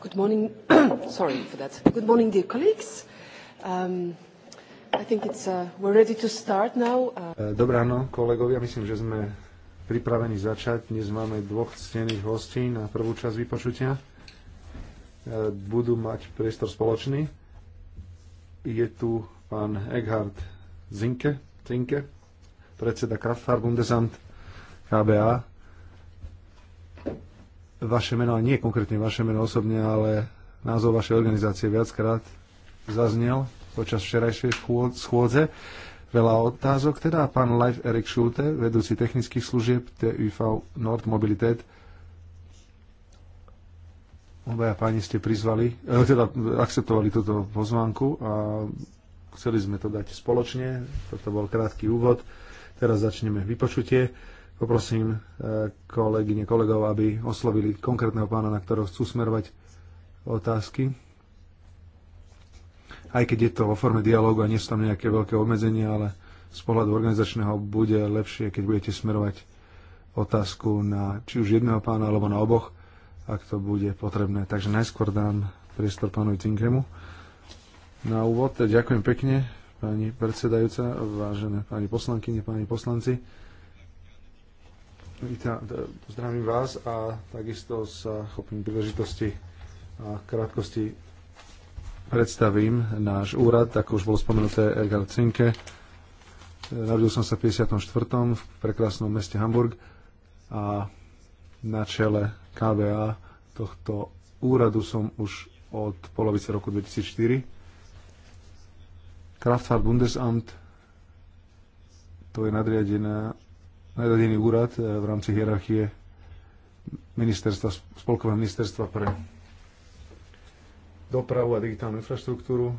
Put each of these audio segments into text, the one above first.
Good morning. Sorry for that. Good morning, dear colleagues. Um, I think it's, uh, we're ready to start now. Uh... Eh, dobré ráno, kolegovia. Myslím, že sme pripravení začať. Dnes máme dvoch ctených hostí na prvú časť vypočutia. Eh, budú mať priestor spoločný. Je tu pán Eckhard Zinke, Zinke predseda Kraftfahrt Bundesamt KBA, vaše meno, nie konkrétne vaše meno osobne, ale názov vašej organizácie viackrát zaznel počas včerajšej schôdze. Veľa otázok, teda pán Life Erik Schulte, vedúci technických služieb TUV Nord Mobilitet. Obaja páni ste prizvali, eh, teda akceptovali túto pozvánku a chceli sme to dať spoločne. Toto bol krátky úvod. Teraz začneme vypočutie. Poprosím e, kolegyne, kolegov, aby oslovili konkrétneho pána, na ktorého chcú smerovať otázky. Aj keď je to vo forme dialógu a nie sú tam nejaké veľké obmedzenia, ale z pohľadu organizačného bude lepšie, keď budete smerovať otázku na či už jedného pána alebo na oboch, ak to bude potrebné. Takže najskôr dám priestor pánovi Tinkemu. Na úvod ďakujem pekne, pani predsedajúca, vážené pani poslankyne, pani poslanci. Vítam, e, zdravím vás a takisto sa e, chopím príležitosti a krátkosti predstavím náš úrad, ako už bolo spomenuté Edgar Cinke. E, narodil som sa v 54. v prekrásnom meste Hamburg a na čele KBA tohto úradu som už od polovice roku 2004. Kraftfahrt Bundesamt to je nadriadená najradený úrad eh, v rámci hierarchie ministerstva, spolkového ministerstva pre dopravu a digitálnu infraštruktúru.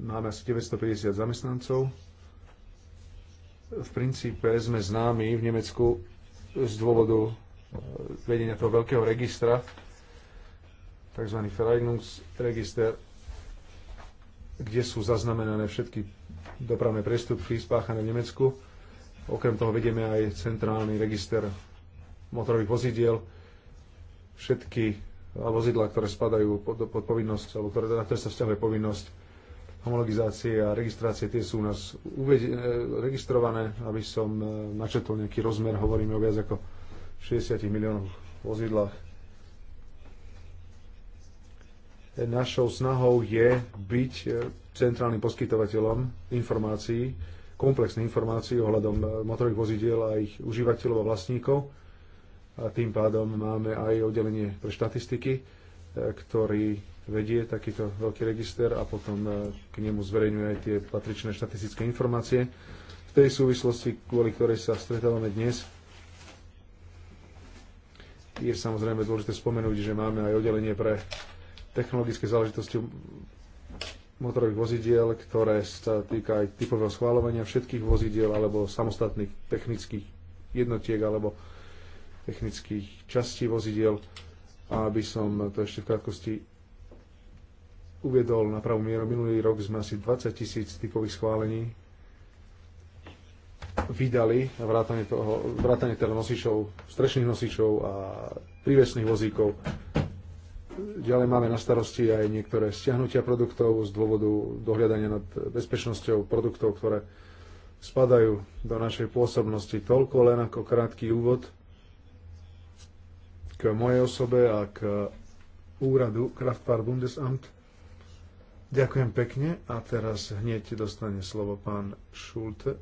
Máme asi 950 zamestnancov. V princípe sme známi v Nemecku z dôvodu eh, vedenia toho veľkého registra, tzv. Vereinigungsregister, kde sú zaznamenané všetky dopravné prestupky spáchané v Nemecku Okrem toho vedieme aj centrálny register motorových vozidiel. Všetky vozidla, ktoré spadajú pod, pod povinnosť, alebo ktoré, na ktoré sa vzťahuje povinnosť homologizácie a registrácie, tie sú u nás uvedi- e, registrované, aby som e, načetol nejaký rozmer, hovoríme o viac ako 60 miliónov vozidlách. E, našou snahou je byť centrálnym poskytovateľom informácií, komplexné informácie ohľadom eh, motorových vozidiel a ich užívateľov a vlastníkov. A tým pádom máme aj oddelenie pre štatistiky, eh, ktorý vedie takýto veľký register a potom eh, k nemu zverejňuje aj tie patričné štatistické informácie. V tej súvislosti, kvôli ktorej sa stretávame dnes, je samozrejme dôležité spomenúť, že máme aj oddelenie pre technologické záležitosti motorových vozidiel, ktoré sa týka aj typového schválovania všetkých vozidiel alebo samostatných technických jednotiek alebo technických častí vozidiel. A aby som to ešte v krátkosti uviedol na pravú mieru, minulý rok sme asi 20 tisíc typových schválení vydali vrátane, toho, vrátane teda nosičov, strešných nosičov a prívesných vozíkov Ďalej máme na starosti aj niektoré stiahnutia produktov z dôvodu dohľadania nad bezpečnosťou produktov, ktoré spadajú do našej pôsobnosti. Toľko len ako krátky úvod k mojej osobe a k úradu Kraftfahr Bundesamt. Ďakujem pekne a teraz hneď dostane slovo pán Šulte.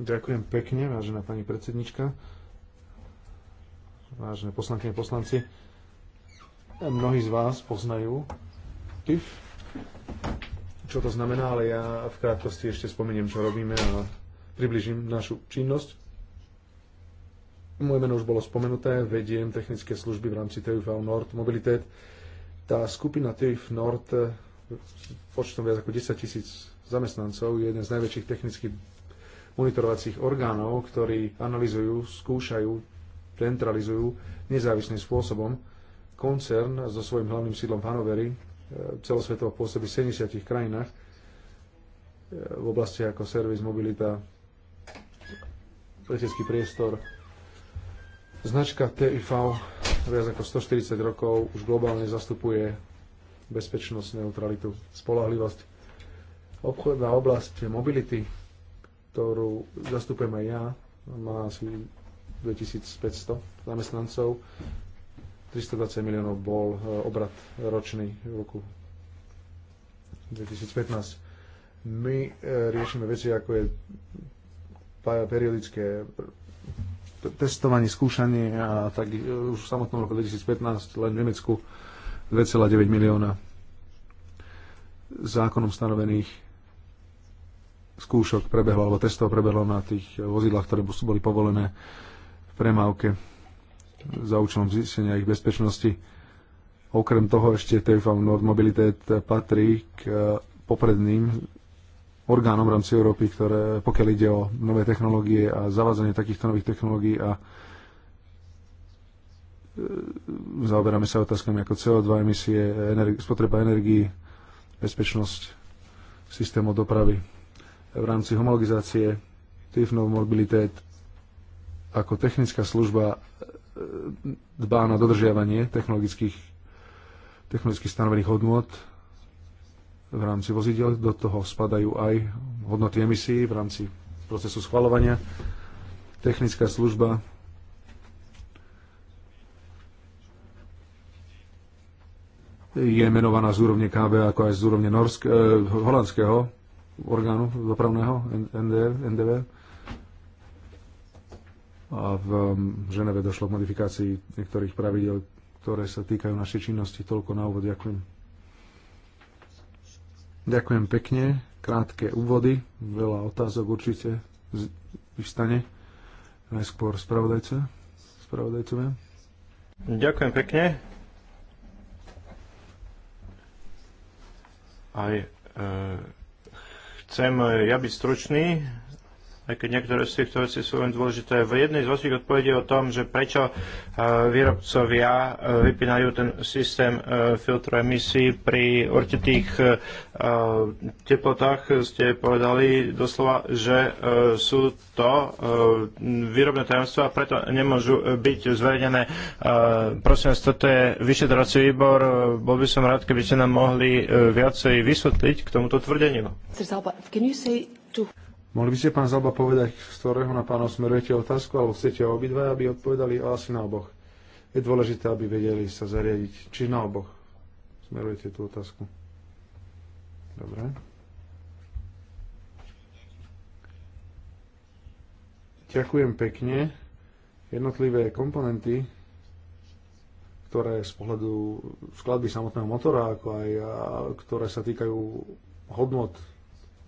Ďakujem pekne, vážená pani predsednička, vážené poslankyne, poslanci mnohí z vás poznajú TIF, čo to znamená, ale ja v krátkosti ešte spomeniem, čo robíme a približím našu činnosť. Moje meno už bolo spomenuté, vediem technické služby v rámci TÜV Nord Mobilitet. Tá skupina TIF Nord počtom viac ako 10 tisíc zamestnancov je jeden z najväčších technických monitorovacích orgánov, ktorí analizujú, skúšajú, centralizujú nezávislým spôsobom koncern so svojím hlavným sídlom v Hanoveri e, celosvetovo pôsobí v 70 krajinách e, v oblasti ako servis, mobilita, letecký priestor. Značka TIV viac ako 140 rokov už globálne zastupuje bezpečnosť, neutralitu, spolahlivosť. Obchodná oblasť mobility, ktorú zastupujem aj ja, má asi 2500 zamestnancov, 320 miliónov bol e, obrat ročný v roku 2015. My e, riešime veci, ako je periodické testovanie, skúšanie a tak e, už v samotnom roku 2015 len v Nemecku 2,9 milióna zákonom stanovených skúšok prebehlo, alebo testov prebehlo na tých vozidlách, ktoré boli povolené v premávke za účelom zistenia ich bezpečnosti. Okrem toho ešte TFM Nord Mobilitet patrí k e, popredným orgánom v rámci Európy, ktoré, pokiaľ ide o nové technológie a zavádzanie takýchto nových technológií a e, zaoberáme sa otázkami ako CO2 emisie, energi- spotreba energii, bezpečnosť systémov dopravy. V rámci homologizácie TIFNOV Mobilitet ako technická služba dbá na dodržiavanie technologických, technologických stanovených hodnot v rámci vozidel. Do toho spadajú aj hodnoty emisí v rámci procesu schvalovania. Technická služba je menovaná z úrovne KB ako aj z úrovne norsk, eh, holandského orgánu dopravného NDV. NDV a v um, Ženeve došlo k modifikácii niektorých pravidel, ktoré sa týkajú našej činnosti. Toľko na úvod. Ďakujem. Ďakujem pekne. Krátke úvody. Veľa otázok určite vystane. Najskôr spravodajce. Spravodajcovia. Ďakujem pekne. Aj e, chcem ja byť stručný aj keď niektoré z týchto vecí sú len dôležité. V jednej z vašich odpovedí o tom, že prečo e, výrobcovia e, vypínajú ten systém e, filtru emisí pri určitých teplotách, ste povedali doslova, že sú to výrobné tajomstvá, preto nemôžu byť zverejnené. Prosím vás, toto je vyšetrovací výbor. Bol by som rád, keby ste nám mohli viacej vysvetliť k tomuto tvrdeniu. Mohli by ste, pán Zalba, povedať, z ktorého na pánov smerujete otázku, alebo chcete obidva, aby odpovedali asi na oboch? Je dôležité, aby vedeli sa zariadiť. Či na oboch smerujete tú otázku? Dobre. Ďakujem pekne. Jednotlivé komponenty, ktoré z pohľadu skladby samotného motora, ako aj ktoré sa týkajú hodnot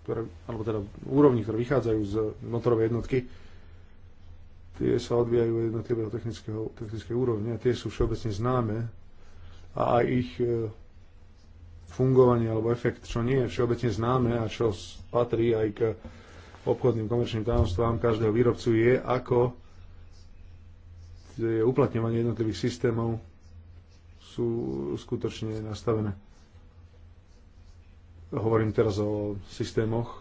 ktoré, alebo teda úrovni, ktoré vychádzajú z motorovej jednotky, tie sa odvíjajú jednotlivého technického, technického úrovne a tie sú všeobecne známe a aj ich e, fungovanie alebo efekt, čo nie je všeobecne známe a čo patrí aj k obchodným komerčným tajomstvám každého výrobcu je, ako je uplatňovanie jednotlivých systémov sú skutočne nastavené. Hovorím teraz o systémoch e,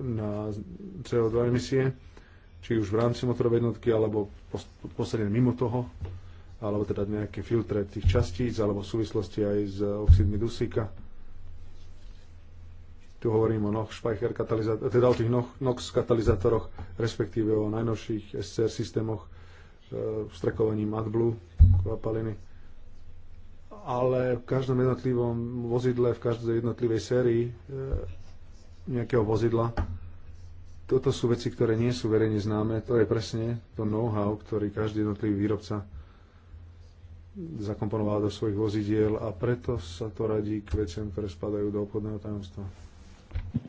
na CO2 emisie, či už v rámci motorovej jednotky, alebo posledne mimo toho, alebo teda nejaké filtre tých častíc, alebo v súvislosti aj s oxidmi dusíka. Tu hovorím o NOx, špajcher, katalizátoroch, teda o tých NOx katalizátoroch, respektíve o najnovších SCR systémoch e, s trakovaním AdBlue kvapaliny ale v každom jednotlivom vozidle, v každej jednotlivej sérii e, nejakého vozidla. Toto sú veci, ktoré nie sú verejne známe. To je presne to know-how, ktorý každý jednotlivý výrobca zakomponoval do svojich vozidiel a preto sa to radí k veciam, ktoré spadajú do obchodného tajomstva.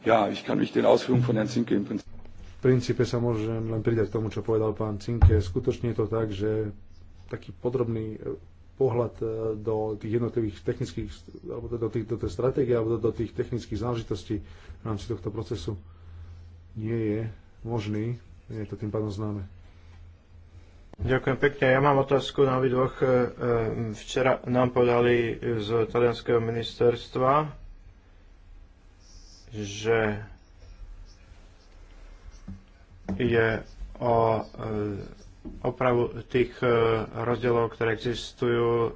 Ja, ich kann mich den Ausführungen von Herrn Zinke im Prinzip... V princípe sa môžem len pridať k tomu, čo povedal pán Cinke. Skutočne je to tak, že taký podrobný pohľad e, do tých jednotlivých technických, alebo teda do, tých, do tej stratégie, alebo do, do tých technických záležitostí v rámci tohto procesu nie je možný. Je to tým pádom známe. Ďakujem pekne. Ja mám otázku na obidvoch. E, e, včera nám podali z talianského ministerstva, že je o opravu tých e, rozdielov, ktoré existujú, e,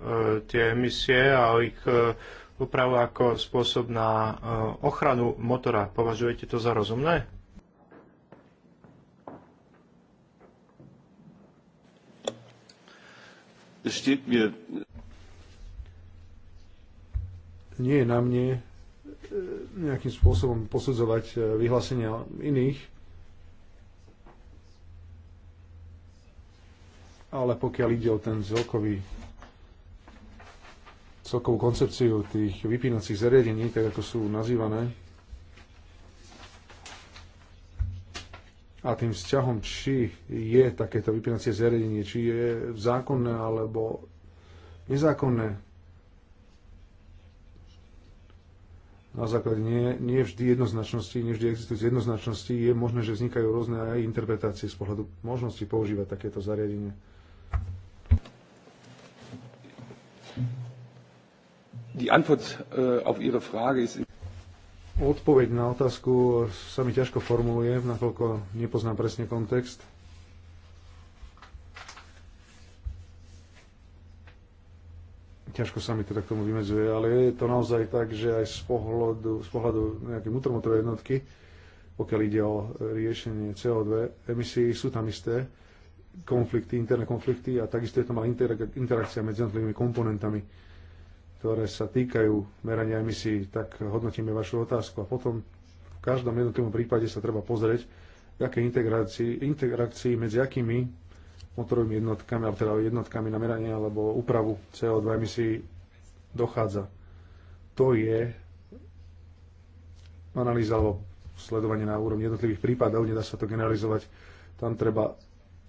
tie emisie a o ich e, úpravu ako spôsob na ochranu motora. Považujete to za rozumné? Nie je na mne nejakým spôsobom posudzovať vyhlásenia iných ale pokiaľ ide o ten celkový celkovú koncepciu tých vypínacích zariadení, tak ako sú nazývané, a tým vzťahom, či je takéto vypínacie zariadenie, či je zákonné alebo nezákonné. Na základe nie, nie vždy jednoznačnosti, nie vždy existujúce jednoznačnosti je možné, že vznikajú rôzne aj interpretácie z pohľadu možnosti používať takéto zariadenie. Äh, Odpoveď na otázku sa mi ťažko formuluje, nakoľko nepoznám presne kontext. Ťažko sa mi to teda tak tomu vymedzuje, ale je to naozaj tak, že aj z pohľadu, z pohľadu nejakej vnútromotorovej jednotky, pokiaľ ide o riešenie CO2 emisí, sú tam isté konflikty, interné konflikty a takisto je tam aj interakcia medzi jednotlivými komponentami ktoré sa týkajú merania emisí, tak hodnotíme vašu otázku. A potom v každom jednotlivom prípade sa treba pozrieť, v akej integrácii, interakcii medzi akými motorovými jednotkami, alebo teda jednotkami na meranie alebo úpravu CO2 emisí dochádza. To je analýza alebo sledovanie na úrovni jednotlivých prípadov, nedá sa to generalizovať. Tam treba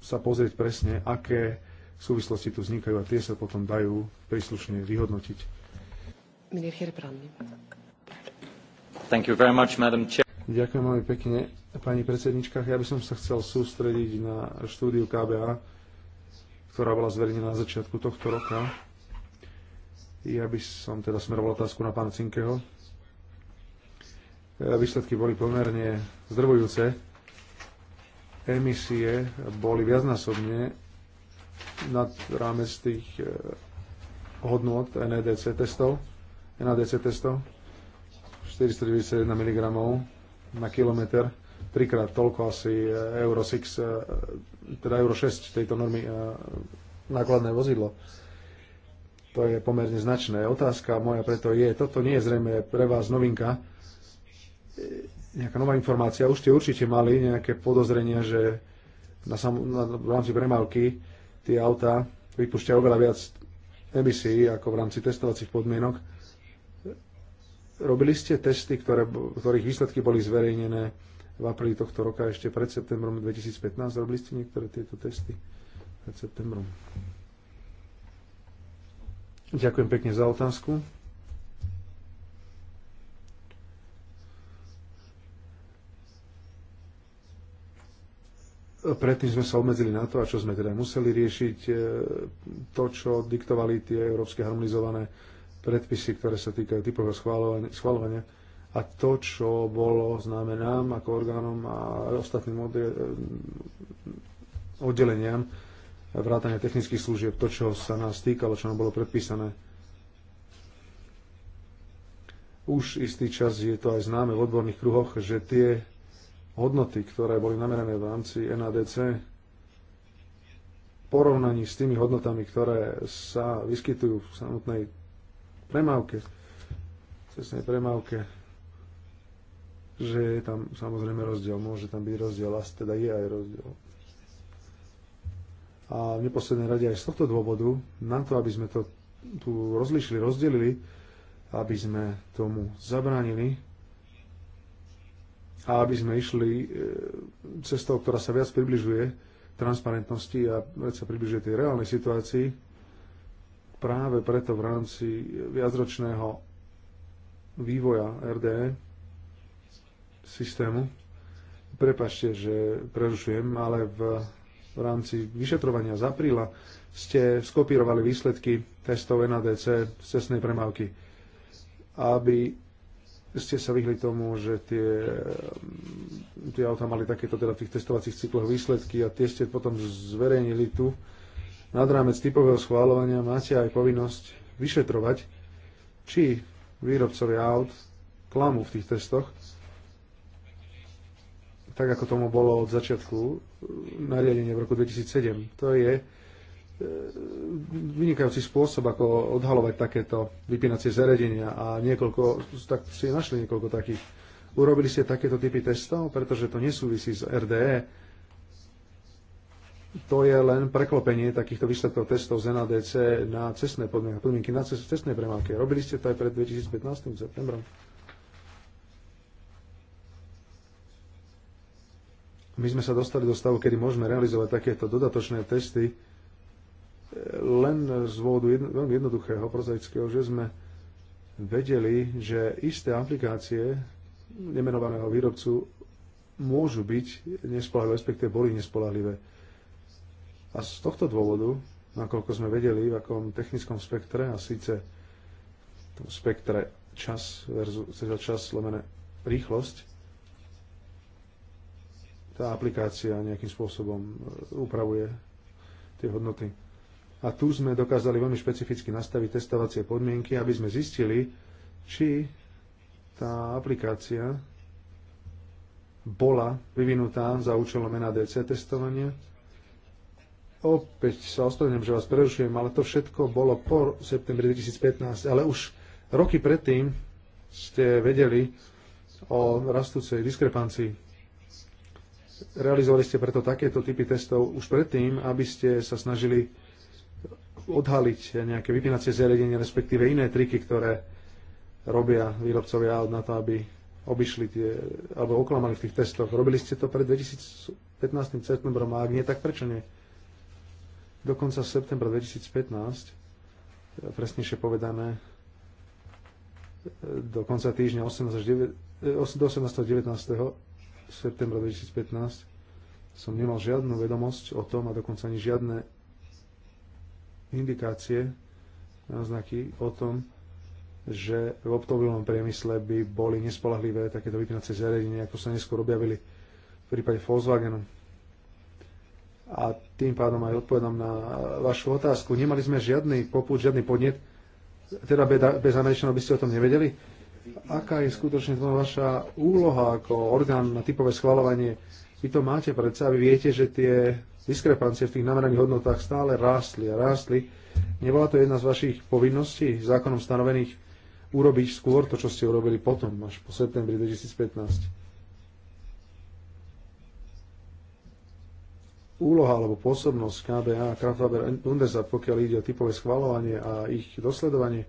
sa pozrieť presne, aké súvislosti tu vznikajú a tie sa potom dajú príslušne vyhodnotiť. Much, Ďakujem veľmi pekne, pani predsednička. Ja by som sa chcel sústrediť na štúdiu KBA, ktorá bola zverejnená na začiatku tohto roka. Ja by som teda smeroval otázku na pána Cinkeho. E, výsledky boli pomerne zdrvujúce. Emisie boli viacnásobne nad rámec tých e, hodnot NEDC testov NADC testov, 491 mg na kilometr, trikrát toľko asi e, Euro 6, e, teda Euro 6 tejto normy e, nákladné vozidlo. To je pomerne značné. Otázka moja preto je, toto nie je zrejme pre vás novinka, nejaká nová informácia. Už ste určite mali nejaké podozrenia, že na, sam, na v rámci premávky tie autá vypúšťajú oveľa viac emisí ako v rámci testovacích podmienok Robili ste testy, ktoré, ktorých výsledky boli zverejnené v apríli tohto roka, ešte pred septembrom 2015. Robili ste niektoré tieto testy pred septembrom? Ďakujem pekne za otázku. Predtým sme sa obmedzili na to, a čo sme teda museli riešiť, e, to, čo diktovali tie európske harmonizované predpisy, ktoré sa týkajú typového schvalovania a to, čo bolo známe nám ako orgánom a ostatným oddeleniam vrátania technických služieb, to, čo sa nás týkalo, čo nám bolo predpísané. Už istý čas je to aj známe v odborných kruhoch, že tie hodnoty, ktoré boli namerané v rámci NADC, porovnaní s tými hodnotami, ktoré sa vyskytujú v samotnej premávke, cestnej premávke, že je tam samozrejme rozdiel, môže tam byť rozdiel, a teda je aj rozdiel. A v neposlednej rade aj z tohto dôvodu, na to, aby sme to tu rozlišili, rozdelili, aby sme tomu zabránili a aby sme išli e, cestou, ktorá sa viac približuje transparentnosti a viac sa približuje tej reálnej situácii, práve preto v rámci viacročného vývoja RDE systému. Prepašte, že prerušujem, ale v, v rámci vyšetrovania z apríla ste skopírovali výsledky testov NADC z cestnej premávky, aby ste sa vyhli tomu, že tie, tie auta mali takéto teda v tých testovacích cykloch výsledky a tie ste potom zverejnili tu nad rámec typového schváľovania máte aj povinnosť vyšetrovať, či výrobcovi aut klamú v tých testoch, tak ako tomu bolo od začiatku e, nariadenie v roku 2007. To je e, vynikajúci spôsob, ako odhalovať takéto vypínacie zariadenia a niekoľko, tak si našli niekoľko takých. Urobili ste takéto typy testov, pretože to nesúvisí s RDE, to je len preklopenie takýchto výsledkov testov z NADC na cestné podmienky, podmienky na cest, cestné premávky. Robili ste to aj pred 2015. septembrom? My sme sa dostali do stavu, kedy môžeme realizovať takéto dodatočné testy e, len z dôvodu jedno, veľmi jednoduchého, prozaického, že sme vedeli, že isté aplikácie nemenovaného výrobcu môžu byť nespolahlivé, respektíve boli nespolahlivé a z tohto dôvodu, nakoľko sme vedeli, v akom technickom spektre, a síce v tom spektre čas versus teda čas lomené rýchlosť, tá aplikácia nejakým spôsobom e, upravuje tie hodnoty. A tu sme dokázali veľmi špecificky nastaviť testovacie podmienky, aby sme zistili, či tá aplikácia bola vyvinutá za účelom NADC testovania Opäť sa ospravedlňujem, že vás prerušujem, ale to všetko bolo po septembri 2015, ale už roky predtým ste vedeli o rastúcej diskrepancii. Realizovali ste preto takéto typy testov už predtým, aby ste sa snažili odhaliť nejaké vypínacie zariadenie, respektíve iné triky, ktoré robia výrobcovia na to, aby obišli tie, alebo oklamali v tých testoch. Robili ste to pred 2015. septembrom a ak nie, tak prečo nie? do konca septembra 2015, e, presnejšie povedané, e, do konca týždňa 18 9, 18. 19. septembra 2015 som nemal žiadnu vedomosť o tom a dokonca ani žiadne indikácie, náznaky o tom, že v optovilnom priemysle by boli nespolahlivé takéto vypínacie zariadenia, ako sa neskôr objavili v prípade Volkswagenu a tým pádom aj odpovedám na vašu otázku. Nemali sme žiadny poput, žiadny podnet, teda bez Američanov by ste o tom nevedeli. Aká je skutočne to vaša úloha ako orgán na typové schvalovanie? Vy to máte predsa, vy viete, že tie diskrepancie v tých nameraných hodnotách stále rástli a rástli. Nebola to jedna z vašich povinností zákonom stanovených urobiť skôr to, čo ste urobili potom, až po septembri 2015? úloha alebo pôsobnosť KBA a Kraftfaber pokiaľ ide o typové schvalovanie a ich dosledovanie,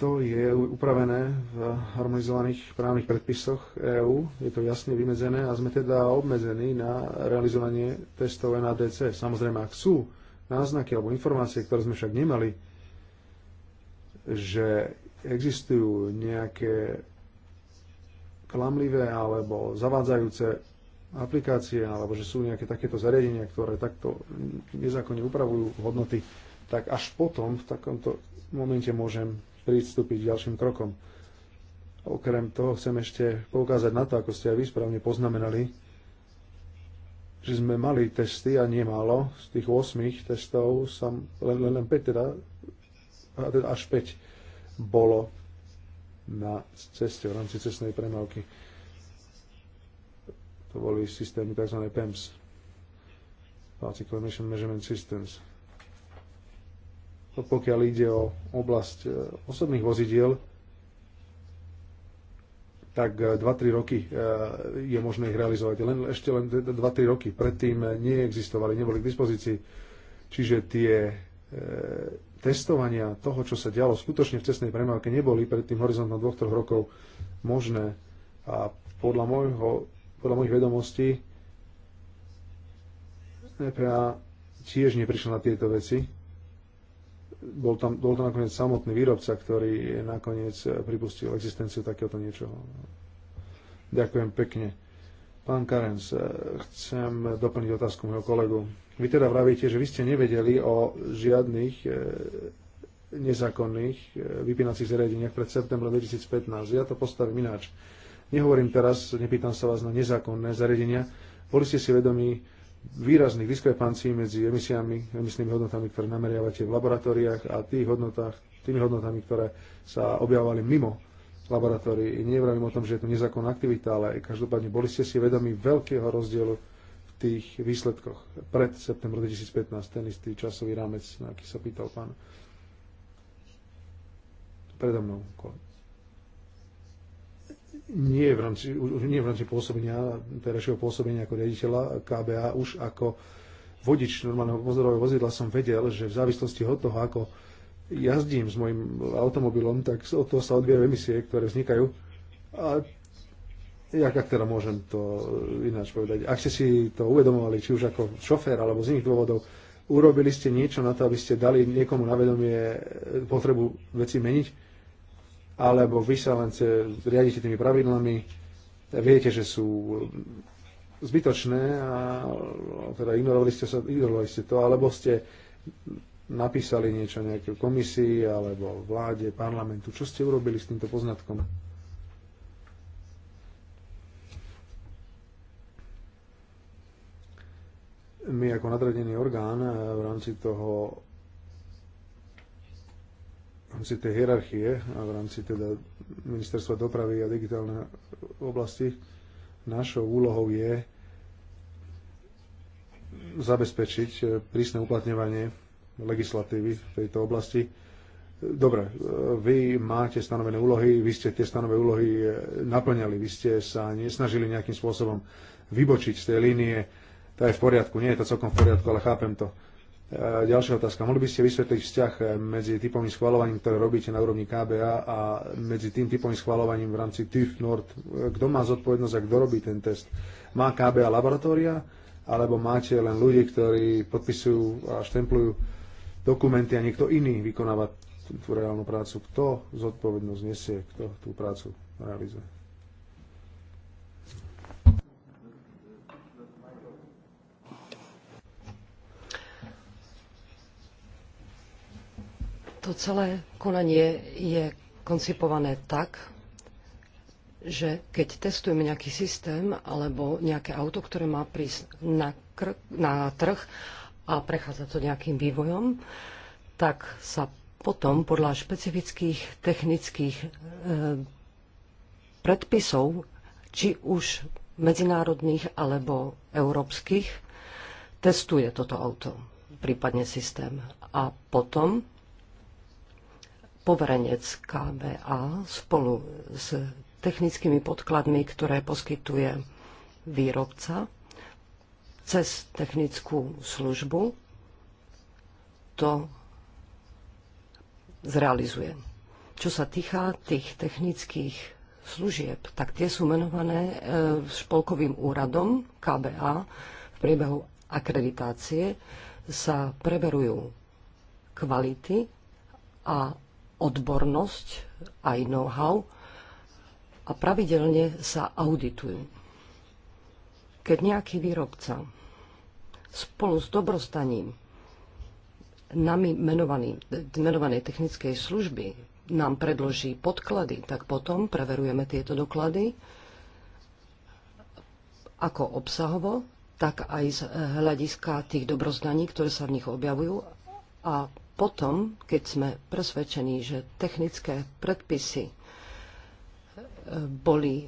to je upravené v harmonizovaných právnych predpisoch EÚ. Je to jasne vymedzené a sme teda obmedzení na realizovanie testov NADC. Samozrejme, ak sú náznaky alebo informácie, ktoré sme však nemali, že existujú nejaké klamlivé alebo zavádzajúce aplikácie alebo že sú nejaké takéto zariadenia, ktoré takto nezákonne upravujú hodnoty, tak až potom v takomto momente môžem pristúpiť k ďalším krokom. Okrem toho chcem ešte poukázať na to, ako ste aj vy správne poznamenali, že sme mali testy a nemálo. Z tých 8 testov sa len, len, len 5 teda, teda, až 5 bolo na ceste v rámci cestnej premávky. To boli systémy tzv. PEMS, Particle Emission Measurement Systems. Pokiaľ ide o oblasť e, osobných vozidiel, tak 2-3 e, roky e, je možné ich realizovať. Len, ešte len 2-3 roky. Predtým neexistovali, neboli k dispozícii. Čiže tie e, testovania toho, čo sa dialo skutočne v cestnej premávke, neboli predtým horizontom 2-3 rokov možné. A podľa môjho podľa mojich vedomostí EPA tiež neprišla na tieto veci. Bol tam, bol tam nakoniec samotný výrobca, ktorý nakoniec pripustil existenciu takéhoto niečoho. Ďakujem pekne. Pán Karens, chcem doplniť otázku môjho kolegu. Vy teda vravíte, že vy ste nevedeli o žiadnych e, nezákonných e, vypínacích zariadeniach pred septembrom 2015. Ja to postavím ináč Nehovorím teraz, nepýtam sa vás na nezákonné zariadenia. Boli ste si vedomí výrazných diskrepancií medzi emisiami, emisnými hodnotami, ktoré nameriavate v laboratóriách a tých hodnotách, tými hodnotami, ktoré sa objavovali mimo laboratórií. Nevravím o tom, že je to nezákonná aktivita, ale každopádne boli ste si vedomí veľkého rozdielu v tých výsledkoch pred septembrom 2015, ten istý časový rámec, na aký sa pýtal pán predo mnou nie v rámci, už nie v rámci pôsobenia, terajšieho pôsobenia ako riaditeľa KBA, už ako vodič normálneho pozorového vozidla som vedel, že v závislosti od toho, ako jazdím s mojim automobilom, tak od toho sa odbierajú emisie, ktoré vznikajú. A ja ak teda môžem to ináč povedať, ak ste si to uvedomovali, či už ako šofér alebo z iných dôvodov, urobili ste niečo na to, aby ste dali niekomu na vedomie potrebu veci meniť? alebo vy sa len riadite tými pravidlami, viete, že sú zbytočné a no, teda ignorovali ste, sa, ignorovali ste to, alebo ste napísali niečo nejakej komisii alebo vláde, parlamentu. Čo ste urobili s týmto poznatkom? My ako nadradený orgán eh, v rámci toho rámci tej hierarchie a v rámci teda ministerstva dopravy a digitálnej oblasti našou úlohou je zabezpečiť eh, prísne uplatňovanie legislatívy v tejto oblasti. Dobre, eh, vy máte stanovené úlohy, vy ste tie stanové úlohy eh, naplňali, vy ste sa nesnažili nejakým spôsobom vybočiť z tej línie, to je v poriadku, nie je to celkom v poriadku, ale chápem to E, ďalšia otázka. Mohli by ste vysvetliť vzťah e, medzi typovým schvalovaním, ktoré robíte na úrovni KBA a medzi tým typovým schvalovaním v rámci TÜV Nord? E, kto má zodpovednosť a kto robí ten test? Má KBA laboratória? Alebo máte len ľudí, ktorí podpisujú a štemplujú dokumenty a niekto iný vykonáva tú reálnu prácu? Kto zodpovednosť nesie? Kto tú prácu realizuje? To celé konanie je koncipované tak, že keď testujeme nejaký systém alebo nejaké auto, ktoré má prísť na, kr- na trh a prechádza to nejakým vývojom, tak sa potom podľa špecifických technických e, predpisov, či už medzinárodných alebo európskych, testuje toto auto, prípadne systém. A potom poverenec KBA spolu s technickými podkladmi, ktoré poskytuje výrobca cez technickú službu to zrealizuje. Čo sa týka tých technických služieb, tak tie sú menované špolkovým e, úradom KBA v priebehu akreditácie sa preberujú kvality a odbornosť, aj know-how a pravidelne sa auditujú. Keď nejaký výrobca spolu s dobrostaním nami menovaný, menovanej technickej služby nám predloží podklady, tak potom preverujeme tieto doklady ako obsahovo, tak aj z hľadiska tých dobrozdaní, ktoré sa v nich objavujú a potom, keď sme presvedčení, že technické predpisy e, boli,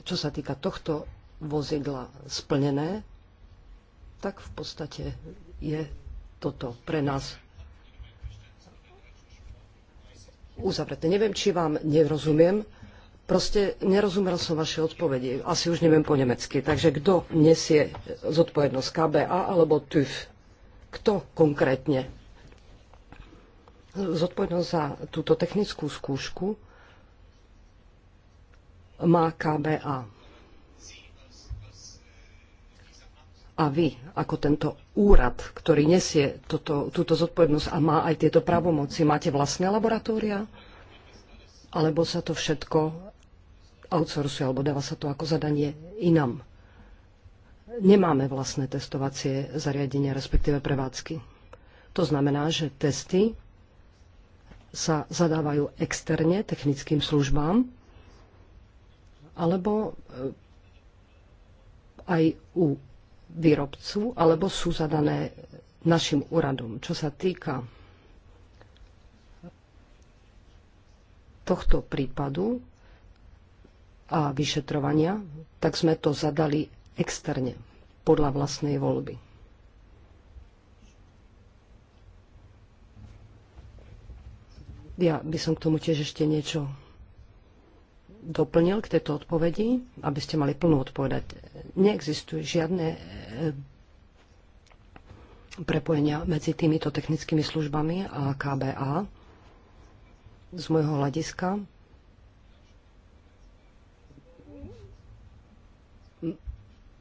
čo sa týka tohto vozidla, splnené, tak v podstate je toto pre nás uzavreté. Neviem, či vám nerozumiem. Proste nerozumel som vaše odpovede. Asi už neviem po nemecky. Takže kto nesie zodpovednosť KBA alebo TÜV? Kto konkrétne? zodpovednosť za túto technickú skúšku má KBA. A vy, ako tento úrad, ktorý nesie toto, túto zodpovednosť a má aj tieto právomoci, máte vlastné laboratória? Alebo sa to všetko outsourcuje, alebo dáva sa to ako zadanie inam? Nemáme vlastné testovacie zariadenia, respektíve prevádzky. To znamená, že testy sa zadávajú externe technickým službám, alebo e, aj u výrobcu, alebo sú zadané našim úradom. Čo sa týka tohto prípadu a vyšetrovania, tak sme to zadali externe podľa vlastnej voľby. Ja by som k tomu tiež ešte niečo doplnil k tejto odpovedi, aby ste mali plnú odpovedať. Neexistujú žiadne eh, prepojenia medzi týmito technickými službami a KBA z môjho hľadiska.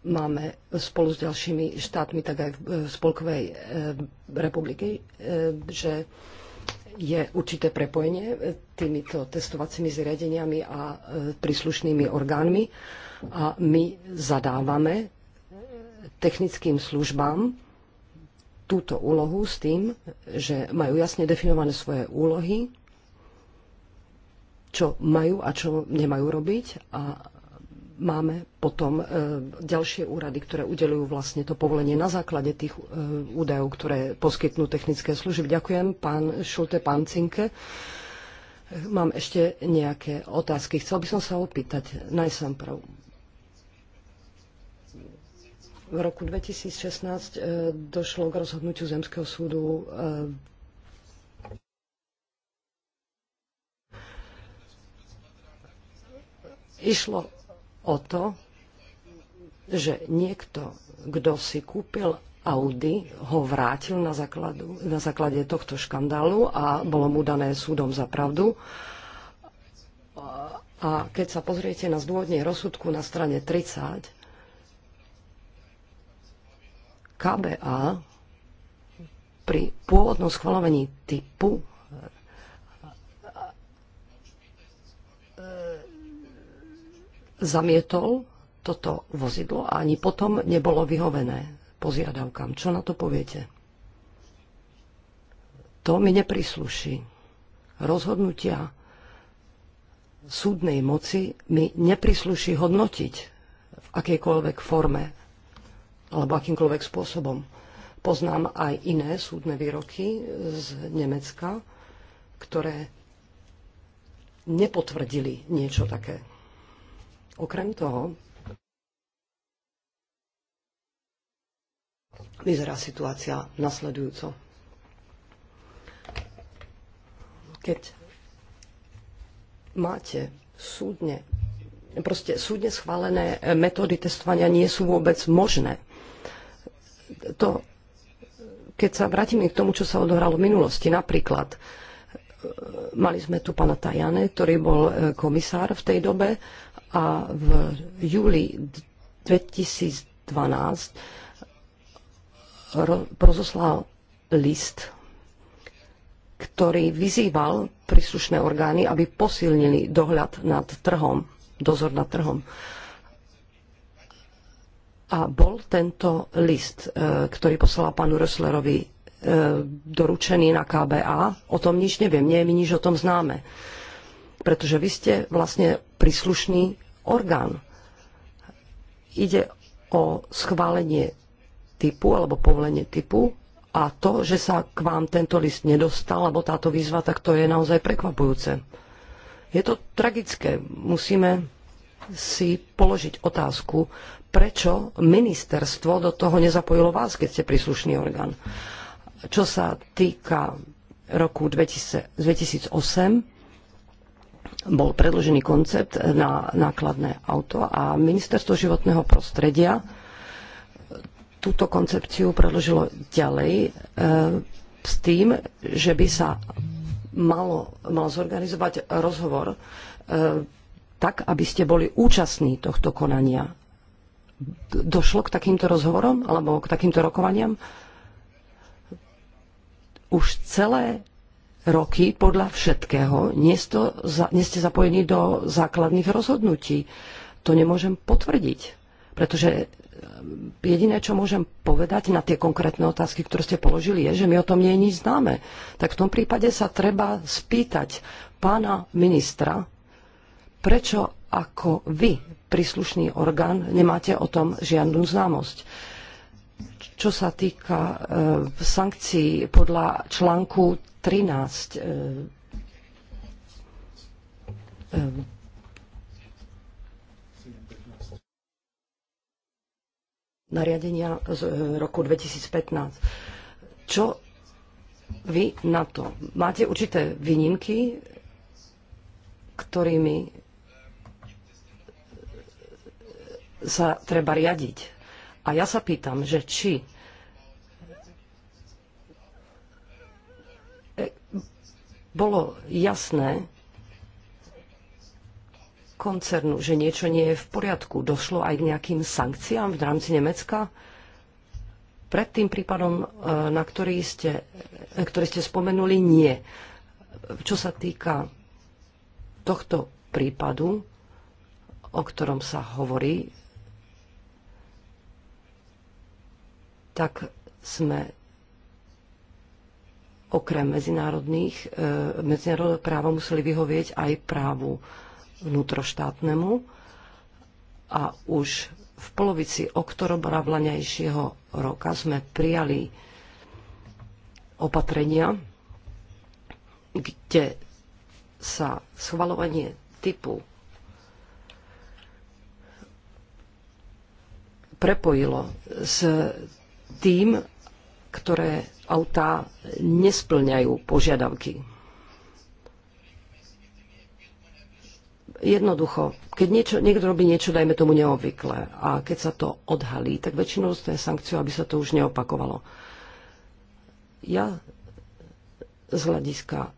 Máme spolu s ďalšími štátmi, tak aj v eh, Spolkovej eh, republiky, že je určité prepojenie e, týmito testovacími zariadeniami a e, príslušnými orgánmi a my zadávame e, technickým službám túto úlohu s tým, že majú jasne definované svoje úlohy, čo majú a čo nemajú robiť a máme potom e, ďalšie úrady, ktoré udelujú vlastne to povolenie na základe tých e, údajov, ktoré poskytnú technické služby. Ďakujem, pán Šulte, pán Cinke. E, mám ešte nejaké otázky. Chcel by som sa opýtať prv. V roku 2016 došlo k rozhodnutiu Zemského súdu Išlo o to, že niekto, kto si kúpil Audi, ho vrátil na, základu, na základe tohto škandálu a bolo mu dané súdom za pravdu. A keď sa pozriete na zdôvodne rozsudku na strane 30, KBA pri pôvodnom schvalovaní typu zamietol toto vozidlo a ani potom nebolo vyhovené požiadavkám. Čo na to poviete? To mi neprisluší. Rozhodnutia súdnej moci mi neprisluší hodnotiť v akejkoľvek forme alebo akýmkoľvek spôsobom. Poznám aj iné súdne výroky z Nemecka, ktoré nepotvrdili niečo také. Okrem toho, vyzerá situácia nasledujúco. Keď máte súdne, proste súdne schválené e, metódy testovania nie sú vôbec možné. To, keď sa vrátime k tomu, čo sa odohralo v minulosti, napríklad e, mali sme tu pana Tajane, ktorý bol e, komisár v tej dobe a v júli 2012 rozoslal list, ktorý vyzýval príslušné orgány, aby posilnili dohľad nad trhom, dozor nad trhom. A bol tento list, e, ktorý poslala panu Rösslerovi, e, doručený na KBA. O tom nič neviem, nie je mi nič o tom známe pretože vy ste vlastne príslušný orgán. Ide o schválenie typu alebo povolenie typu a to, že sa k vám tento list nedostal, alebo táto výzva, tak to je naozaj prekvapujúce. Je to tragické. Musíme si položiť otázku, prečo ministerstvo do toho nezapojilo vás, keď ste príslušný orgán. Čo sa týka roku 2000, 2008, bol predložený koncept na nákladné auto a Ministerstvo životného prostredia túto koncepciu predložilo ďalej e, s tým, že by sa malo, mal zorganizovať rozhovor e, tak, aby ste boli účastní tohto konania. Došlo k takýmto rozhovorom alebo k takýmto rokovaniam? Už celé roky podľa všetkého nie ste, nie ste zapojení do základných rozhodnutí. To nemôžem potvrdiť, pretože ehm, jediné, čo môžem povedať na tie konkrétne otázky, ktoré ste položili, je, že my o tom nie je nič známe. Tak v tom prípade sa treba spýtať pána ministra, prečo ako vy, príslušný orgán, nemáte o tom žiadnu známosť. Čo sa týka e, sankcií podľa článku 13 e, e, nariadenia z roku 2015. Čo vy na to? Máte určité výnimky, ktorými sa treba riadiť? A ja sa pýtam, že či e, bolo jasné koncernu, že niečo nie je v poriadku. Došlo aj k nejakým sankciám v rámci Nemecka pred tým prípadom, e, na ktorý ste, e, ktorý ste spomenuli, nie. Čo sa týka tohto prípadu, o ktorom sa hovorí, tak sme okrem medzinárodných, e, právo museli vyhovieť aj právu vnútroštátnemu a už v polovici oktobra vlaňajšieho roka sme prijali opatrenia, kde sa schvalovanie typu prepojilo s tým, ktoré autá nesplňajú požiadavky. Jednoducho, keď niečo, niekto robí niečo, dajme tomu neobvykle, a keď sa to odhalí, tak väčšinou dostane sankciu, aby sa to už neopakovalo. Ja z hľadiska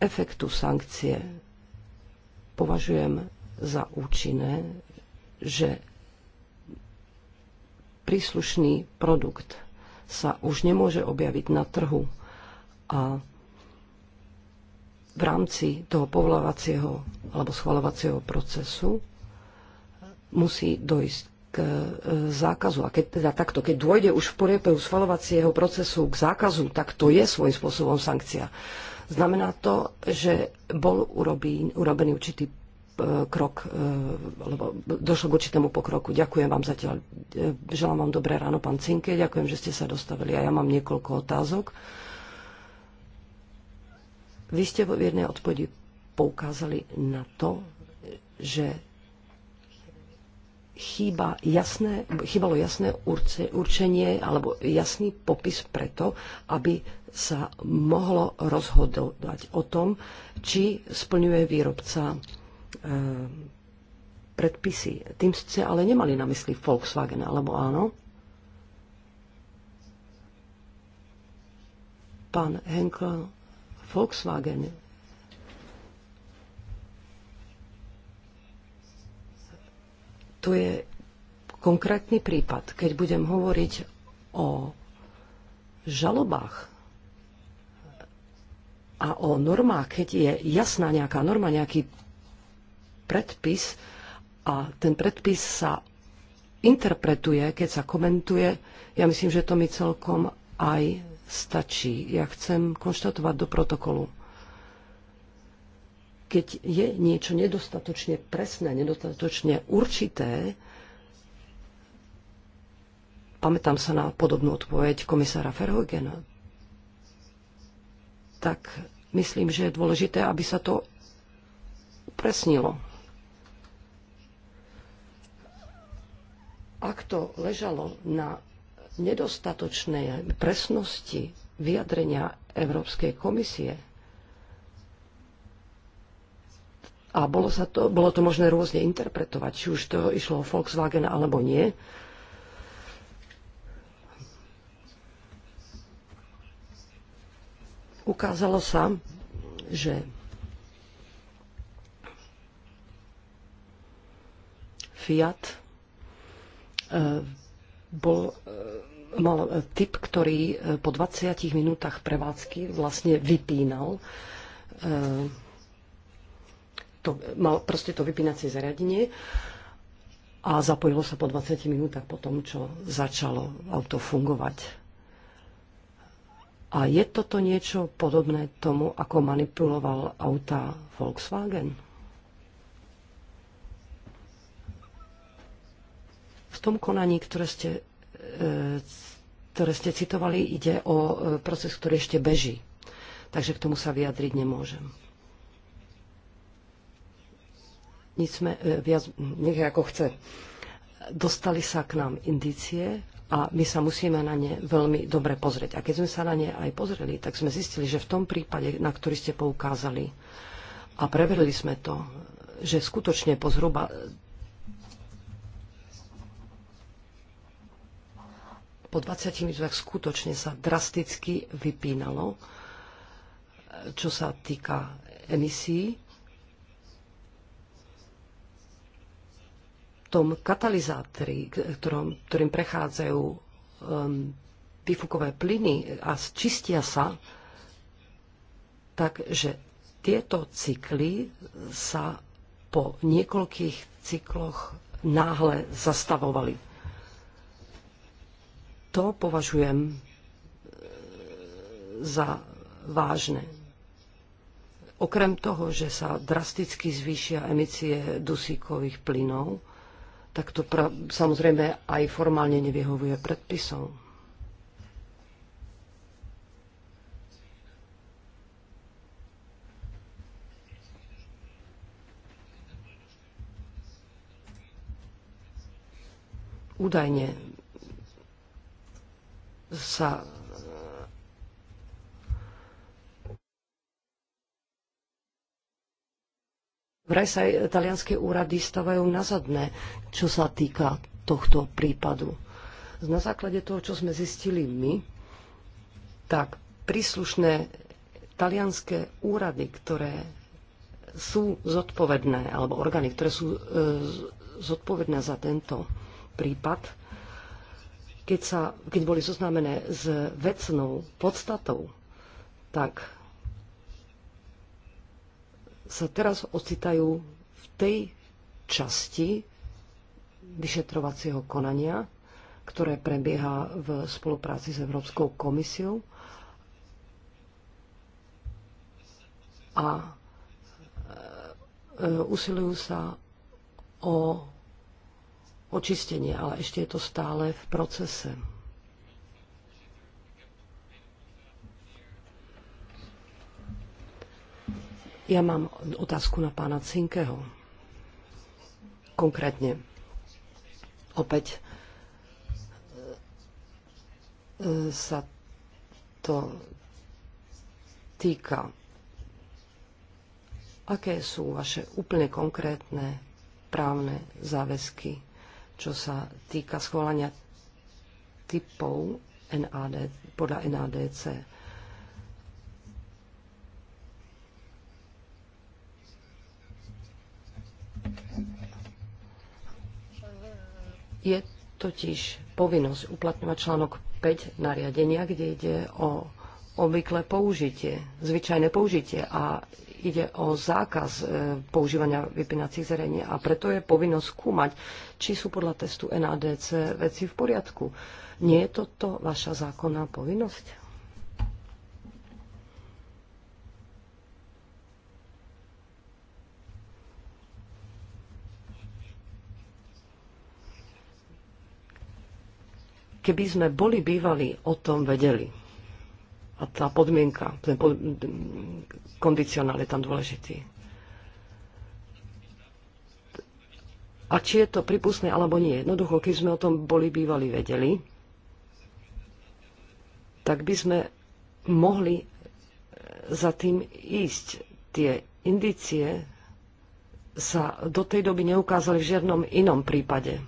efektu sankcie považujem za účinné, že príslušný produkt sa už nemôže objaviť na trhu a v rámci toho povolávacieho alebo schvalovacieho procesu musí dojsť k e, zákazu. A keď teda takto, keď dôjde už v poriepehu schvalovacieho procesu k zákazu, tak to je svojím spôsobom sankcia. Znamená to, že bol urobený určitý E, krok, e, lebo došlo k určitému pokroku. Ďakujem vám zatiaľ. E, želám vám dobré ráno, pán Cinke. Ďakujem, že ste sa dostavili. A ja mám niekoľko otázok. Vy ste v jednej odpovedi poukázali na to, že chýba jasné, chýbalo jasné určenie alebo jasný popis preto, aby sa mohlo rozhodovať o tom, či splňuje výrobca Eh, predpisy. Tým ste ale nemali na mysli Volkswagen, alebo áno? Pán Henkel, Volkswagen to je konkrétny prípad. Keď budem hovoriť o žalobách a o normách, keď je jasná nejaká norma, nejaký predpis a ten predpis sa interpretuje, keď sa komentuje. Ja myslím, že to mi celkom aj stačí. Ja chcem konštatovať do protokolu. Keď je niečo nedostatočne presné, nedostatočne určité, pamätám sa na podobnú odpoveď komisára Verhoegena, tak myslím, že je dôležité, aby sa to upresnilo. ak to ležalo na nedostatočnej presnosti vyjadrenia Európskej komisie a bolo, sa to, bolo to možné rôzne interpretovať, či už to išlo o Volkswagen alebo nie, ukázalo sa, že Fiat E, bol, e, mal e, typ, ktorý po 20 minútach prevádzky vlastne vypínal. To, mal proste to vypínacie zariadenie a zapojilo sa po 20 minútach po tom, čo začalo auto fungovať. A je toto niečo podobné tomu, ako manipuloval auta Volkswagen? V tom konaní, ktoré ste, e, ktoré ste citovali, ide o e, proces, ktorý ešte beží. Takže k tomu sa vyjadriť nemôžem. Nicme, e, viac, nech ako chce. Dostali sa k nám indície a my sa musíme na ne veľmi dobre pozrieť. A keď sme sa na ne aj pozreli, tak sme zistili, že v tom prípade, na ktorý ste poukázali, a preverili sme to, že skutočne po zhruba po 20 minútach skutočne sa drasticky vypínalo, čo sa týka emisí. V tom katalizátori, ktorom, ktorým prechádzajú um, výfukové plyny a čistia sa, takže tieto cykly sa po niekoľkých cykloch náhle zastavovali to považujem e, za vážne. Okrem toho, že sa drasticky zvýšia emisie dusíkových plynov, tak to pra- samozrejme aj formálne nevyhovuje predpisom. Údajne sa Vraj sa talianské úrady stavajú na zadné, čo sa týka tohto prípadu. Na základe toho, čo sme zistili my, tak príslušné talianské úrady, ktoré sú zodpovedné, alebo orgány, ktoré sú e, zodpovedné za tento prípad, keď, sa, keď boli zoznámené s vecnou podstatou, tak sa teraz ocitajú v tej časti vyšetrovacieho konania, ktoré prebieha v spolupráci s Európskou komisiou. A e, usilujú sa o očistenie, ale ešte je to stále v procese. Ja mám otázku na pána Cinkeho. Konkrétne. Opäť e, sa to týka. Aké sú vaše úplne konkrétne právne záväzky čo sa týka schválenia typov NAD, podľa NADC. Je totiž povinnosť uplatňovať článok 5 nariadenia, kde ide o obvyklé použitie, zvyčajné použitie a ide o zákaz e, používania vypínacích zariadení a preto je povinnosť skúmať, či sú podľa testu NADC veci v poriadku. Nie je toto vaša zákonná povinnosť? Keby sme boli bývali, o tom vedeli a tá podmienka, ten pod, kondicionál je tam dôležitý. A či je to pripustné alebo nie. Jednoducho, keď sme o tom boli bývali vedeli, tak by sme mohli e, za tým ísť. Tie indície sa do tej doby neukázali v žiadnom inom prípade.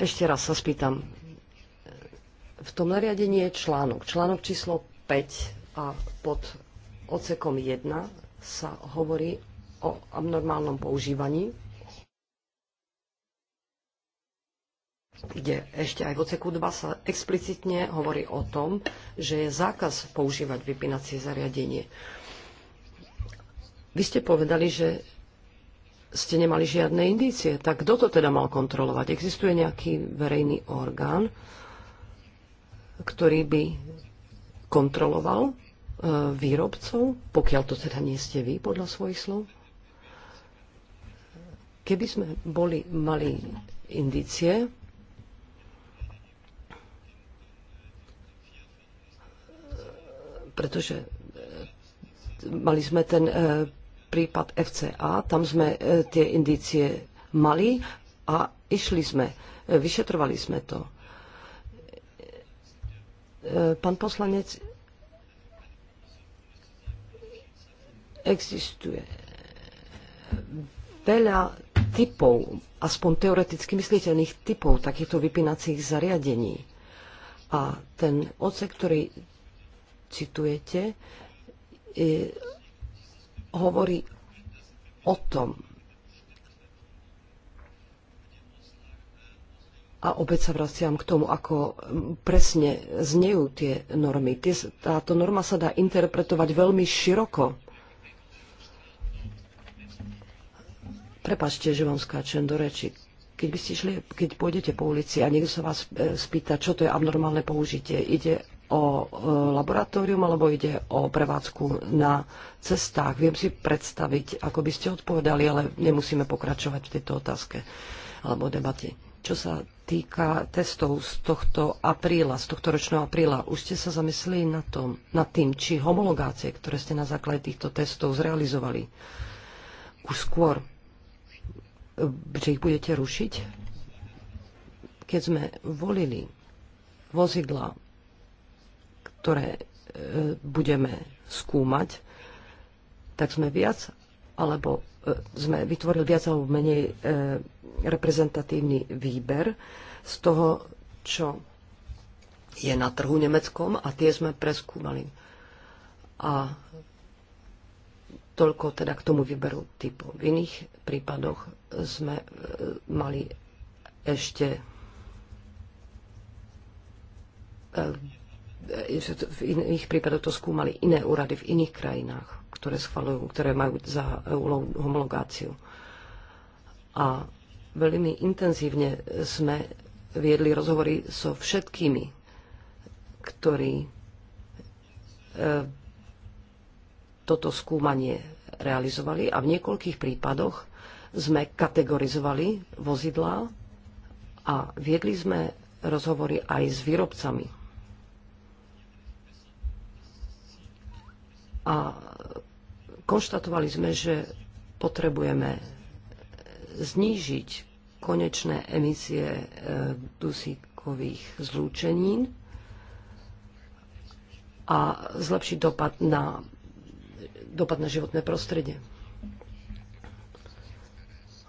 Ešte raz sa spýtam, v tom nariadení je článok. Článok číslo 5 a pod ocekom 1 sa hovorí o abnormálnom používaní, kde ešte aj v oceku 2 sa explicitne hovorí o tom, že je zákaz používať vypínacie zariadenie. Vy ste povedali, že ste nemali žiadne indície. Tak kto to teda mal kontrolovať? Existuje nejaký verejný orgán, ktorý by kontroloval e, výrobcov, pokiaľ to teda nie ste vy, podľa svojich slov? Keby sme boli, mali indície, pretože e, mali sme ten e, prípad FCA, tam sme tie indície mali a išli sme, vyšetrovali sme to E, pán poslanec, existuje veľa typov, aspoň teoreticky mysliteľných typov takýchto vypínacích zariadení. A ten odsek, ktorý citujete, e, hovorí o tom, a opäť sa vraciam k tomu, ako presne znejú tie normy. táto norma sa dá interpretovať veľmi široko. Prepačte, že vám skáčem do reči. Keď, by ste šli, keď pôjdete po ulici a niekto sa vás e, spýta, čo to je abnormálne použitie, ide o e, laboratórium alebo ide o prevádzku na cestách. Viem si predstaviť, ako by ste odpovedali, ale nemusíme pokračovať v tejto otázke alebo debate čo sa týka testov z tohto apríla, z tohto ročného apríla, už ste sa zamysleli na tom, nad tým, či homologácie, ktoré ste na základe týchto testov zrealizovali, už skôr, že ich budete rušiť? Keď sme volili vozidla, ktoré e, budeme skúmať, tak sme viac alebo sme vytvorili viac alebo menej e, reprezentatívny výber z toho, čo je na trhu nemeckom a tie sme preskúmali. A toľko teda k tomu výberu typu. V iných prípadoch sme e, mali ešte e, v iných prípadoch to skúmali iné úrady v iných krajinách ktoré, schvalujú, ktoré majú za homologáciu. A veľmi intenzívne sme viedli rozhovory so všetkými, ktorí e, toto skúmanie realizovali a v niekoľkých prípadoch sme kategorizovali vozidlá a viedli sme rozhovory aj s výrobcami. A Konštatovali sme, že potrebujeme znížiť konečné emisie e, dusíkových zlúčenín a zlepšiť dopad na, dopad na životné prostredie.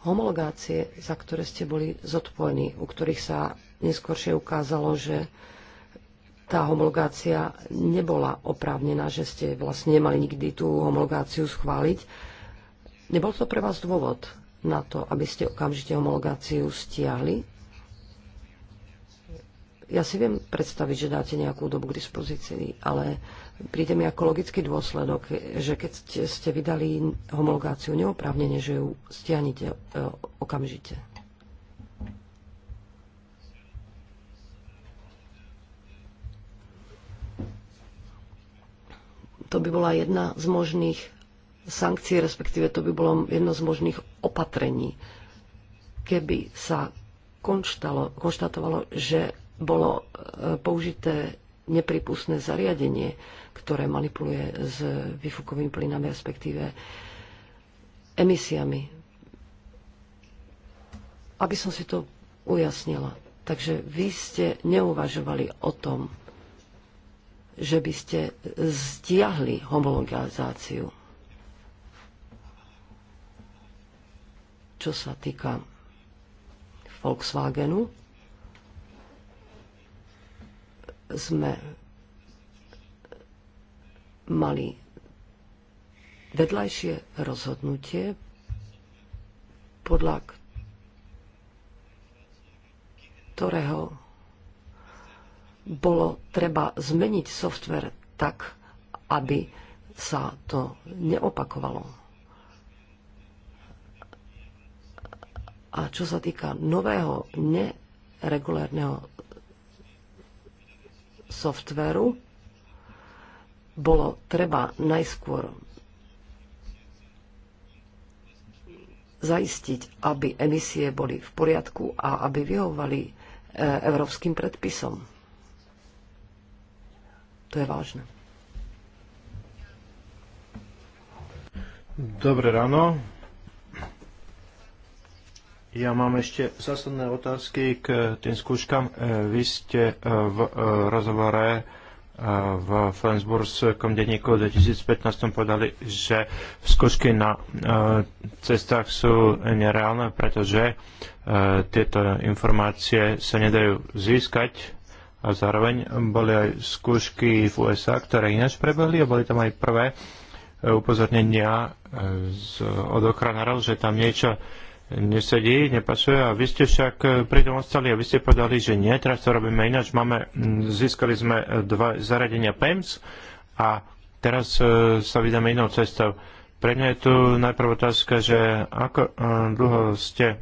Homologácie, za ktoré ste boli zodpovední, u ktorých sa neskôršie ukázalo, že tá homologácia nebola oprávnená, že ste vlastne nemali nikdy tú homologáciu schváliť. Nebol to pre vás dôvod na to, aby ste okamžite homologáciu stiahli? Ja si viem predstaviť, že dáte nejakú dobu k dispozícii, ale príde mi ako logický dôsledok, že keď ste, vydali homologáciu neoprávnenie, že ju stiahnete e, okamžite. to by bola jedna z možných sankcií, respektíve to by bolo jedno z možných opatrení, keby sa konštalo, konštatovalo, že bolo e, použité nepripustné zariadenie, ktoré manipuluje s výfukovými plynami, respektíve emisiami. Aby som si to ujasnila. Takže vy ste neuvažovali o tom, že by ste stiahli homologizáciu. Čo sa týka Volkswagenu, sme mali vedľajšie rozhodnutie, podľa ktorého bolo treba zmeniť software tak, aby sa to neopakovalo. A čo sa týka nového neregulárneho softveru, bolo treba najskôr zaistiť, aby emisie boli v poriadku a aby vyhovovali e, európskym predpisom. To je vážne. Dobré ráno. Ja mám ešte zásadné otázky k tým skúškam. E, vy ste e, v e, rozhovore v Flensburgskom denníku v 2015 povedali, že skúšky na cestách sú nereálne, pretože tieto informácie sa nedajú získať a zároveň boli aj skúšky v USA, ktoré ináč prebehli a boli tam aj prvé e, upozornenia e, z, od ochranárov, že tam niečo nesedí, nepasuje a vy ste však e, pri tom ostali a vy ste povedali, že nie, teraz to robíme ináč. Máme, získali sme dva zaradenia PEMS a teraz sa vydáme inou cestou. Pre mňa je tu najprv otázka, že ako dlho ste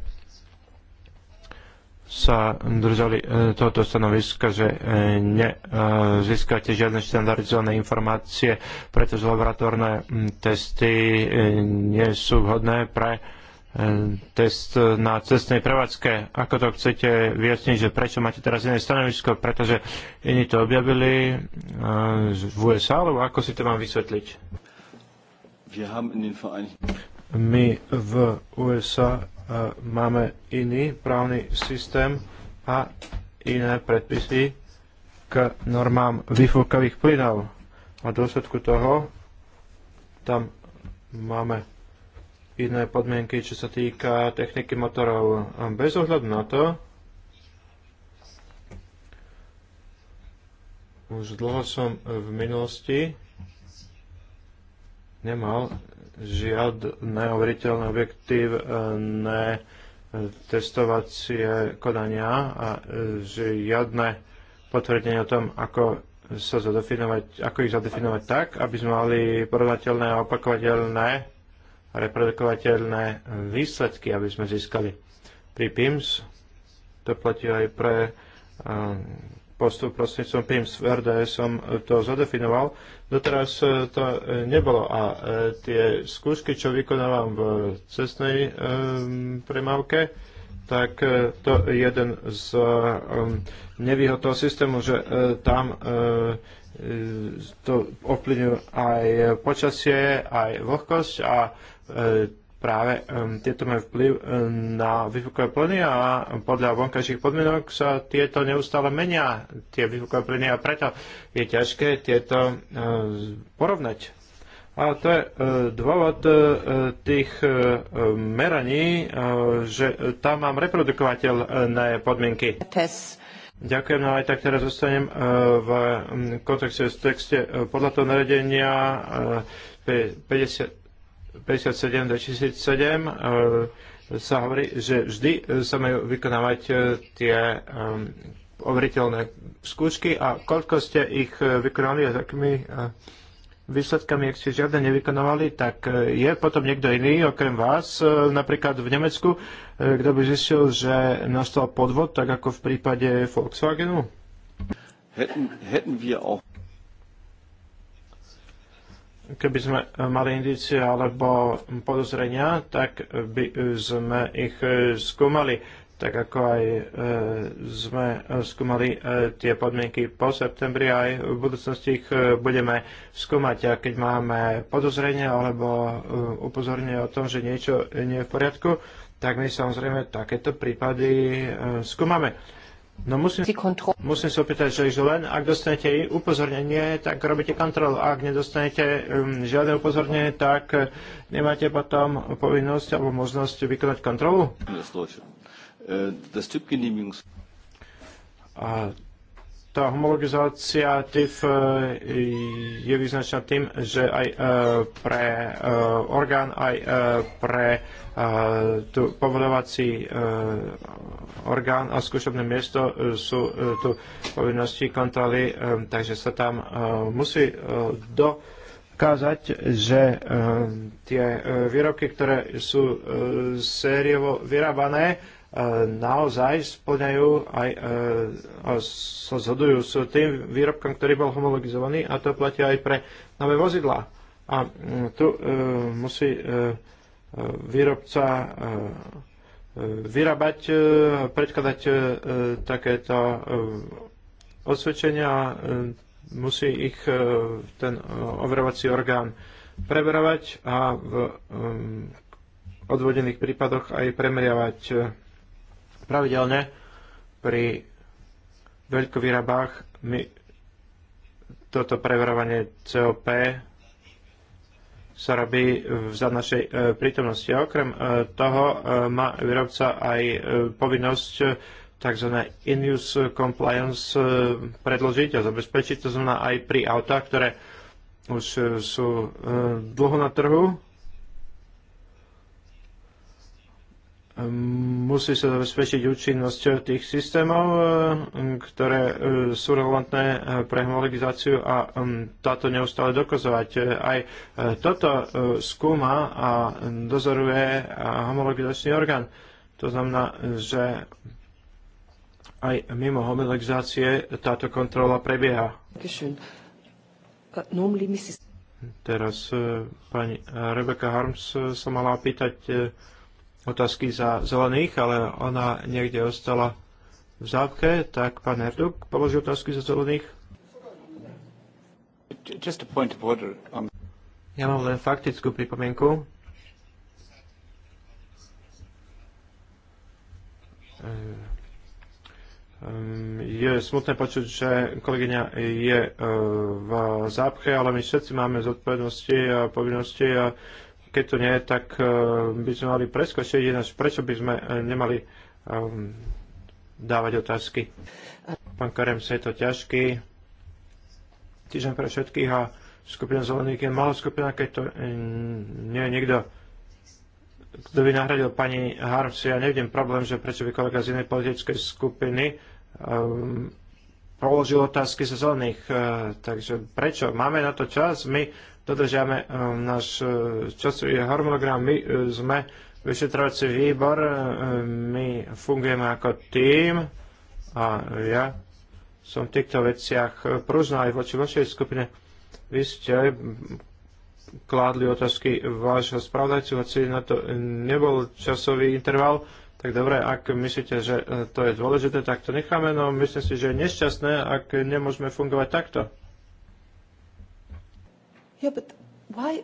sa držali e, tohoto stanoviska, že e, nezískate žiadne štandardizované informácie, pretože laboratórne testy e, nie sú vhodné pre test na cestnej prevádzke. Ako to chcete vyjasniť, že prečo máte teraz iné stanovisko? Pretože iní to objavili v USA, alebo ako si to mám vysvetliť? My v USA E, máme iný právny systém a iné predpisy k normám výfukových plynov. A v dôsledku toho tam máme iné podmienky, čo sa týka techniky motorov. Bez ohľadu na to, už dlho som v minulosti nemal žiadne overiteľné objektívne testovacie konania a e, žiadne potvrdenie o tom, ako sa zadefinovať, ako ich zadefinovať tak, aby sme mali porovnateľné a opakovateľné a reprodukovateľné výsledky, aby sme získali. Pri PIMS to platí aj pre e, postup prostredníctvom PIMS v RDS som to zadefinoval. Doteraz e, to e, nebolo a e, tie skúšky, čo vykonávam v cestnej premávke, tak to je jeden z nevýhod toho systému, že tam to ovplyvňuje aj počasie, aj vlhkosť a práve um, tieto majú vplyv um, na výfukové plyny a podľa vonkajších podmienok sa tieto neustále menia, tie výfukové plyny a preto je ťažké tieto uh, porovnať. A to je uh, dôvod uh, tých uh, meraní, uh, že tam mám reprodukovateľné podmienky. Test. Ďakujem, no aj tak teraz zostanem v kontexte s texte podľa toho naredenia 50, 57 2007 e, sa hovorí, že vždy e, sa majú vykonávať e, tie overiteľné skúšky a koľko ste ich vykonali a takými akými výsledkami, ak ste žiadne nevykonovali, tak je potom niekto iný, okrem vás, napríklad v Nemecku, kto by zistil, že nastal podvod, tak ako v prípade Volkswagenu? Hätten, hätten wir auch keby sme e, mali indície alebo podozrenia, tak by e, sme ich e, skúmali, tak ako aj sme skúmali tie podmienky po septembri, aj v budúcnosti ich budeme skúmať. A keď máme podozrenie alebo upozornenie o tom, že niečo nie je v poriadku, tak my samozrejme takéto prípady skúmame. No musím, musím sa opýtať, že len ak dostanete upozornenie, tak robíte kontrolu. Ak nedostanete um, žiadne upozornenie, tak eh, nemáte potom povinnosť alebo možnosť vykonať kontrolu? Äh, A tá homologizácia TIF e, je význačná tým, že aj e, pre e, orgán, aj pre tu povodovací orgán a skúšobné miesto sú tu povinnosti kontroly, takže sa tam musí do kázať, že tie výrobky, ktoré sú sériovo vyrábané, E, naozaj splňajú aj e, a sa zhodujú s tým výrobkom, ktorý bol homologizovaný a to platí aj pre nové vozidlá. A mm, tu e, musí výrobca vyrábať, predkladať takéto osvedčenia, musí ich ten overovací orgán preverovať a v odvodených prípadoch aj premeriavať Pravidelne pri veľkovýrabách my toto preverovanie COP sa robí za našej e, prítomnosti. A okrem e, toho e, má výrobca aj e, povinnosť tzv. in-use compliance e, predložiť a zabezpečiť. To znamená aj pri autách, ktoré už e, sú e, dlho na trhu musí sa zabezpečiť účinnosť tých systémov, eh, ktoré eh, sú relevantné eh, pre homologizáciu a mm, táto neustále dokazovať. Aj toto skúma a dozoruje homologizačný orgán. To znamená, že aj mimo homologizácie táto kontrola prebieha. Äh, Teraz pani Rebecca Harms sa mala pýtať, otázky za zelených, ale ona niekde ostala v zápke, tak pán Erduk položí otázky za zelených. Um, ja mám len faktickú pripomienku. Ehm, ehm, je smutné počuť, že kolegyňa je e, v zápche, ale my všetci máme zodpovednosti a povinnosti a keď to nie, tak eh, by sme mali preskočiť ináč. Prečo by sme eh, nemali ehm, dávať otázky? Pán Karem, je to ťažký týždeň pre všetkých a skupina zelených je malá skupina, keď to eh, nie je nikto kto by nahradil pani Harms, ja nevidím problém, že prečo by kolega z inej politickej skupiny um, položil otázky za zelených. Uh, takže prečo? Máme na to čas, my dodržiame eh, náš eh, časový eh, harmonogram. My sme vyšetrovací výbor, my fungujeme ako tým a ja som v týchto veciach pružná aj voči vašej skupine. Vy ste kládli otázky vášho spravodajcu, hoci na to nebol časový interval, tak dobre, ak myslíte, že to je dôležité, tak to necháme, no myslím si, že je nešťastné, ak nemôžeme fungovať takto. Yeah, but why...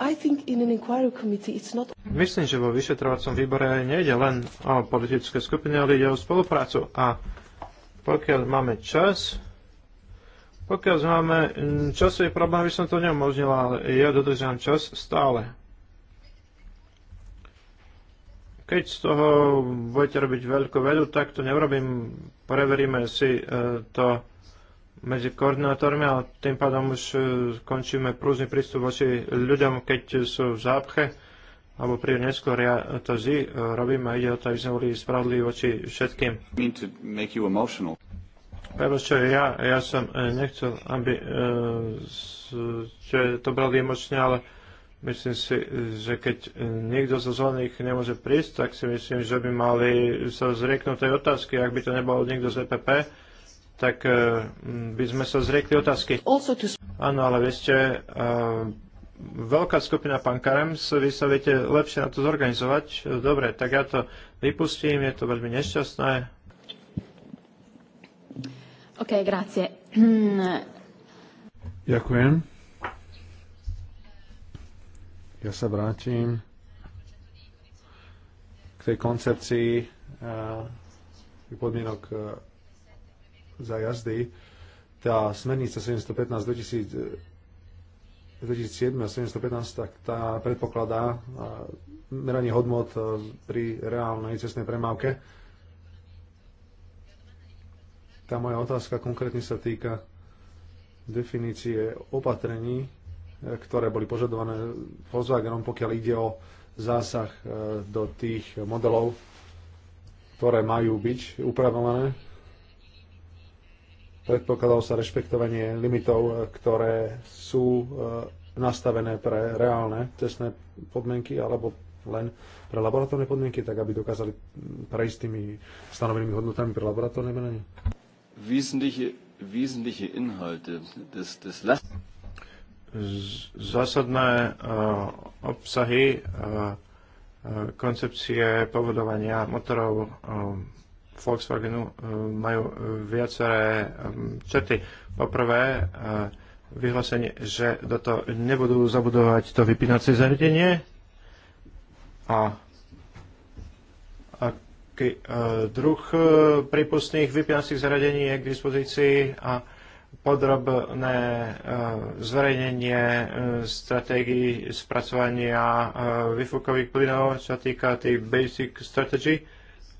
I think in an inquiry committee it's not... Myslím, že vo vyšetrovacom výbore nejde len o politické skupiny, ale ide o spoluprácu. A pokiaľ máme čas, pokiaľ máme mm, časový problém, by som to neumožnila, ale ja dodržám čas stále. Keď z toho budete robiť veľkú vedu, tak to neurobím. Preveríme si e, to medzi koordinátormi a tým pádom už e, končíme prúzny prístup voči ľuďom, keď sú v zápche alebo pri neskôr ja to zi e, robím a ide o to, aby sme boli spravodliví voči všetkým. Prepačte, ja, ja som e, nechcel, aby ste to brali emočne, ale myslím si, že keď nikto zo zvolených nemôže prísť, tak si myslím, že by mali sa zrieknúť tej otázky, ak by to nebolo nikto z EPP, tak eh, by sme sa zriekli otázky. Áno, ale vy ste eh, veľká skupina, pán Karems, vy sa viete lepšie na to zorganizovať. Dobre, tak ja to vypustím, je to veľmi nešťastné. OK, grazie. Ďakujem. Ja sa vrátim k tej koncepcii eh, podmienok za jazdy. Tá smernica 715 2007 a 715, tak tá predpokladá meranie hodnot pri reálnej cestnej premávke. Tá moja otázka konkrétne sa týka definície opatrení, e, ktoré boli požadované Volkswagenom, pokiaľ ide o zásah e, do tých modelov, ktoré majú byť upravované Predpokladalo sa rešpektovanie limitov, e, ktoré sú e, nastavené pre reálne cestné podmienky alebo len pre laboratórne podmienky, tak aby dokázali prejsť tými stanovenými hodnotami pre laboratórne meranie? Zásadné uh, obsahy uh, koncepcie povodovania motorov uh, Volkswagenu eh, majú eh, viaceré eh, črty. Poprvé, vyhlásenie, že do toho nebudú zabudovať to vypínacie zariadenie a aký druh prípustných vypínacích zariadení je k dispozícii a podrobné zverejnenie stratégií spracovania vyfúkových plynov, čo týka tej basic strategy,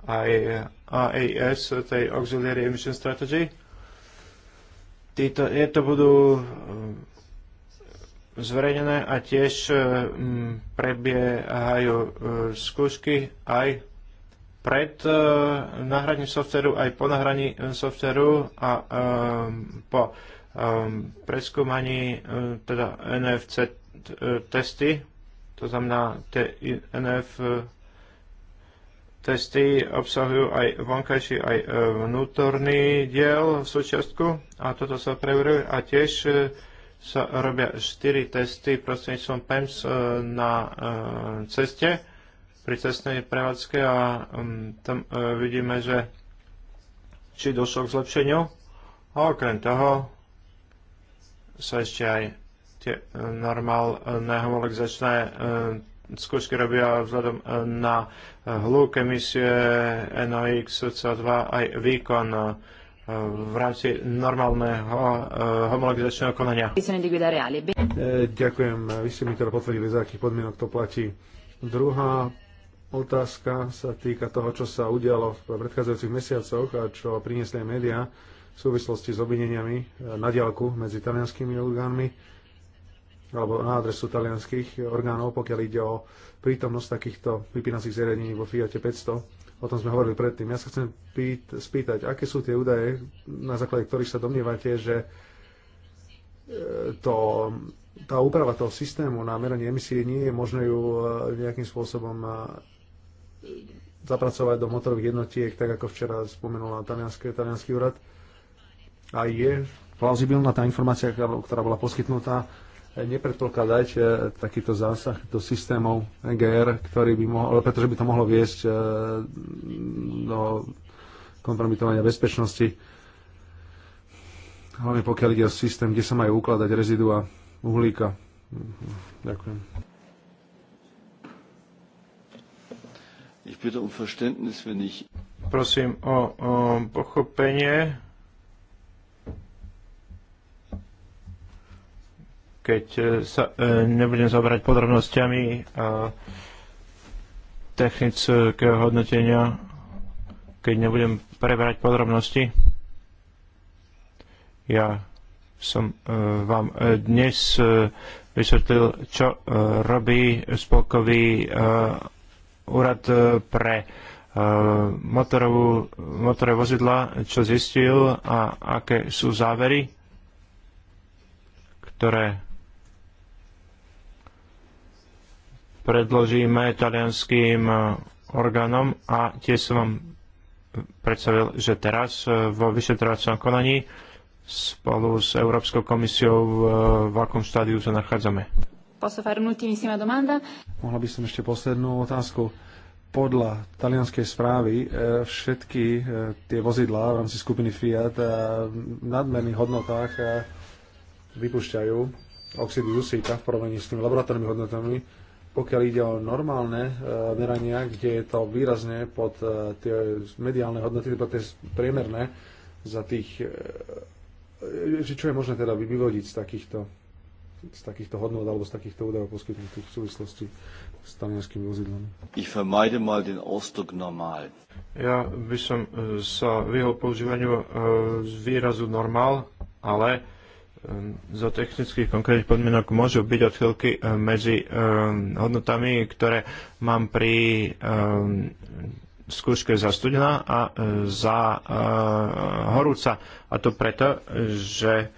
aj AAS, tej Auxiliary Emission Strategy. Títo, to budú um, zverejnené a tiež um, prebiehajú uh, skúšky aj pred uh, nahraním softveru, aj po nahraní um, softveru a po preskúmaní teda NFC uh, testy, to znamená NFC testy obsahujú aj vonkajší, aj e, vnútorný diel v súčiastku a toto sa preveruje a tiež e, sa robia 4 testy prostredníctvom PEMS e, na ceste pri cestnej prevádzke a mm, tam vidíme, že či došlo k zlepšeniu a okrem toho sa ešte aj tie normálne homologizačné skúšky robia vzhľadom e, na e, hluk emisie NOx, CO2 aj výkon e, v rámci normálneho homologizačného konania. Ďakujem. Vy ste mi teda potvrdili, za akých podmienok to platí. Druhá otázka sa týka toho, čo sa udialo v predchádzajúcich mesiacoch a čo priniesli aj médiá v súvislosti s obvineniami na diálku medzi talianskými orgánmi alebo na adresu talianských orgánov, pokiaľ ide o prítomnosť takýchto vypínacích zariadení vo Fiat 500. O tom sme hovorili predtým. Ja sa chcem pýt, spýtať, aké sú tie údaje, na základe ktorých sa domnievate, že e, to, tá úprava toho systému na meranie emisie nie je možné ju e, nejakým spôsobom e, zapracovať do motorových jednotiek, tak ako včera spomenula talianský úrad. A je plauzibilná tá informácia, ktorá bola poskytnutá nepredpokladať takýto zásah do systémov EGR, ktorý by mohol, pretože by to mohlo viesť e, do kompromitovania bezpečnosti, hlavne pokiaľ ide o systém, kde sa majú ukladať rezidua uhlíka. Ďakujem. Um Prosím o, o pochopenie keď e, sa e, nebudem zabrať podrobnostiami technického hodnotenia, keď nebudem prebrať podrobnosti. Ja som e, vám dnes vysvetlil, čo robí spolkový úrad pre motorovú, motorové vozidla, čo zistil a aké sú závery, ktoré predložíme talianským e, orgánom a tiež som vám predstavil, že teraz e, vo vyšetrovacom konaní spolu s Európskou komisiou v e, akom štádiu sa nachádzame. Mohla by som ešte poslednú otázku. Podľa talianskej správy všetky tie vozidlá v rámci skupiny Fiat v nadmerných hodnotách vypúšťajú oxidy dusíka v porovnaní s tými laboratórnymi hodnotami pokiaľ ide o normálne e, merania, kde je to výrazne pod e, tie mediálne hodnoty, teda tie priemerné, za tých, e, že čo je možné teda vyvodiť z takýchto, z takýchto hodnot alebo z takýchto údajov poskytnutých v súvislosti s talianskými vozidlami. Ich vermeide mal den Ja by som sa vyhol používaniu výrazu normál, ale za technických konkrétnych podmienok môžu byť odchylky eh, medzi eh, hodnotami, ktoré mám pri eh, skúške za studená a za horúca. A to preto, že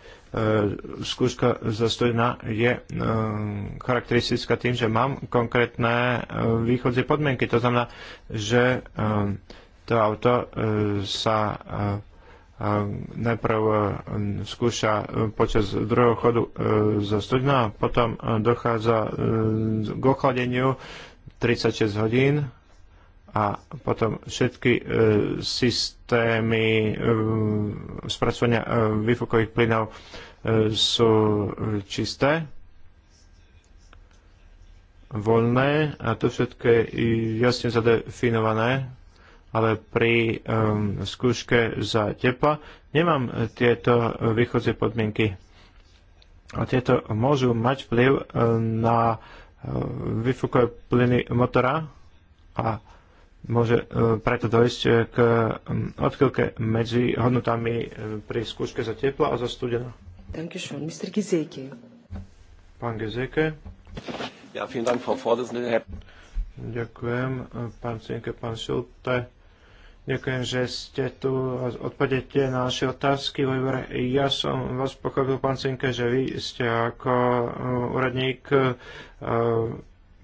skúška za studená je charakteristická tým, že mám konkrétne východzie podmienky. To znamená, že to auto sa najprv e, skúša e, počas druhého chodu e, zo no studna, potom dochádza k ochladeniu 36 hodín a potom všetky systémy spracovania výfukových plynov sú čisté, voľné a to všetko je jasne zadefinované ale pri um, skúške za tepla nemám tieto východzie podmienky. A tieto môžu mať vplyv na vyfúkové plyny motora a môže preto dojsť k odchylke medzi hodnotami pri skúške za tepla a za studena. Dankeschön. Mr. Gizeke. Pán Gizeke. Ja, vielen Dank, Frau Vorsitzende. Ďakujem, pán Cienke, pán Schulte Ďakujem, že ste tu odpadete na naše otázky. Ja som vás pochopil, pán Cinke, že vy ste ako uh, úradník uh,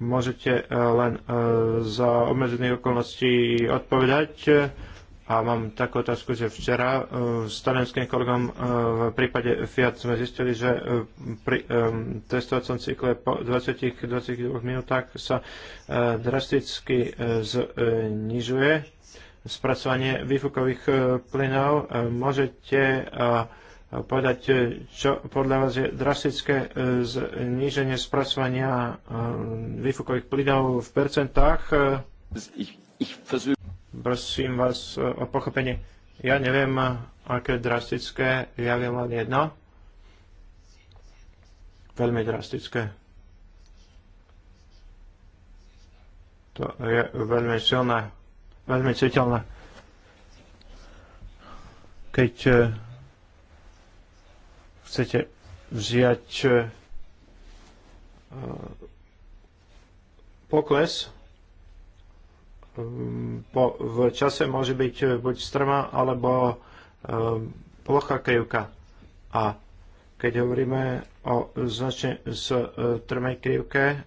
môžete uh, len za obmedzených okolností odpovedať. A mám takú otázku, že včera s talianským kolegom v prípade Fiat sme zistili, že pri um, testovacom cykle po 20-22 minútach sa drasticky znižuje spracovanie výfukových e, plynov. E, môžete e, povedať, čo podľa vás je drastické zníženie spracovania výfukových plynov v percentách? Prosím vás o pochopenie. Ja neviem, aké drastické, ja viem len jedno. Veľmi drastické. To je veľmi silné veľmi citeľné. Keď e, chcete vziať e, pokles, mm, po, v čase môže byť e, buď strma alebo plocha krivka. A keď hovoríme o značne strmej krivke,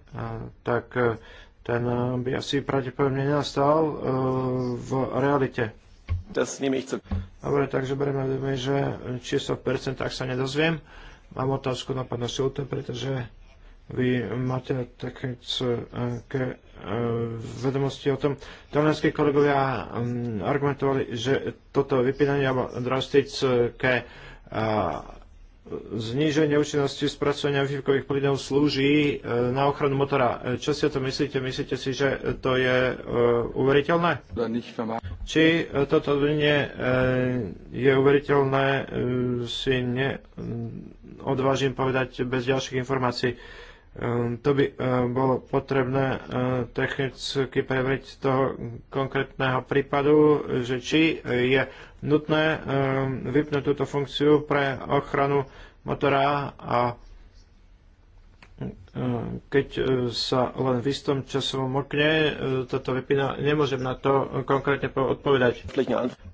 tak ten eh, by asi pravdepodobne nenastal eh, v realite. Dobre, takže bereme vedomie, že číslo v percentách sa nedozviem. Mám otázku na pána Sulte, pretože vy máte také eh, vedomosti o tom. Talianskí kolegovia mm, argumentovali, že toto vypínanie alebo drastické zníženie účinnosti spracovania výfukových plynov slúži e, na ochranu motora. E, čo si o to myslíte? Myslíte si, že to je e, uveriteľné? Či toto nie je uveriteľné, si neodvážim povedať bez ďalších informácií. Ehm, to by ehm, bolo potrebné ehm, technicky preveriť z toho konkrétneho prípadu, že či je nutné vypnúť túto funkciu pre ochranu motora a Ehm, keď e, sa len v istom časovom okne e, toto vypína, nemôžem na to konkrétne odpovedať.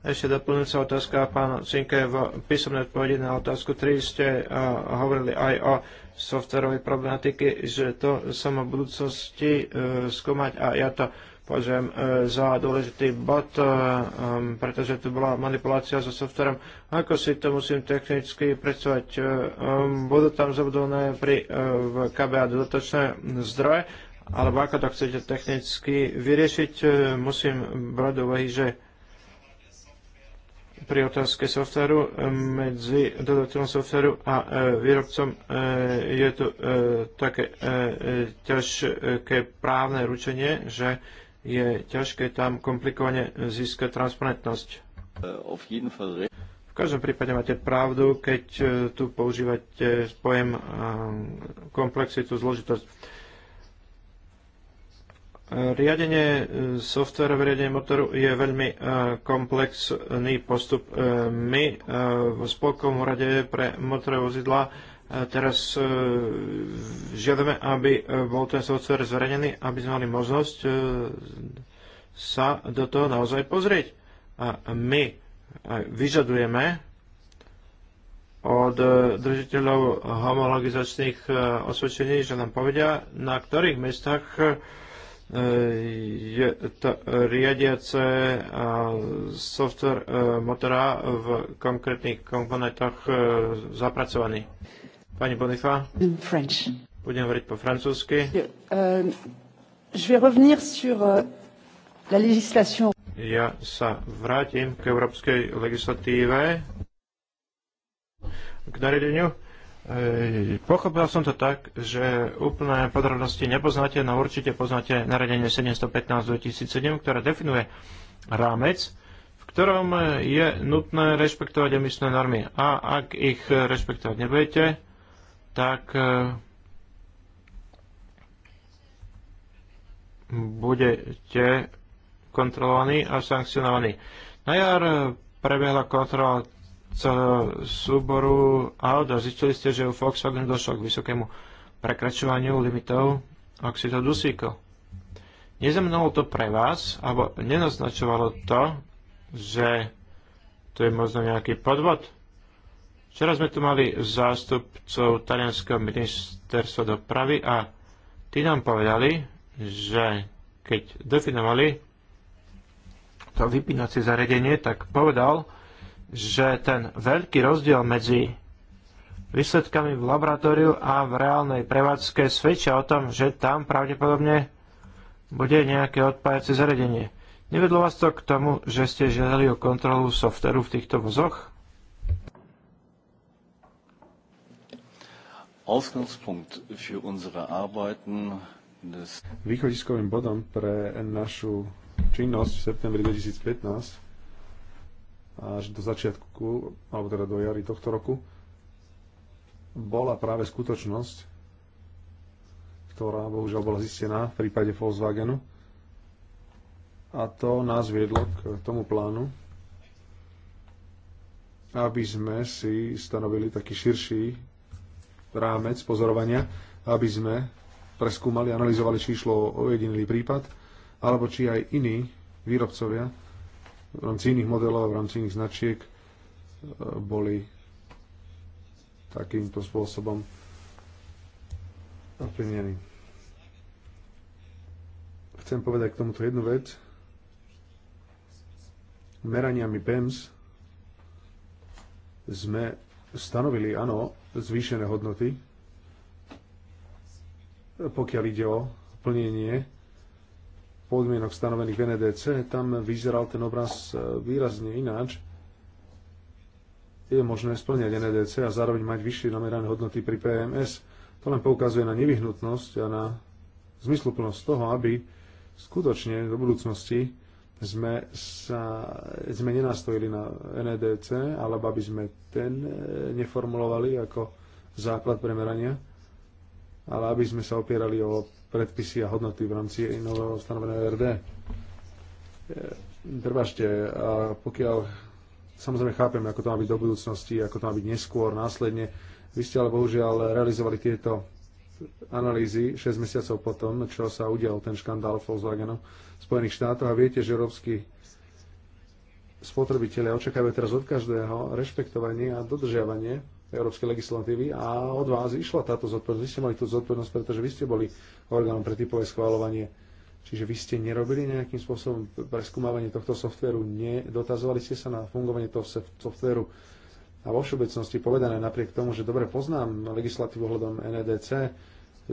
Ešte doplňujúca otázka, pán Cinke, v písomnej odpovedi na otázku 3 ste e, hovorili aj o softverovej problematiky, že to sa má v budúcnosti skúmať a ja to považujem e, za dôležitý bod, e, pretože tu bola manipulácia so softverom. Ako si to musím technicky predstavať? E, budú tam zabudované pri v KBA dodatočné zdroje? Alebo ako to chcete technicky vyriešiť? Musím brať do úvahy, že pri otázke softveru medzi dodateľom softveru a výrobcom je tu také ťažké právne ručenie, že je ťažké tam komplikovane získať transparentnosť. V každom prípade máte pravdu, keď e, tu používate pojem e, komplexitu, zložitosť. E, riadenie v riadení motoru je veľmi komplexný postup. My v Spolkovom rade pre motorové vozidla Teraz e, žiadame, aby e, bol ten software zverejnený, aby sme mali možnosť e, sa do toho naozaj pozrieť. A my vyžadujeme od držiteľov homologizačných osvedčení, že nám povedia, na ktorých mestách je to riadiace software motora v konkrétnych komponentoch zapracovaný. Pani Bonifa? French. Budem hovoriť po francúzsky. Je vais revenir sur la législation. Ja sa vrátim k európskej legislatíve, k nariadeniu. Pochopil som to tak, že úplné podrobnosti nepoznáte, no určite poznáte nariadenie 715-2007, ktoré definuje rámec, v ktorom je nutné rešpektovať emisné normy. A ak ich rešpektovať nebudete, tak e, budete kontrolovaní a sankcionovaní. Na jar prebehla kontrola súboru aut a zistili ste, že u Volkswagen došlo k vysokému prekračovaniu limitov oxidu dusíkov. Neznamenalo to pre vás, alebo nenaznačovalo to, že to je možno nejaký podvod? Včera sme tu mali zástupcov talianského ministerstva dopravy a tí nám povedali, že keď definovali to vypínacie zariadenie, tak povedal, že ten veľký rozdiel medzi výsledkami v laboratóriu a v reálnej prevádzke svedčia o tom, že tam pravdepodobne bude nejaké odpájacie zariadenie. Nevedlo vás to k tomu, že ste žiadali o kontrolu softveru v týchto vozoch? Východiskovým bodom pre našu činnosť v septembri 2015 až do začiatku, alebo teda do jary tohto roku, bola práve skutočnosť, ktorá bohužiaľ bola zistená v prípade Volkswagenu. A to nás viedlo k tomu plánu, aby sme si stanovili taký širší rámec pozorovania, aby sme preskúmali, analyzovali, či išlo o jediný prípad, alebo či aj iní výrobcovia v rámci iných modelov, v rámci iných značiek e, boli takýmto spôsobom ovplyvnení. Chcem povedať k tomuto jednu vec. Meraniami PEMS sme stanovili, áno, zvýšené hodnoty, pokiaľ ide o plnenie podmienok stanovených v NDC, tam vyzeral ten obraz e, výrazne ináč. Je možné splňať NDC a zároveň mať vyššie namerané hodnoty pri PMS. To len poukazuje na nevyhnutnosť a na zmysluplnosť toho, aby skutočne do budúcnosti sme, sa, sme nenastojili na NEDC, alebo aby sme ten e, neformulovali ako základ premerania, ale aby sme sa opierali o predpisy a hodnoty v rámci nového stanoveného RD. E, Prepašte, a pokiaľ samozrejme chápem, ako to má byť do budúcnosti, ako to má byť neskôr, následne, vy ste ale bohužiaľ realizovali tieto analýzy 6 mesiacov potom, čo sa udial ten škandál Volkswagenu v Spojených štátoch a viete, že európsky spotrebitelia očakávajú teraz od každého rešpektovanie a dodržiavanie európskej legislatívy a od vás išla táto zodpovednosť. Vy ste mali tú zodpovednosť, pretože vy ste boli orgánom pre typové schváľovanie. Čiže vy ste nerobili nejakým spôsobom preskúmavanie tohto softvéru, nedotazovali ste sa na fungovanie toho softvéru a vo všeobecnosti povedané, napriek tomu, že dobre poznám legislatívu ohľadom NEDC,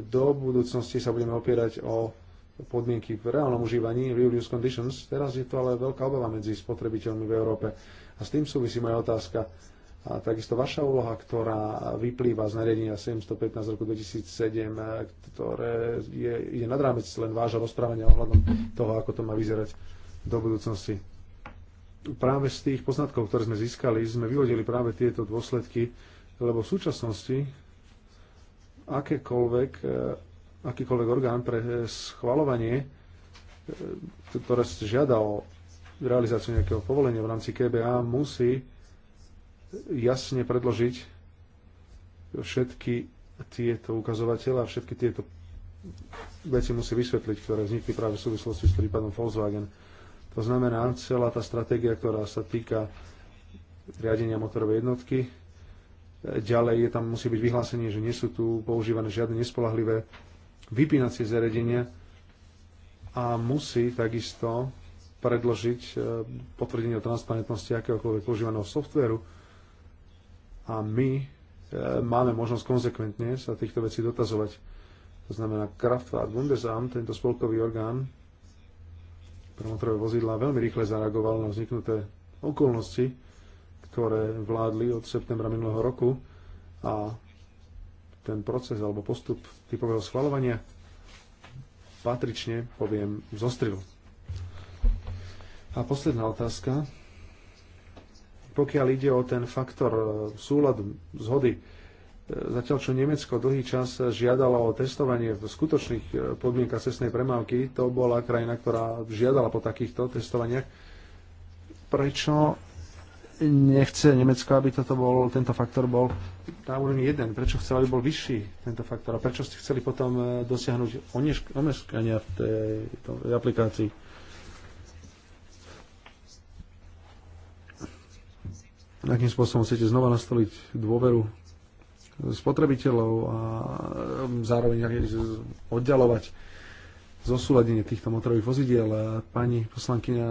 do budúcnosti sa budeme opierať o podmienky v reálnom užívaní, real use conditions. Teraz je to ale veľká obava medzi spotrebiteľmi v Európe. A s tým súvisí moja otázka. A takisto vaša úloha, ktorá vyplýva z nariadenia 715 z roku 2007, ktoré je, je nad rámec len vášho rozprávania ohľadom toho, ako to má vyzerať do budúcnosti práve z tých poznatkov, ktoré sme získali, sme vyvodili práve tieto dôsledky, lebo v súčasnosti akékoľvek, e, akýkoľvek orgán pre e, schvalovanie, e, ktoré žiada o realizáciu nejakého povolenia v rámci KBA, musí jasne predložiť všetky tieto ukazovatele a všetky tieto veci musí vysvetliť, ktoré vznikli práve v súvislosti s prípadom Volkswagen. To znamená, celá tá stratégia, ktorá sa týka riadenia motorovej jednotky, ďalej je tam musí byť vyhlásenie, že nie sú tu používané žiadne nespolahlivé vypínacie zariadenia a musí takisto predložiť e, potvrdenie o transparentnosti akéhokoľvek používaného softvéru a my e, máme možnosť konzekventne sa týchto vecí dotazovať. To znamená, Kraftfahrt Bundesamt, tento spolkový orgán, promotorové vozidla veľmi rýchle zareagoval na vzniknuté okolnosti, ktoré vládli od septembra minulého roku a ten proces alebo postup typového schvalovania patrične, poviem, zostril. A posledná otázka. Pokiaľ ide o ten faktor eh, súladu, zhody, Zatiaľ, čo Nemecko dlhý čas žiadalo o testovanie v skutočných e, podmienkach cestnej premávky, to bola krajina, ktorá žiadala po takýchto testovaniach. Prečo nechce Nemecko, aby toto bol, tento faktor bol na úrovni jeden. Prečo chcel, aby bol vyšší tento faktor? A prečo ste chceli potom e, dosiahnuť omeškania v tej, tej aplikácii? Akým spôsobom chcete znova nastoliť dôveru spotrebiteľov a um, zároveň oddalovať zosúladenie týchto motorových vozidiel. Pani poslankyňa,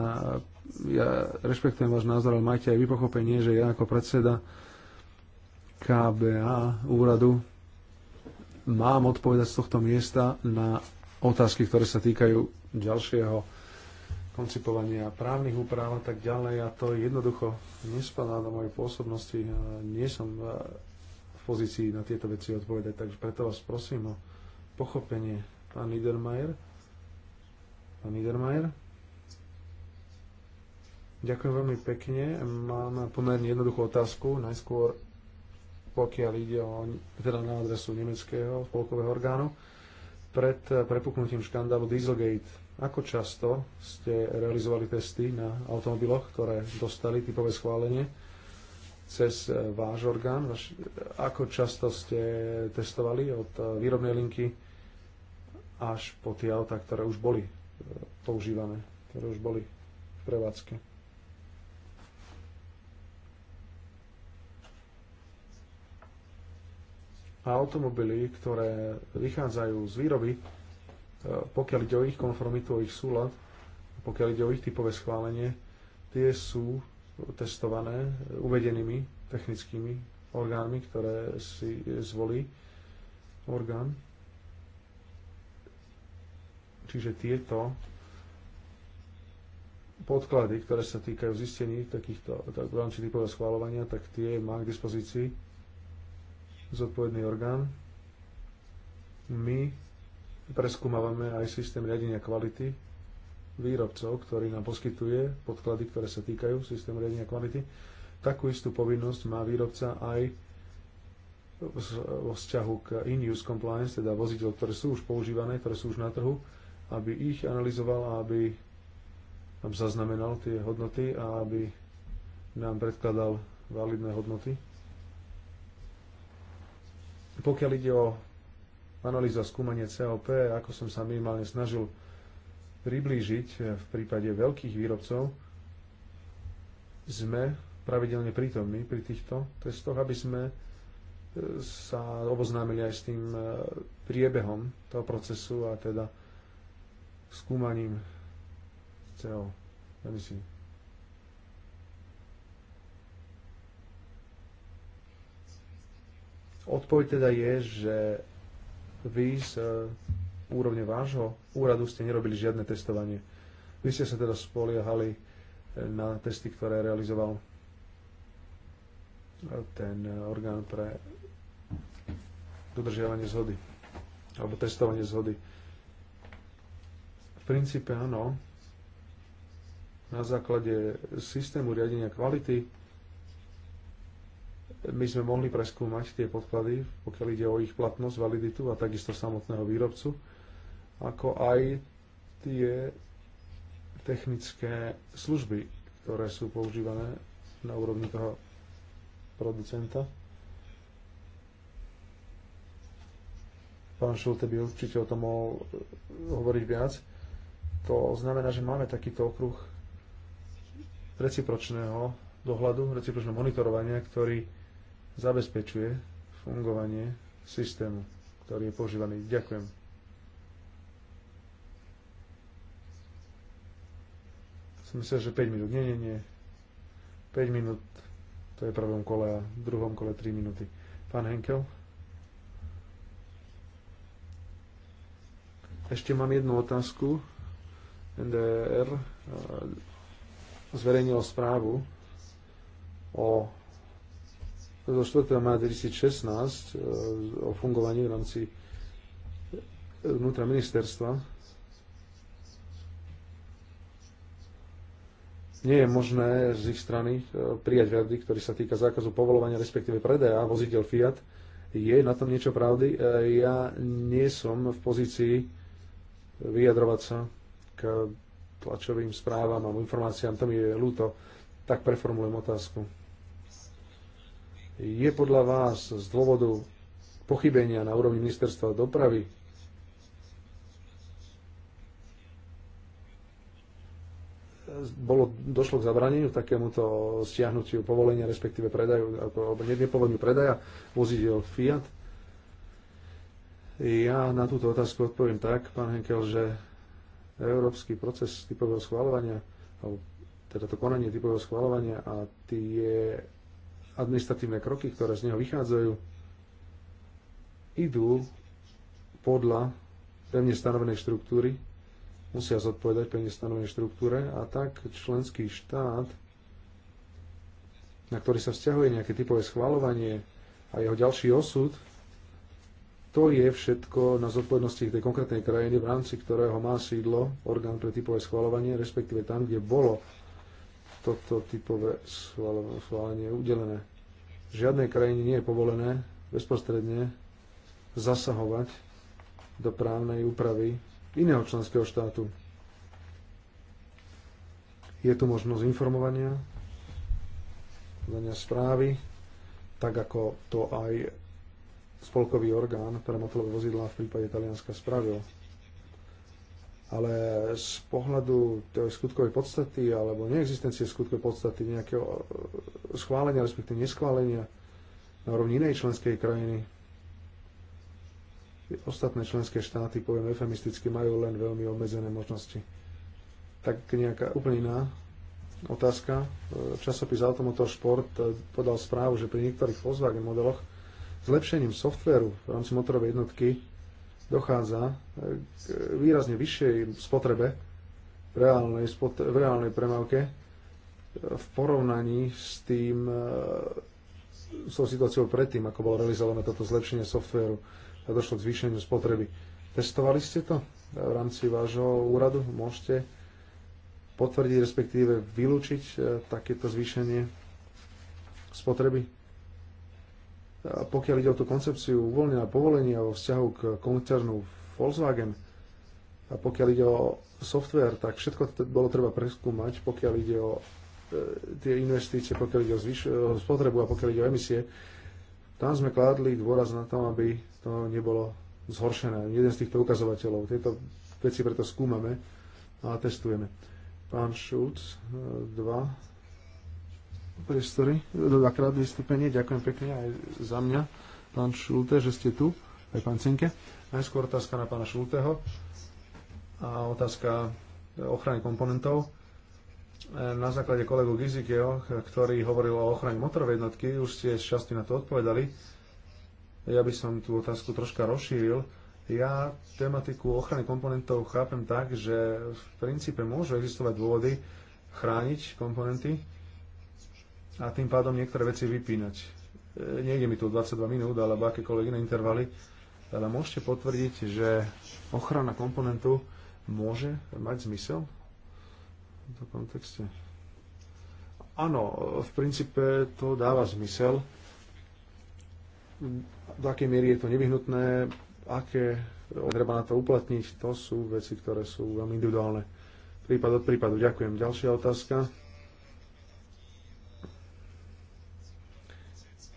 ja rešpektujem váš názor, ale majte aj vy pochopenie, že ja ako predseda KBA úradu mám odpovedať z tohto miesta na otázky, ktoré sa týkajú ďalšieho koncipovania právnych úprav a tak ďalej a to jednoducho nespadá do mojej pôsobnosti. Nie som pozícii na tieto veci odpovedať, takže preto vás prosím o pochopenie. Pán Niedermayer. Pán Niedermayer. Ďakujem veľmi pekne. Mám pomerne jednoduchú otázku. Najskôr, pokiaľ ide o, teda na adresu nemeckého spolkového orgánu, pred prepuknutím škandálu Dieselgate ako často ste realizovali testy na automobiloch, ktoré dostali typové schválenie? cez e, váš orgán? Ako často ste testovali od e, výrobnej linky až po tie autá, ktoré už boli e, používané, ktoré už boli v prevádzke? A automobily, ktoré vychádzajú z výroby, pokiaľ ide o ich konformitu, o ich súlad, pokiaľ ide o ich typové schválenie, tie sú testované uvedenými technickými orgánmi, ktoré si zvolí orgán. Čiže tieto podklady, ktoré sa týkajú zistení takýchto, tak v rámci typového schváľovania, tak tie má k dispozícii zodpovedný orgán. My preskúmavame aj systém riadenia kvality výrobcov, ktorý nám poskytuje podklady, ktoré sa týkajú systému riadenia kvality, takú istú povinnosť má výrobca aj vo vzťahu k in-use compliance, teda vozidel, ktoré sú už používané, ktoré sú už na trhu, aby ich analyzoval a aby nám zaznamenal tie hodnoty a aby nám predkladal validné hodnoty. Pokiaľ ide o analýzu a skúmanie COP, ako som sa minimálne snažil priblížiť e, v prípade veľkých výrobcov, sme pravidelne prítomní pri týchto testoch, aby sme e, sa oboznámili aj s tým e, priebehom toho procesu a teda skúmaním CO emisí. Odpoveď teda je, že vy s úrovne vášho úradu ste nerobili žiadne testovanie. Vy ste sa teda spoliehali eh, na testy, ktoré realizoval eh, ten eh, orgán pre dodržiavanie zhody alebo testovanie zhody. V princípe áno, na základe systému riadenia kvality my sme mohli preskúmať tie podklady, pokiaľ ide o ich platnosť, validitu a takisto samotného výrobcu ako aj tie technické služby, ktoré sú používané na úrovni toho producenta. Pán Šulte by určite o tom mohol hovoriť viac. To znamená, že máme takýto okruh recipročného dohľadu, recipročného monitorovania, ktorý zabezpečuje fungovanie systému, ktorý je používaný. Ďakujem. Som myslel, že 5 minút. Nie, nie, nie. 5 minút. To je v prvom kole a v druhom kole 3 minúty. Pán Henkel? Ešte mám jednu otázku. NDR eh, zverejnil správu o zo 4. maja 2016 eh, o fungovaní v rámci vnútra ministerstva nie je možné z ich strany e, prijať verdy, ktorý sa týka zákazu povolovania, respektíve predaja voziteľ Fiat. Je na tom niečo pravdy? E, ja nie som v pozícii vyjadrovať sa k tlačovým správam alebo informáciám, to mi je ľúto. Tak preformulujem otázku. Je podľa vás z dôvodu pochybenia na úrovni ministerstva dopravy bolo, došlo k zabraneniu takémuto stiahnutiu povolenia, respektíve predaju, alebo nepovoleniu predaja vozidiel Fiat. Ja na túto otázku odpoviem tak, pán Henkel, že európsky proces typového schváľovania, alebo teda to konanie typového schváľovania a tie administratívne kroky, ktoré z neho vychádzajú, idú podľa pevne stanovenej štruktúry musia zodpovedať pevne stanovenej štruktúre a tak členský štát, na ktorý sa vzťahuje nejaké typové schvalovanie a jeho ďalší osud, to je všetko na zodpovednosti tej konkrétnej krajiny, v rámci ktorého má sídlo orgán pre typové schvalovanie, respektíve tam, kde bolo toto typové schválenie udelené. V žiadnej krajine nie je povolené bezprostredne zasahovať do právnej úpravy iného členského štátu. Je tu možnosť informovania, podania správy, tak ako to aj spolkový orgán pre motorové vozidlá v prípade Talianska spravil. Ale z pohľadu tej skutkovej podstaty alebo neexistencie skutkovej podstaty nejakého schválenia, respektíve neschválenia na úrovni inej členskej krajiny, Ostatné členské štáty, poviem efemisticky, majú len veľmi obmedzené možnosti. Tak nejaká úplne iná otázka. E, časopis Automotor Sport e, podal správu, že pri niektorých Volkswagen modeloch zlepšením softvéru v rámci motorovej jednotky dochádza e, k výrazne vyššej spotrebe v reálnej, spot, v reálnej premávke v porovnaní s tým s tou situáciou predtým, ako bolo realizované toto zlepšenie softvéru a došlo k zvýšeniu spotreby. Testovali ste to v rámci vášho úradu? Môžete potvrdiť, respektíve vylúčiť e, takéto zvýšenie spotreby? A pokiaľ ide o tú koncepciu uvoľnenia povolenia vo vzťahu k koncernu Volkswagen, a pokiaľ ide o software, tak všetko bolo treba preskúmať, pokiaľ ide o e, tie investície, pokiaľ ide o, zvýš- o spotrebu a pokiaľ ide o emisie. Tam sme kládli dôraz na tom, aby to nebolo zhoršené. Jeden z týchto ukazovateľov. Tieto veci preto skúmame a testujeme. Pán Šulc, eh, dva priestory, eh, dvakrát vystúpenie. Ďakujem pekne aj za mňa, pán Šulte, že ste tu, aj pán Cinke. Najskôr otázka na pána Šulteho a otázka ochrany komponentov na základe kolegu Gizikeho, ktorý hovoril o ochrane motorovej jednotky, už ste šťastne na to odpovedali. Ja by som tú otázku troška rozšíril. Ja tematiku ochrany komponentov chápem tak, že v princípe môžu existovať dôvody chrániť komponenty a tým pádom niektoré veci vypínať. E, nejde mi tu 22 minút alebo akékoľvek iné intervaly, ale teda môžete potvrdiť, že ochrana komponentu môže mať zmysel tomto kontexte. Áno, v princípe to dáva zmysel. Do akej miery je to nevyhnutné, aké treba na to uplatniť, to sú veci, ktoré sú veľmi individuálne. Prípad od prípadu. Ďakujem. Ďalšia otázka.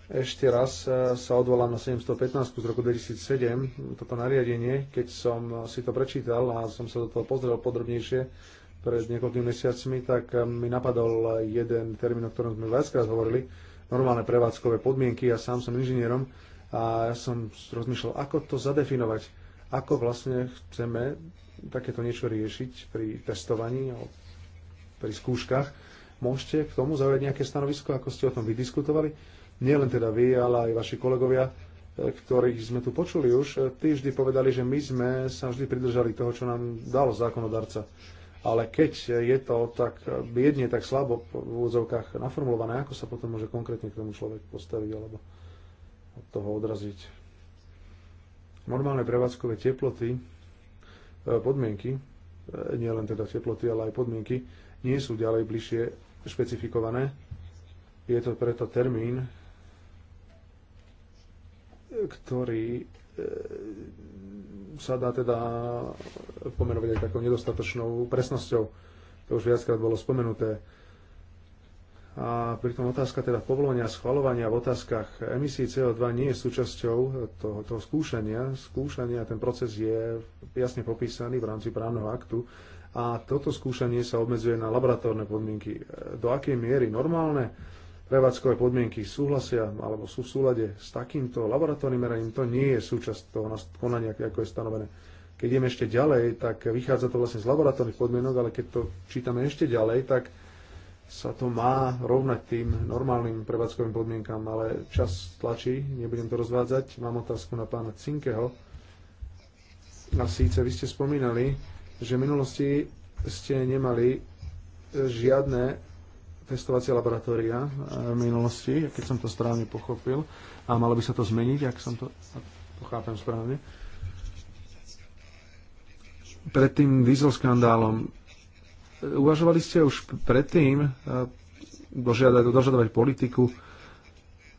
Ešte raz e, sa odvolám na 715 z roku 2007, toto nariadenie, keď som si to prečítal a som sa do toho pozrel podrobnejšie, pred niekoľkými mesiacmi, tak um, mi napadol jeden termín, o ktorom sme viackrát hovorili, normálne prevádzkové podmienky. Ja sám som inžinierom a ja som rozmýšľal, ako to zadefinovať, ako vlastne chceme takéto niečo riešiť pri testovaní alebo pri skúškach. Môžete k tomu zaujať nejaké stanovisko, ako ste o tom vydiskutovali? Nie len teda vy, ale aj vaši kolegovia, eh, ktorých sme tu počuli už, eh, tí vždy povedali, že my sme sa vždy pridržali toho, čo nám dal zákonodarca ale keď je to tak biedne, tak slabo v úvodzovkách naformulované, ako sa potom môže konkrétne k tomu človek postaviť alebo od toho odraziť. Normálne prevádzkové teploty, e, podmienky, e, nie len teda teploty, ale aj podmienky, nie sú ďalej bližšie špecifikované. Je to preto termín, ktorý e, sa dá teda pomenovať aj takou nedostatočnou presnosťou. To už viackrát bolo spomenuté. A pritom otázka teda povolenia, schvalovania v otázkach emisí CO2 nie je súčasťou toho, toho skúšania. Skúšania, ten proces je jasne popísaný v rámci právneho aktu a toto skúšanie sa obmedzuje na laboratórne podmienky. E, do akej miery normálne? prevádzkové podmienky súhlasia alebo sú v súlade s takýmto laboratórnym meraním, to nie je súčasť toho konania, ako je stanovené. Keď ideme ešte ďalej, tak vychádza to vlastne z laboratórnych podmienok, ale keď to čítame ešte ďalej, tak sa to má rovnať tým normálnym prevádzkovým podmienkam, ale čas tlačí, nebudem to rozvádzať. Mám otázku na pána Cinkeho. A síce vy ste spomínali, že v minulosti ste nemali žiadne testovacie laboratória e, v minulosti, keď som to správne pochopil. A malo by sa to zmeniť, ak som to, pochápam správne. Pred tým diesel skandálom e, uvažovali ste už predtým e, dožiadať, dožadovať politiku,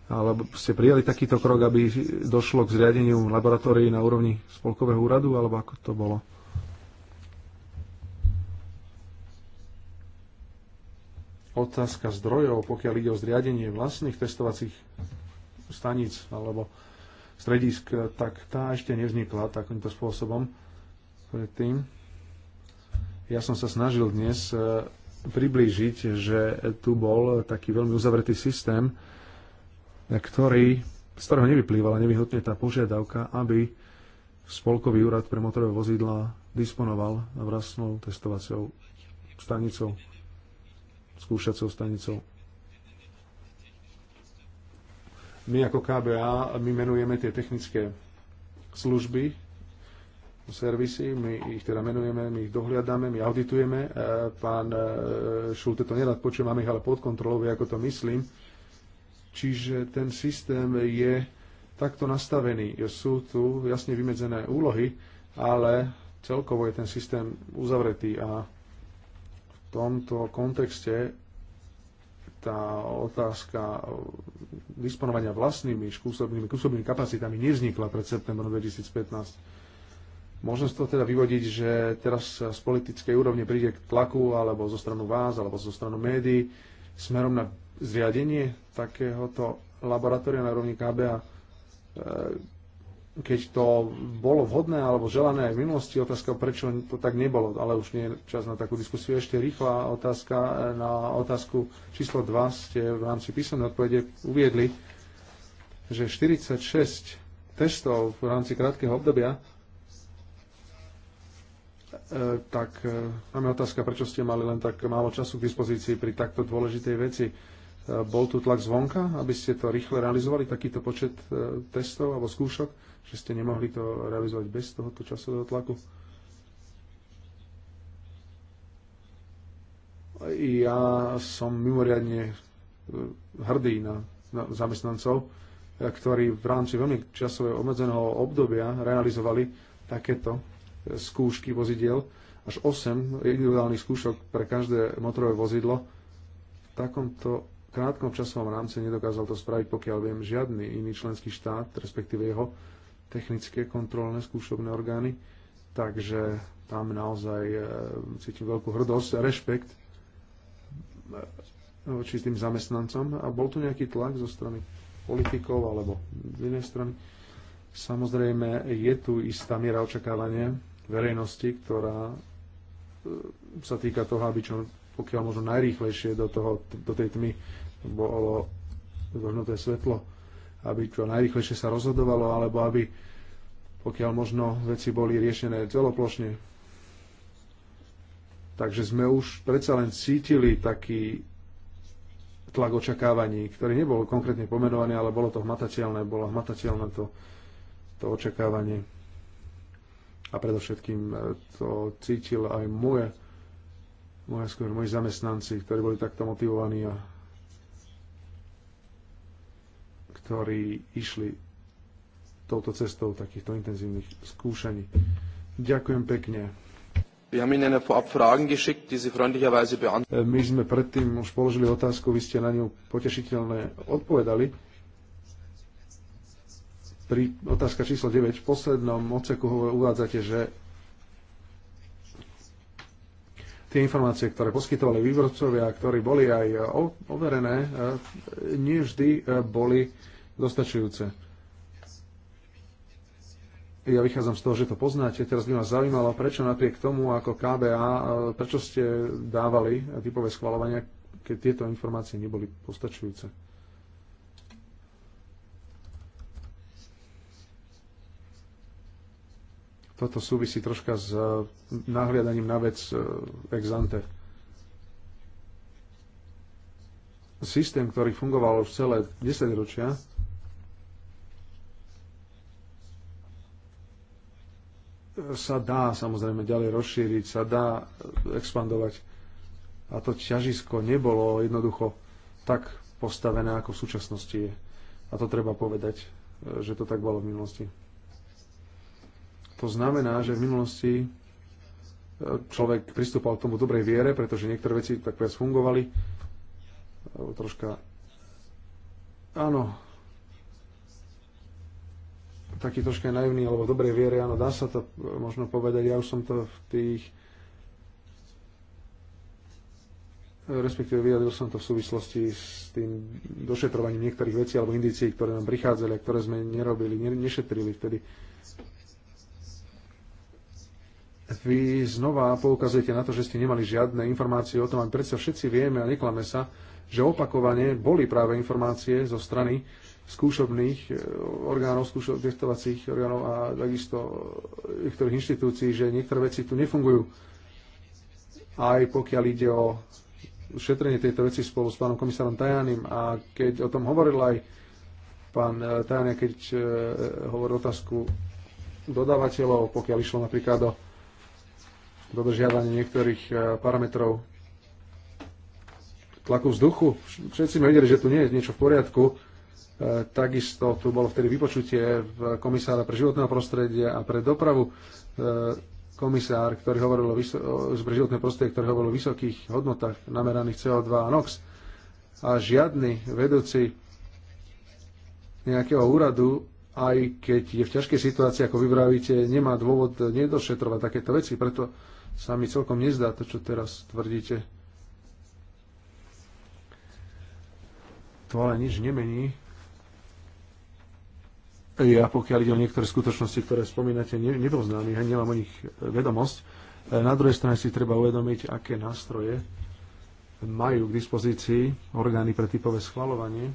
alebo ste prijali takýto krok, aby došlo k zriadeniu laboratórií na úrovni spolkového úradu, alebo ako to bolo? otázka zdrojov, pokiaľ ide o zriadenie vlastných testovacích staníc alebo stredisk, tak tá ešte nevznikla takýmto spôsobom predtým. Ja som sa snažil dnes e, priblížiť, že tu bol taký veľmi uzavretý systém, ktorý, z ktorého nevyplývala nevyhodne tá požiadavka, aby Spolkový úrad pre motorové vozidla disponoval vlastnou testovacou stanicou skúšacou stanicou. My ako KBA, my menujeme tie technické služby, servisy, my ich teda menujeme, my ich dohliadame, my auditujeme. E, pán e, Šulte to nerad počuje, máme ich ale pod kontrolou, ako to myslím. Čiže ten systém je takto nastavený. Sú tu jasne vymedzené úlohy, ale celkovo je ten systém uzavretý a tomto kontexte tá otázka disponovania vlastnými skúsobnými, kúsobnými kapacitami nevznikla pred septembrom 2015. Možno z toho teda vyvodiť, že teraz z politickej úrovne príde k tlaku, alebo zo stranu vás, alebo zo stranu médií, smerom na zriadenie takéhoto laboratória na rovni KBA e, keď to bolo vhodné alebo želané aj v minulosti, otázka, prečo to tak nebolo, ale už nie je čas na takú diskusiu. Ešte rýchla otázka e, na otázku číslo 2 ste v rámci písomnej odpovede uviedli, že 46 testov v rámci krátkeho obdobia, e, tak e, máme otázka, prečo ste mali len tak málo času k dispozícii pri takto dôležitej veci. Bol tu tlak zvonka, aby ste to rýchle realizovali, takýto počet testov alebo skúšok? že ste nemohli to realizovať bez tohoto časového tlaku? Ja som mimoriadne e, hrdý na, na zamestnancov, e, ktorí v rámci veľmi časového obmedzeného obdobia realizovali takéto e, skúšky vozidiel, až 8 individuálnych skúšok pre každé motorové vozidlo. V takomto krátkom časovom rámci nedokázal to spraviť, pokiaľ viem, žiadny iný členský štát, respektíve jeho technické kontrolné skúšobné orgány, takže tam naozaj e, cítim veľkú hrdosť a rešpekt e, voči tým zamestnancom. A bol tu nejaký tlak zo strany politikov alebo z inej strany? Samozrejme, je tu istá miera očakávania verejnosti, ktorá e, sa týka toho, aby čo pokiaľ možno najrýchlejšie do, toho, do tej tmy bolo vrhnuté svetlo aby čo najrychlejšie sa rozhodovalo, alebo aby pokiaľ možno veci boli riešené celoplošne. Takže sme už predsa len cítili taký tlak očakávaní, ktorý nebol konkrétne pomenovaný, ale bolo to hmatateľné, bolo hmatateľné to, to očakávanie. A predovšetkým e, to cítil aj moje, moje skôr, moji zamestnanci, ktorí boli takto motivovaní a ktorí išli touto cestou takýchto intenzívnych skúšaní. Ďakujem pekne. Eh, my sme predtým už položili otázku, vy ste na ňu potešiteľne odpovedali. Pri otázka číslo 9 v poslednom odseku uvádzate, že tie informácie, ktoré poskytovali výrobcovia, ktorí boli aj overené, eh, nie vždy eh, boli dostačujúce. Ja vychádzam z toho, že to poznáte. Teraz by ma zaujímalo, prečo napriek tomu, ako KBA, e, prečo ste dávali typové schvalovania, keď tieto informácie neboli postačujúce. Toto súvisí troška s e, nahliadaním na vec e, ex ante. Systém, ktorý fungoval už celé 10 ročia, sa dá samozrejme ďalej rozšíriť, sa dá e, expandovať. A to ťažisko nebolo jednoducho tak postavené, ako v súčasnosti je. A to treba povedať, e, že to tak bolo v minulosti. To znamená, že v minulosti e, človek pristúpal k tomu dobrej viere, pretože niektoré veci tak viac fungovali. Troška... Áno, taký troška naivný alebo v dobrej viere, áno, dá sa to e, možno povedať, ja už som to v tých e, respektíve vyjadril som to v súvislosti s tým došetrovaním niektorých vecí alebo indícií, ktoré nám prichádzali a ktoré sme nerobili, ne, nešetrili vtedy. Vy znova poukazujete na to, že ste nemali žiadne informácie o tom, a predsa všetci vieme a neklame sa, že opakovane boli práve informácie zo strany skúšobných e, orgánov, skúšob, testovacích orgánov a takisto niektorých inštitúcií, že niektoré veci tu nefungujú. Aj pokiaľ ide o šetrenie tejto veci spolu s pánom komisárom Tajanim a keď o tom hovoril aj pán e, Tajania, keď e, hovoril otázku dodávateľov, pokiaľ išlo napríklad o dodržiavanie niektorých parametrov tlaku vzduchu. Všetci sme videli, že tu nie je niečo v poriadku E, takisto tu bolo vtedy vypočutie komisára pre životné prostredie a pre dopravu. E, komisár, ktorý hovoril o, pre životné prostredie, ktorý hovoril o vysokých hodnotách nameraných CO2 a NOx. A žiadny vedúci nejakého úradu, aj keď je v ťažkej situácii, ako vybravíte, nemá dôvod nedošetrovať takéto veci. Preto sa mi celkom nezdá to, čo teraz tvrdíte. To ale nič nemení ja, pokiaľ ide o niektoré skutočnosti, ktoré spomínate, ne, nebol známy, ja nemám o nich e, vedomosť. E, na druhej strane si treba uvedomiť, aké nástroje majú k dispozícii orgány pre typové schvalovanie.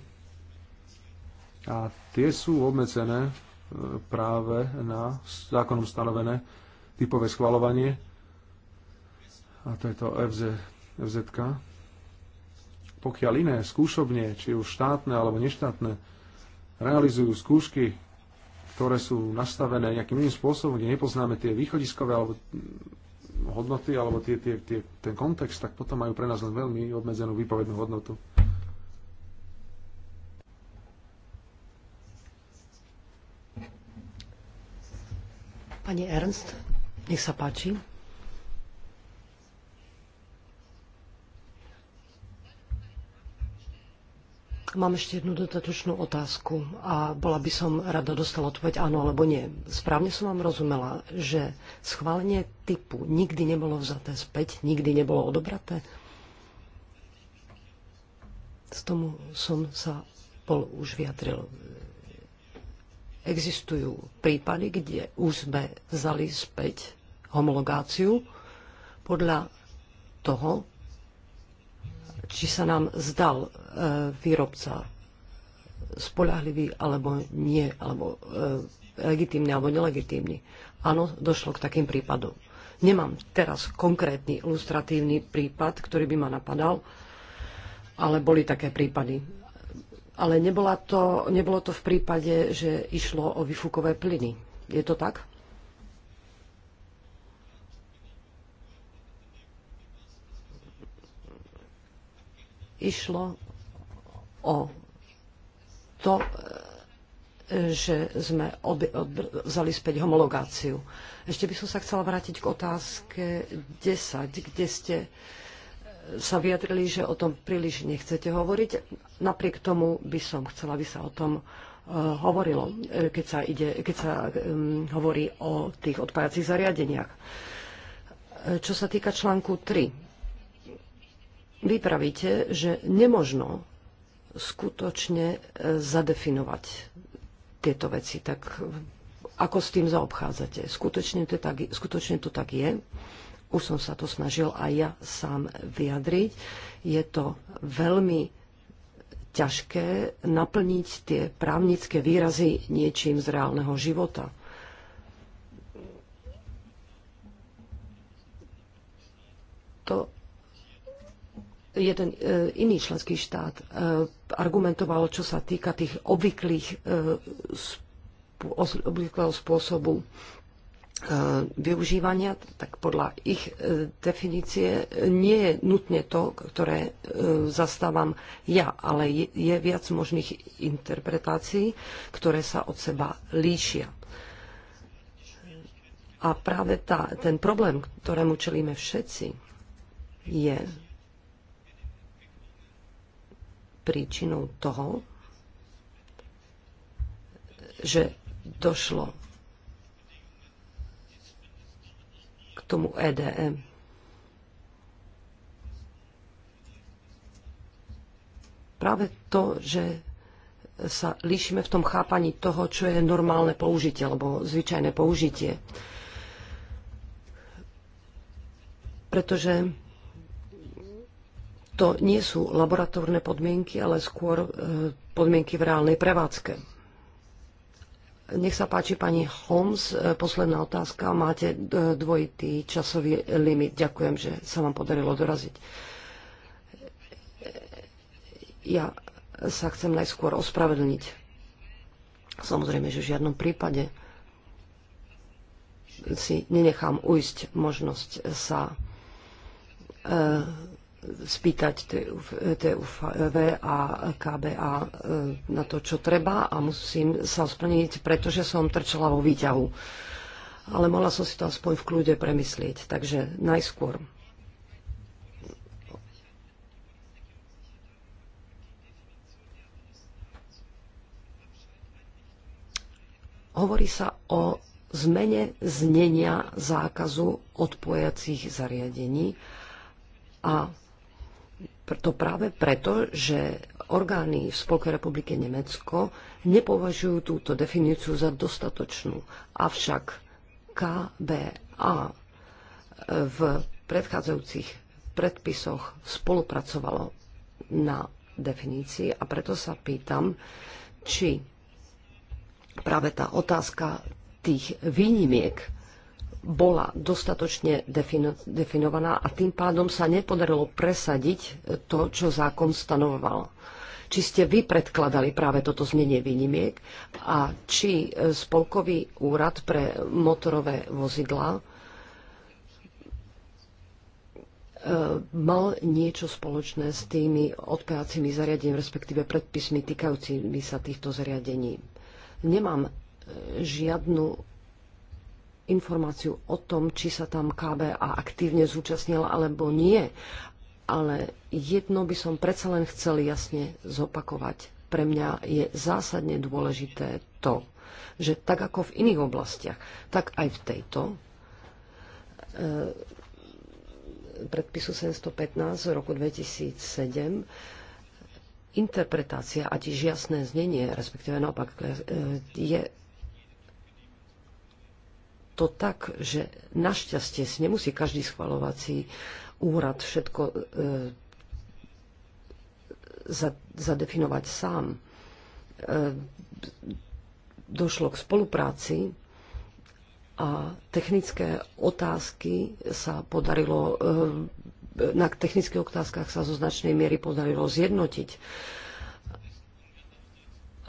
A tie sú obmedzené e, práve na zákonom stanovené typové schvalovanie. A to je to FZ, FZK. Pokiaľ iné skúšobne, či už štátne alebo neštátne, realizujú skúšky ktoré sú nastavené nejakým iným spôsobom, kde nepoznáme tie východiskové alebo mm, hodnoty alebo tie, tie, tie, ten kontext, tak potom majú pre nás len veľmi obmedzenú výpovednú hodnotu. Pani Ernst, nech sa páči. Mám ešte jednu dodatočnú otázku a bola by som rada dostala odpoveď áno alebo nie. Správne som vám rozumela, že schválenie typu nikdy nebolo vzaté späť, nikdy nebolo odobraté? Z tomu som sa pol už vyjadril. Existujú prípady, kde už sme vzali späť homologáciu podľa toho, či sa nám zdal e, výrobca spolahlivý alebo nie, alebo e, legitímny alebo nelegitímny. Áno, došlo k takým prípadom. Nemám teraz konkrétny ilustratívny prípad, ktorý by ma napadal, ale boli také prípady. Ale nebola to, nebolo to v prípade, že išlo o vyfúkové plyny. Je to tak? išlo o to, e, že sme ob- vzali späť homologáciu. Ešte by som sa chcela vrátiť k otázke 10, kde ste e, sa vyjadrili, že o tom príliš nechcete hovoriť. Napriek tomu by som chcela, aby sa o tom e, hovorilo, keď sa, ide, keď sa um, hovorí o tých odpájacích zariadeniach. Čo sa týka článku 3, vy pravíte, že nemožno skutočne e, zadefinovať tieto veci. Tak ako s tým zaobchádzate? Skutočne to, tak, skutočne to tak je. Už som sa to snažil aj ja sám vyjadriť. Je to veľmi ťažké naplniť tie právnické výrazy niečím z reálneho života. jeden e, iný členský štát e, argumentoval, čo sa týka tých obvyklých e, obvyklého spôsobu využívania, tak podľa ich definície nie je nutne to, ktoré zastávam ja, ale je viac možných interpretácií, ktoré sa od seba líšia. A práve tá, ten problém, ktorému čelíme všetci, je príčinou toho, že došlo k tomu EDM. Práve to, že sa líšime v tom chápaní toho, čo je normálne použitie alebo zvyčajné použitie. Pretože to nie sú laboratórne podmienky, ale skôr e, podmienky v reálnej prevádzke. Nech sa páči, pani Holmes, e, posledná otázka. Máte e, dvojitý časový limit. Ďakujem, že sa vám podarilo doraziť. Ja sa chcem najskôr ospravedlniť. Samozrejme, že v žiadnom prípade si nenechám ujsť možnosť sa spýtať TUV a KBA e, na to, čo treba a musím sa osplniť, pretože som trčala vo výťahu. Ale mohla som si to aspoň v kľude premyslieť. Takže najskôr. Hovorí sa o zmene znenia zákazu odpojacích zariadení a to práve preto, že orgány v Spolkovej republike Nemecko nepovažujú túto definíciu za dostatočnú. Avšak KBA e, v predchádzajúcich predpisoch spolupracovalo na definícii a preto sa pýtam, či práve tá otázka tých výnimiek bola dostatočne defino, definovaná a tým pádom sa nepodarilo presadiť e, to, čo zákon stanovoval. Či ste vy predkladali práve toto znenie výnimiek a či e, Spolkový úrad pre motorové vozidlá e, mal niečo spoločné s tými odpájacími zariadeniami, respektíve predpismi týkajúcimi sa týchto zariadení. Nemám žiadnu informáciu o tom, či sa tam KBA aktívne zúčastnila alebo nie. Ale jedno by som predsa len chcel jasne zopakovať. Pre mňa je zásadne dôležité to, že tak ako v iných oblastiach, tak aj v tejto e, predpisu 715 z roku 2007 interpretácia a tiež jasné znenie, respektíve naopak, e, je to tak, že našťastie si nemusí každý schvalovací úrad všetko e, zadefinovať sám. E, došlo k spolupráci a technické otázky sa podarilo, e, na technických otázkach sa zo značnej miery podarilo zjednotiť.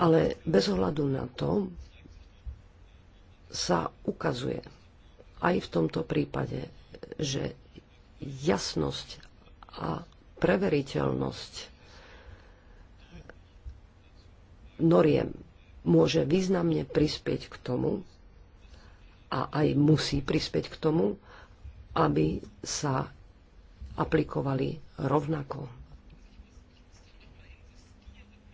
Ale bez ohľadu na to, sa ukazuje aj v tomto prípade, že jasnosť a preveriteľnosť noriem môže významne prispieť k tomu a aj musí prispieť k tomu, aby sa aplikovali rovnako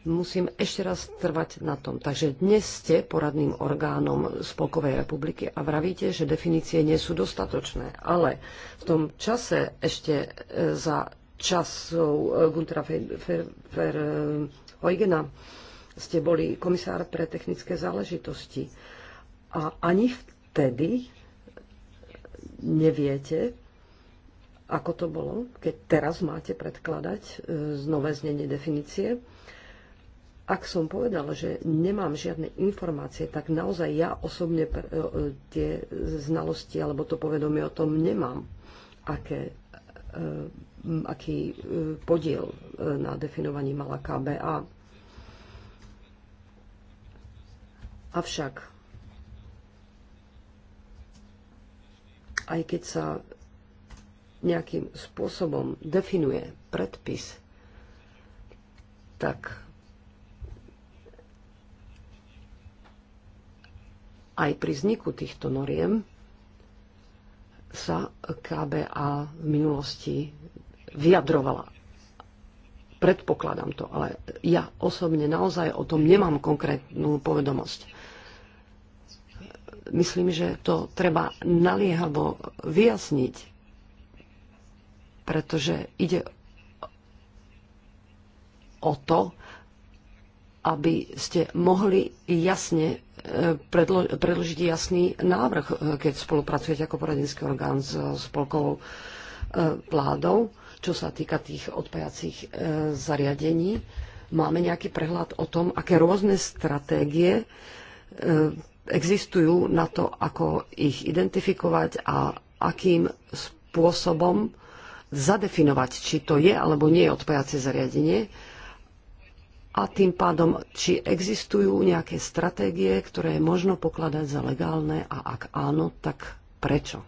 musím ešte raz trvať na tom. Takže dnes ste poradným orgánom Spolkovej republiky a vravíte, že definície nie sú dostatočné. Ale v tom čase ešte e, za časov e, Guntera Verheugena ste boli komisár pre technické záležitosti. A ani vtedy neviete, ako to bolo, keď teraz máte predkladať e, nové znenie definície. Ak som povedala, že nemám žiadne informácie, tak naozaj ja osobne e, e, tie znalosti alebo to povedomie o tom nemám, aké, e, aký podiel na definovaní mala KBA. Avšak, aj keď sa nejakým spôsobom definuje predpis, tak Aj pri vzniku týchto noriem sa KBA v minulosti vyjadrovala. Predpokladám to, ale ja osobne naozaj o tom nemám konkrétnu povedomosť. Myslím, že to treba naliehavo vyjasniť, pretože ide o to, aby ste mohli jasne predložiť jasný návrh, e, keď spolupracujete ako poradenský orgán s spolkovou e, vládou, čo sa týka tých odpajacích e, zariadení. Máme nejaký prehľad o tom, aké rôzne stratégie existujú na to, ako ich identifikovať a akým spôsobom zadefinovať, či to je alebo nie je odpajacie zariadenie a tým pádom, či existujú nejaké stratégie, ktoré je možno pokladať za legálne a ak áno, tak prečo?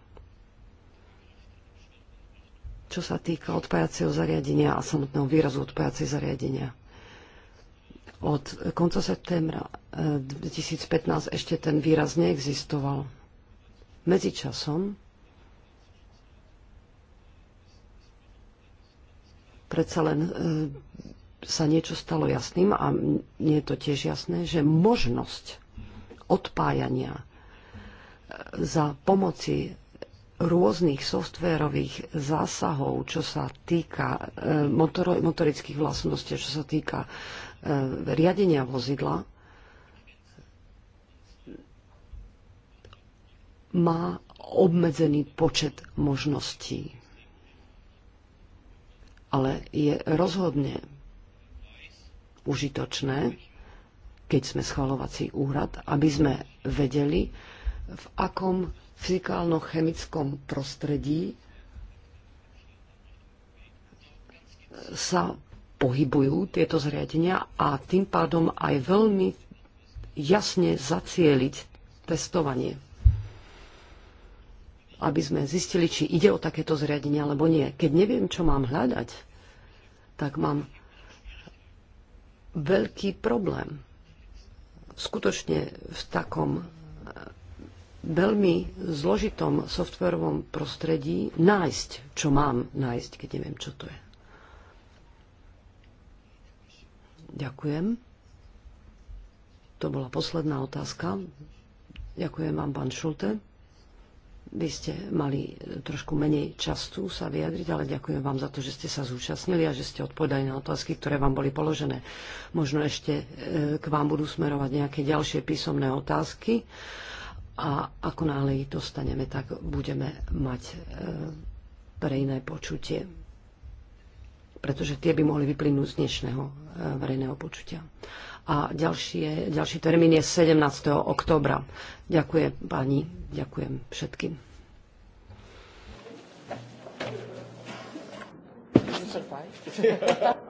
Čo sa týka odpájacieho zariadenia a samotného výrazu odpájacie zariadenia. Od konca septembra 2015 eh, ešte ten výraz neexistoval. Medzičasom predsa len eh, sa niečo stalo jasným a nie je to tiež jasné, že možnosť odpájania e, za pomoci rôznych softvérových zásahov, čo sa týka e, motorických vlastností, čo sa týka e, riadenia vozidla, má obmedzený počet možností. Ale je rozhodne užitočné, keď sme schvalovací úrad, aby sme vedeli, v akom fyzikálno-chemickom prostredí sa pohybujú tieto zriadenia a tým pádom aj veľmi jasne zacieliť testovanie. Aby sme zistili, či ide o takéto zriadenia alebo nie. Keď neviem, čo mám hľadať, tak mám veľký problém. Skutočne v takom e, veľmi zložitom softverovom prostredí nájsť, čo mám nájsť, keď neviem, čo to je. Ďakujem. To bola posledná otázka. Ďakujem vám, pán Šulte by ste mali e, trošku menej času sa vyjadriť, ale ďakujem vám za to, že ste sa zúčastnili a že ste odpovedali na otázky, ktoré vám boli položené. Možno ešte e, k vám budú smerovať nejaké ďalšie písomné otázky a ako náhle ich dostaneme, tak budeme mať e, verejné počutie, pretože tie by mohli vyplynúť z dnešného verejného počutia a ďalšie, ďalší termín je 17. oktobra. Ďakujem pani, ďakujem všetkým. Yeah.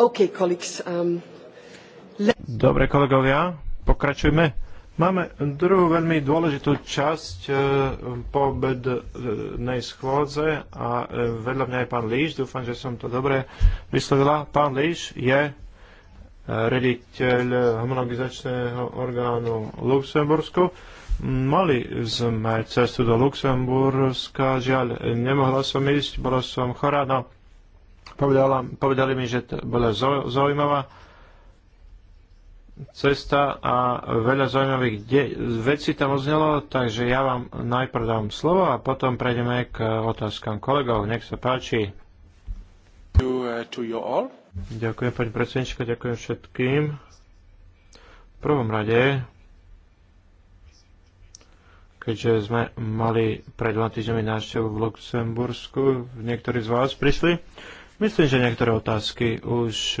Um, dobre, kolegovia, pokračujme. Máme druhú veľmi dôležitú časť e, po obednej schôdze a e, vedľa mňa je pán Líš, dúfam, že som to dobre vyslovila. Pán Líš je eh, rediteľ homologizačného orgánu Luxembursku. Mali sme cestu do Luxemburska, žiaľ, nemohla som ísť, bola som chorá, no Povedala, povedali mi, že to bola zaujímavá cesta a veľa zaujímavých de- vecí tam oznelo, takže ja vám najprv dám slovo a potom prejdeme k otázkam kolegov. Nech sa páči. Eh, ďakujem, pani predsednička, ďakujem všetkým. V prvom rade, keďže sme mali pred dva týždňami návštevu v Luxembursku, niektorí z vás prišli, Myslím, že niektoré otázky už e,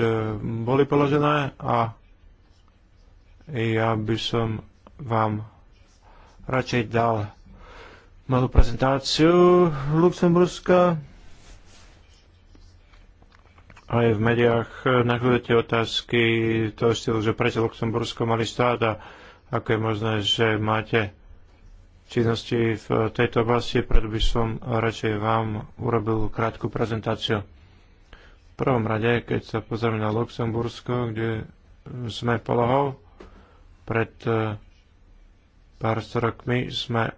boli položené a ja by som vám radšej dal malú prezentáciu Luxemburska. Aj v médiách e, nachádzate otázky toho štýlu, že prečo Luxembursko mali stát a ako je možné, že máte činnosti v tejto oblasti, preto by som radšej vám urobil krátku prezentáciu prvom rade, keď sa pozrieme na Luxembursko, kde sme polohou, pred e, pár rokmi sme e,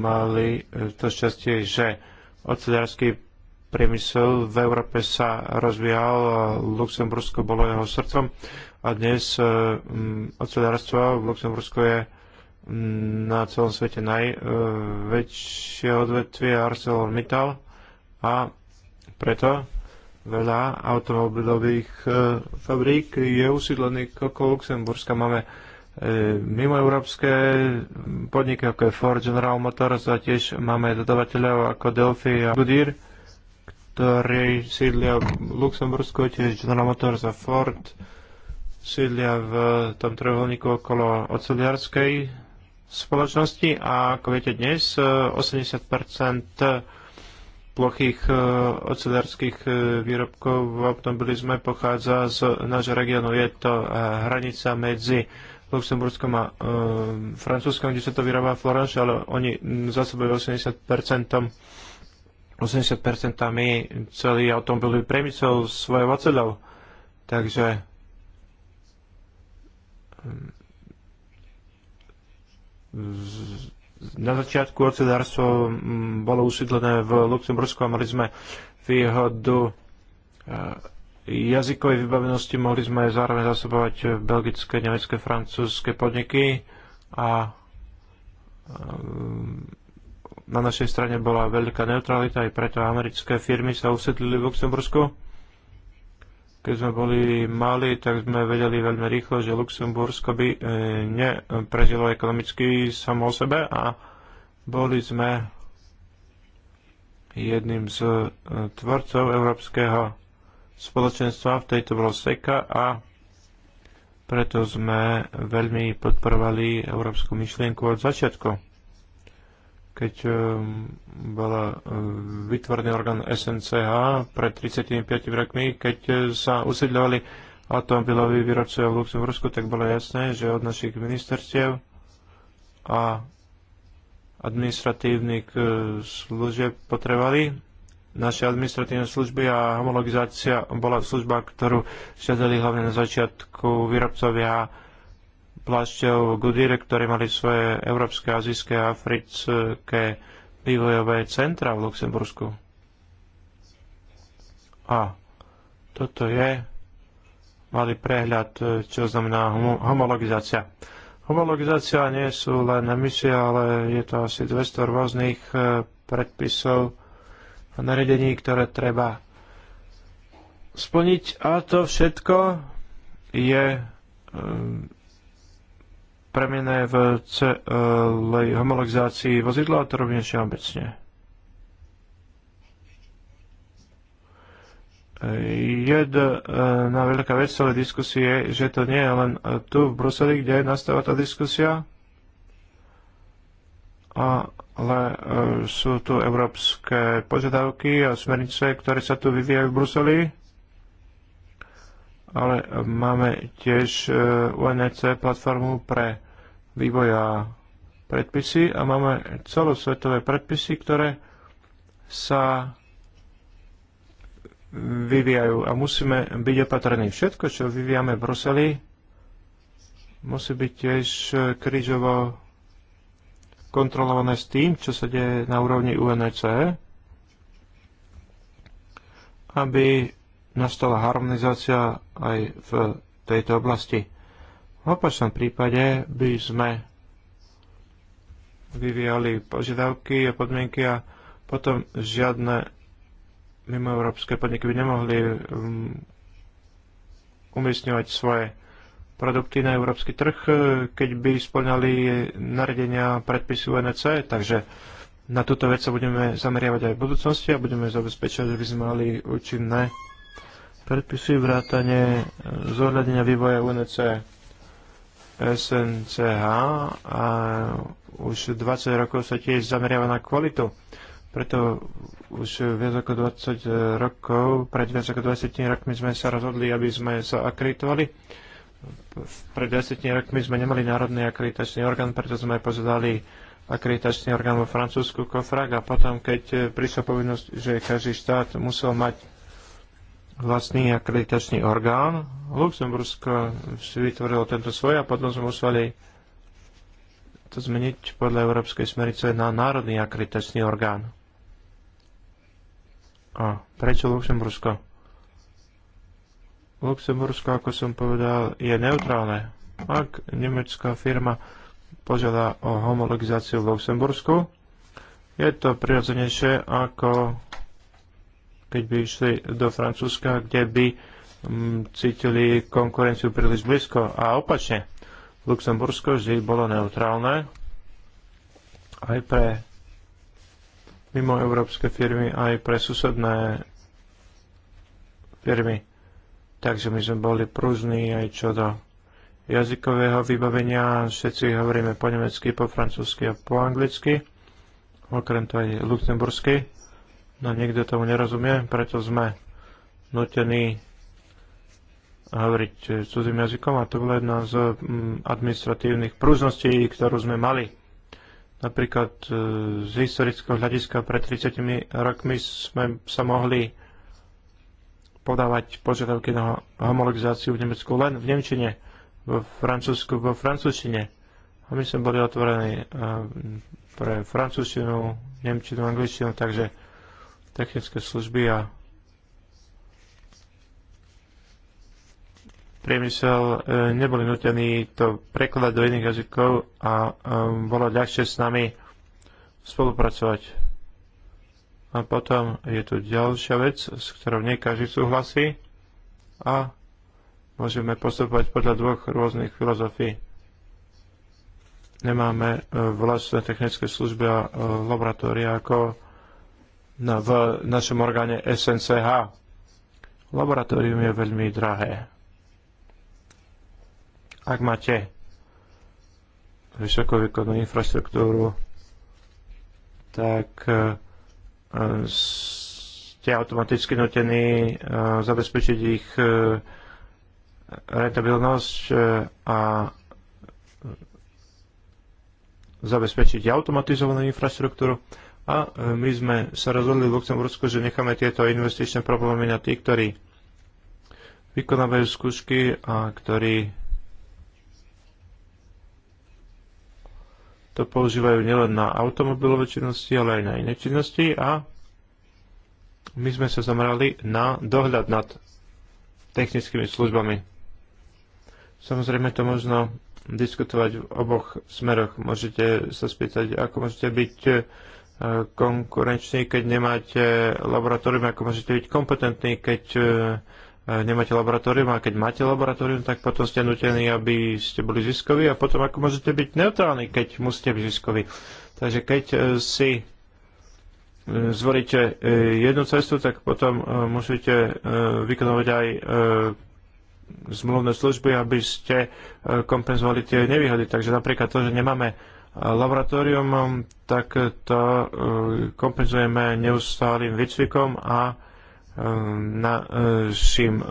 mali e, to šťastie, že ocelársky priemysel v Európe sa rozvíjal, a Luxembursko bolo jeho srdcom a dnes ocelárstvo v Luxembursku je na celom svete najväčšie odvetvie ArcelorMittal a preto veľa automobilových e, fabrík je usídlených okolo Luxemburska. Máme e, mimoeurópske podniky, ako je Ford, General Motors a tiež máme dodavateľov ako Delphi a Goodyear, ktorí sídlia v Luxembursku, tiež General Motors a Ford sídlia v tom trojuholníku okolo oceliarskej spoločnosti a ako viete dnes 80% e, plochých e, ocelárskych e, výrobkov v automobilizme pochádza z nášho regionu. Je to e, hranica medzi Luxemburskom a e, Francúzskom, kde sa to vyrába Florence, ale oni zásobujú 80%, 80% celý automobilový priemysel svojou oceľou. Takže z, na začiatku ocedárstvo mm, bolo usídlené v Luxembursku a mali sme výhodu e, jazykovej vybavenosti, mohli sme zároveň zasobovať belgické, nemecké, francúzske podniky a e, na našej strane bola veľká neutralita, aj preto americké firmy sa usedlili v Luxembursku keď sme boli mali, tak sme vedeli veľmi rýchlo, že Luxembursko by e, neprežilo ekonomicky samo o sebe a boli sme jedným z e, tvorcov Európskeho spoločenstva, v tejto bolo seka a preto sme veľmi podporovali európsku myšlienku od začiatku keď eh, bola eh, vytvorený orgán SNCH pred 35 rokmi, keď eh, sa usiedľovali automobiloví výrobcovia v Luxembursku, tak bolo jasné, že od našich ministerstiev a administratívnych služieb potrebovali naše administratívne služby a homologizácia bola služba, ktorú žiadali hlavne na začiatku výrobcovia plášťov Goodyear, ktoré mali svoje európske, azijské a africké vývojové centra v Luxembursku. A toto je malý prehľad, čo znamená homologizácia. Homologizácia nie sú len emisie, ale je to asi 200 rôznych eh, predpisov a naredení, ktoré treba splniť. A to všetko je eh, premene v celej homologizácii vozidla a to ešte obecne. Jedna veľká vec celej diskusie je, že to nie je len tu v Bruseli, kde nastáva tá diskusia, ale e, sú tu európske požiadavky a smernice, ktoré sa tu vyvíjajú v Bruseli ale máme tiež e, UNEC platformu pre vývoja predpisy a máme celosvetové predpisy, ktoré sa vyvíjajú a musíme byť opatrní. Všetko, čo vyvíjame v Bruseli, musí byť tiež e, krížovo kontrolované s tým, čo sa deje na úrovni UNEC, aby nastala harmonizácia aj v tejto oblasti. V opačnom prípade by sme vyvíjali požiadavky a podmienky a potom žiadne mimoeurópske podniky by nemohli um, umiestňovať svoje produkty na európsky trh, keď by splňali naredenia predpisu UNC, takže na túto vec sa budeme zameriavať aj v budúcnosti a budeme zabezpečovať, aby sme mali účinné predpisy vrátane e, zohľadenia vývoja UNC SNCH a už 20 rokov sa tiež zameriava na kvalitu. Preto už viac ako 20 e, rokov, pred viac ako 20 rokmi sme sa rozhodli, aby sme sa akreditovali. Pred 20 rokmi sme nemali národný akreditačný orgán, preto sme pozadali akreditačný orgán vo Francúzsku, Kofrag, a potom, keď e, prišla povinnosť, že každý štát musel mať vlastný akreditačný orgán. Luxembursko si vytvoril tento svoj a potom sme museli to zmeniť podľa Európskej smerice na národný akreditačný orgán. A prečo Luxembursko? Luxembursko, ako som povedal, je neutrálne. Ak nemecká firma požiada o homologizáciu v Luxembursku, je to prirodzenejšie ako keď by išli do Francúzska, kde by mm, cítili konkurenciu príliš blízko. A opačne, Luxembursko vždy bolo neutrálne aj pre mimo európske firmy, aj pre susedné firmy. Takže my sme boli pružní aj čo do jazykového vybavenia. Všetci hovoríme po nemecky, po francúzsky a po anglicky. Okrem toho aj luxembursky. No niekto tomu nerozumie, preto sme nutení hovoriť cudzým jazykom a to bola jedna z mm, administratívnych prúžností, ktorú sme mali. Napríklad e, z historického hľadiska pred 30 rokmi sme sa mohli podávať požiadavky na homologizáciu v Nemecku len v Nemčine, vo Francúzsku, vo Francúzštine. A my sme boli otvorení e, pre francúzštinu, nemčinu, angličtinu, takže technické služby a priemysel e, neboli nutení to prekladať do iných jazykov a e, bolo ľahšie s nami spolupracovať. A potom je tu ďalšia vec, s ktorou nie každý súhlasí a môžeme postupovať podľa dvoch rôznych filozofií. Nemáme e, vlastné technické služby a laboratória ako v našom orgáne SNCH. Laboratórium je veľmi drahé. Ak máte vysokovýkonnú infraštruktúru, tak e, ste automaticky nutení e, zabezpečiť ich e, rentabilnosť a zabezpečiť automatizovanú infraštruktúru. A e, my sme sa rozhodli v Luxembursku, že necháme tieto investičné problémy na tých, ktorí vykonávajú skúšky a ktorí to používajú nielen na automobilové činnosti, ale aj na iné činnosti a my sme sa zamerali na dohľad nad technickými službami. Samozrejme to možno diskutovať v oboch smeroch. Môžete sa spýtať, ako môžete byť konkurenční, keď nemáte laboratórium, ako môžete byť kompetentní, keď e, e, nemáte laboratórium a keď máte laboratórium, tak potom ste nutení, aby ste boli ziskoví a potom ako môžete byť neutrálni, keď musíte byť ziskoví. Takže keď e, si zvolíte jednu cestu, tak potom musíte vykonovať aj zmluvné služby, aby ste kompenzovali tie nevýhody. Takže napríklad to, že nemáme laboratórium, tak to eh, kompenzujeme neustálým výcvikom a eh, našim eh,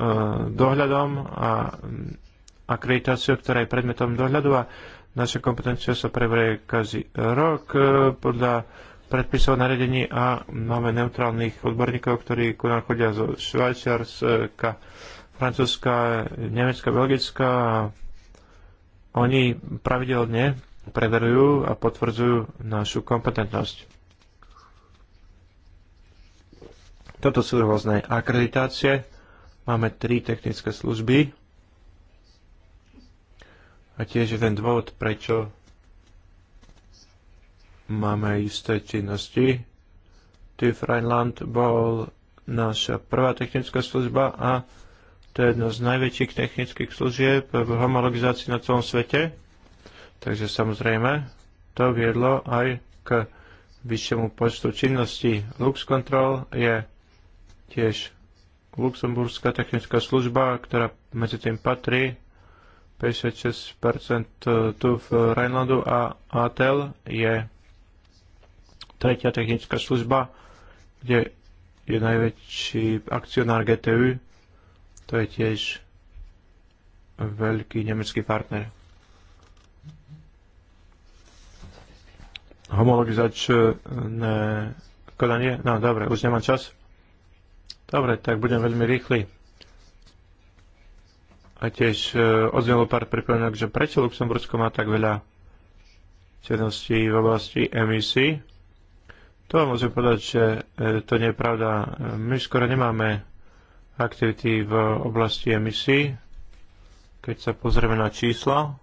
dohľadom a mm, akreditáciou, ktorá je predmetom dohľadu a naša kompetencia sa preberie každý rok podľa predpisov naredení a máme neutrálnych odborníkov, ktorí ku nám chodia zo Švajčiarska, Francúzska, Nemecka, Belgická a oni pravidelne preverujú a potvrdzujú našu kompetentnosť. Toto sú rôzne akreditácie. Máme tri technické služby a tiež ten dôvod, prečo máme isté činnosti. TÜV Rheinland bol naša prvá technická služba a to je jedno z najväčších technických služieb v homologizácii na celom svete. Takže samozrejme, to viedlo aj k vyššiemu počtu činností. Lux Control je tiež luxemburská technická služba, ktorá medzi tým patrí 56% e, tu v Rheinlandu a ATEL je tretia technická služba, kde je najväčší akcionár GTU. To je tiež veľký nemecký partner. homologizačné konanie. No, dobre, už nemám čas. Dobre, tak budem veľmi rýchly. A tiež uh, odznelo pár pripomienok, že prečo Luxembursko má tak veľa ceností v oblasti emisí. To vám môžem povedať, že e, to nie je pravda. My skoro nemáme aktivity v oblasti emisí. Keď sa pozrieme na čísla,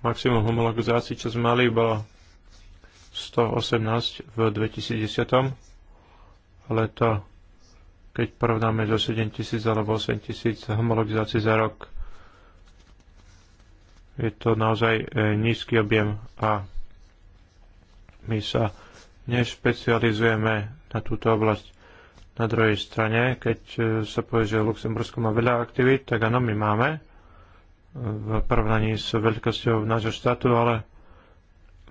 Maximum homologizácií, čo sme mali, bolo 118 v 2010, ale to, keď porovnáme so 7000 alebo 8000 homologizácií za rok, je to naozaj e, nízky objem a my sa nešpecializujeme na túto oblasť. Na druhej strane, keď e, sa povie, že Luxembursko má veľa aktivít, tak áno, my máme, v porovnaní s veľkosťou nášho štátu, ale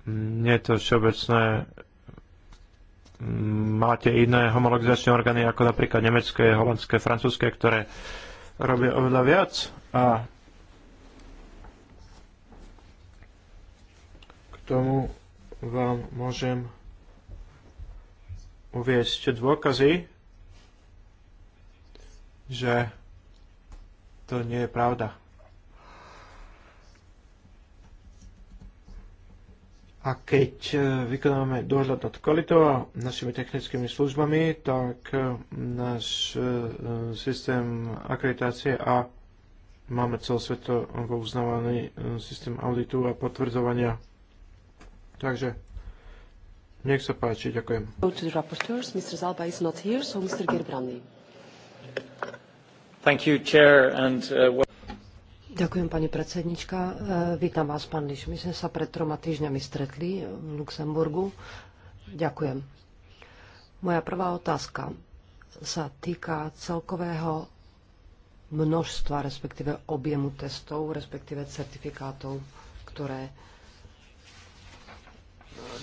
nie je to všeobecné. Máte iné homologizačné orgány, ako napríklad nemecké, holandské, francúzske, ktoré robia oveľa viac a k tomu vám môžem uviesť dôkazy, že to nie je pravda. A keď e, vykonáme dohľad nad kvalitou a našimi technickými službami, tak e, náš e, systém akreditácie a máme celosvetovo uznávaný systém auditu a potvrdzovania. Takže nech sa páči, ďakujem. Thank you, Chair, and, uh, Ďakujem, pani predsednička. E, vítam vás, pán Liš. My sme sa pred troma týždňami stretli v Luxemburgu. Ďakujem. Moja prvá otázka sa týka celkového množstva, respektíve objemu testov, respektíve certifikátov, ktoré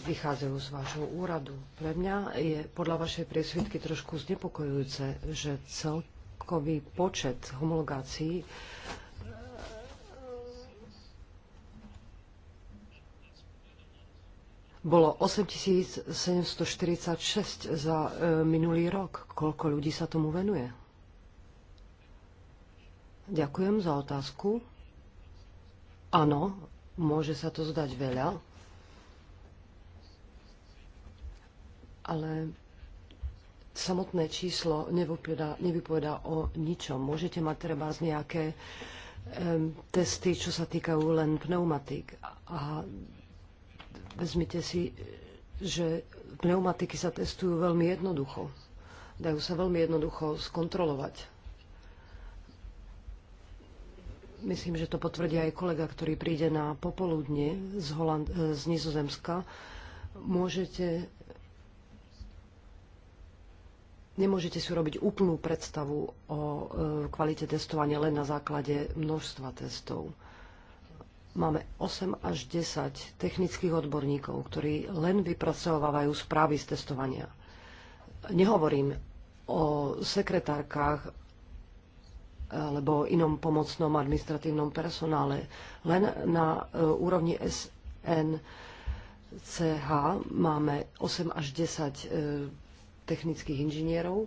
vychádzajú z vášho úradu. Pre mňa je podľa vašej priesvitky trošku znepokojujúce, že celkový počet homologácií bolo 8746 za e, minulý rok. Koľko ľudí sa tomu venuje? Ďakujem za otázku. Áno, môže sa to zdať veľa, ale samotné číslo nevypovedá, nevypovedá o ničom. Môžete mať treba z nejaké e, testy, čo sa týkajú len pneumatik. A Vezmite si, že pneumatiky sa testujú veľmi jednoducho. Dajú sa veľmi jednoducho skontrolovať. Myslím, že to potvrdí aj kolega, ktorý príde na popoludne z, Holand- e, z Nizozemska. Môžete Nemôžete si urobiť úplnú predstavu o e, kvalite testovania len na základe množstva testov. Máme 8 až 10 technických odborníkov, ktorí len vypracovávajú správy z testovania. Nehovorím o sekretárkach alebo inom pomocnom administratívnom personále. Len na e, úrovni SNCH máme 8 až 10 e, technických inžinierov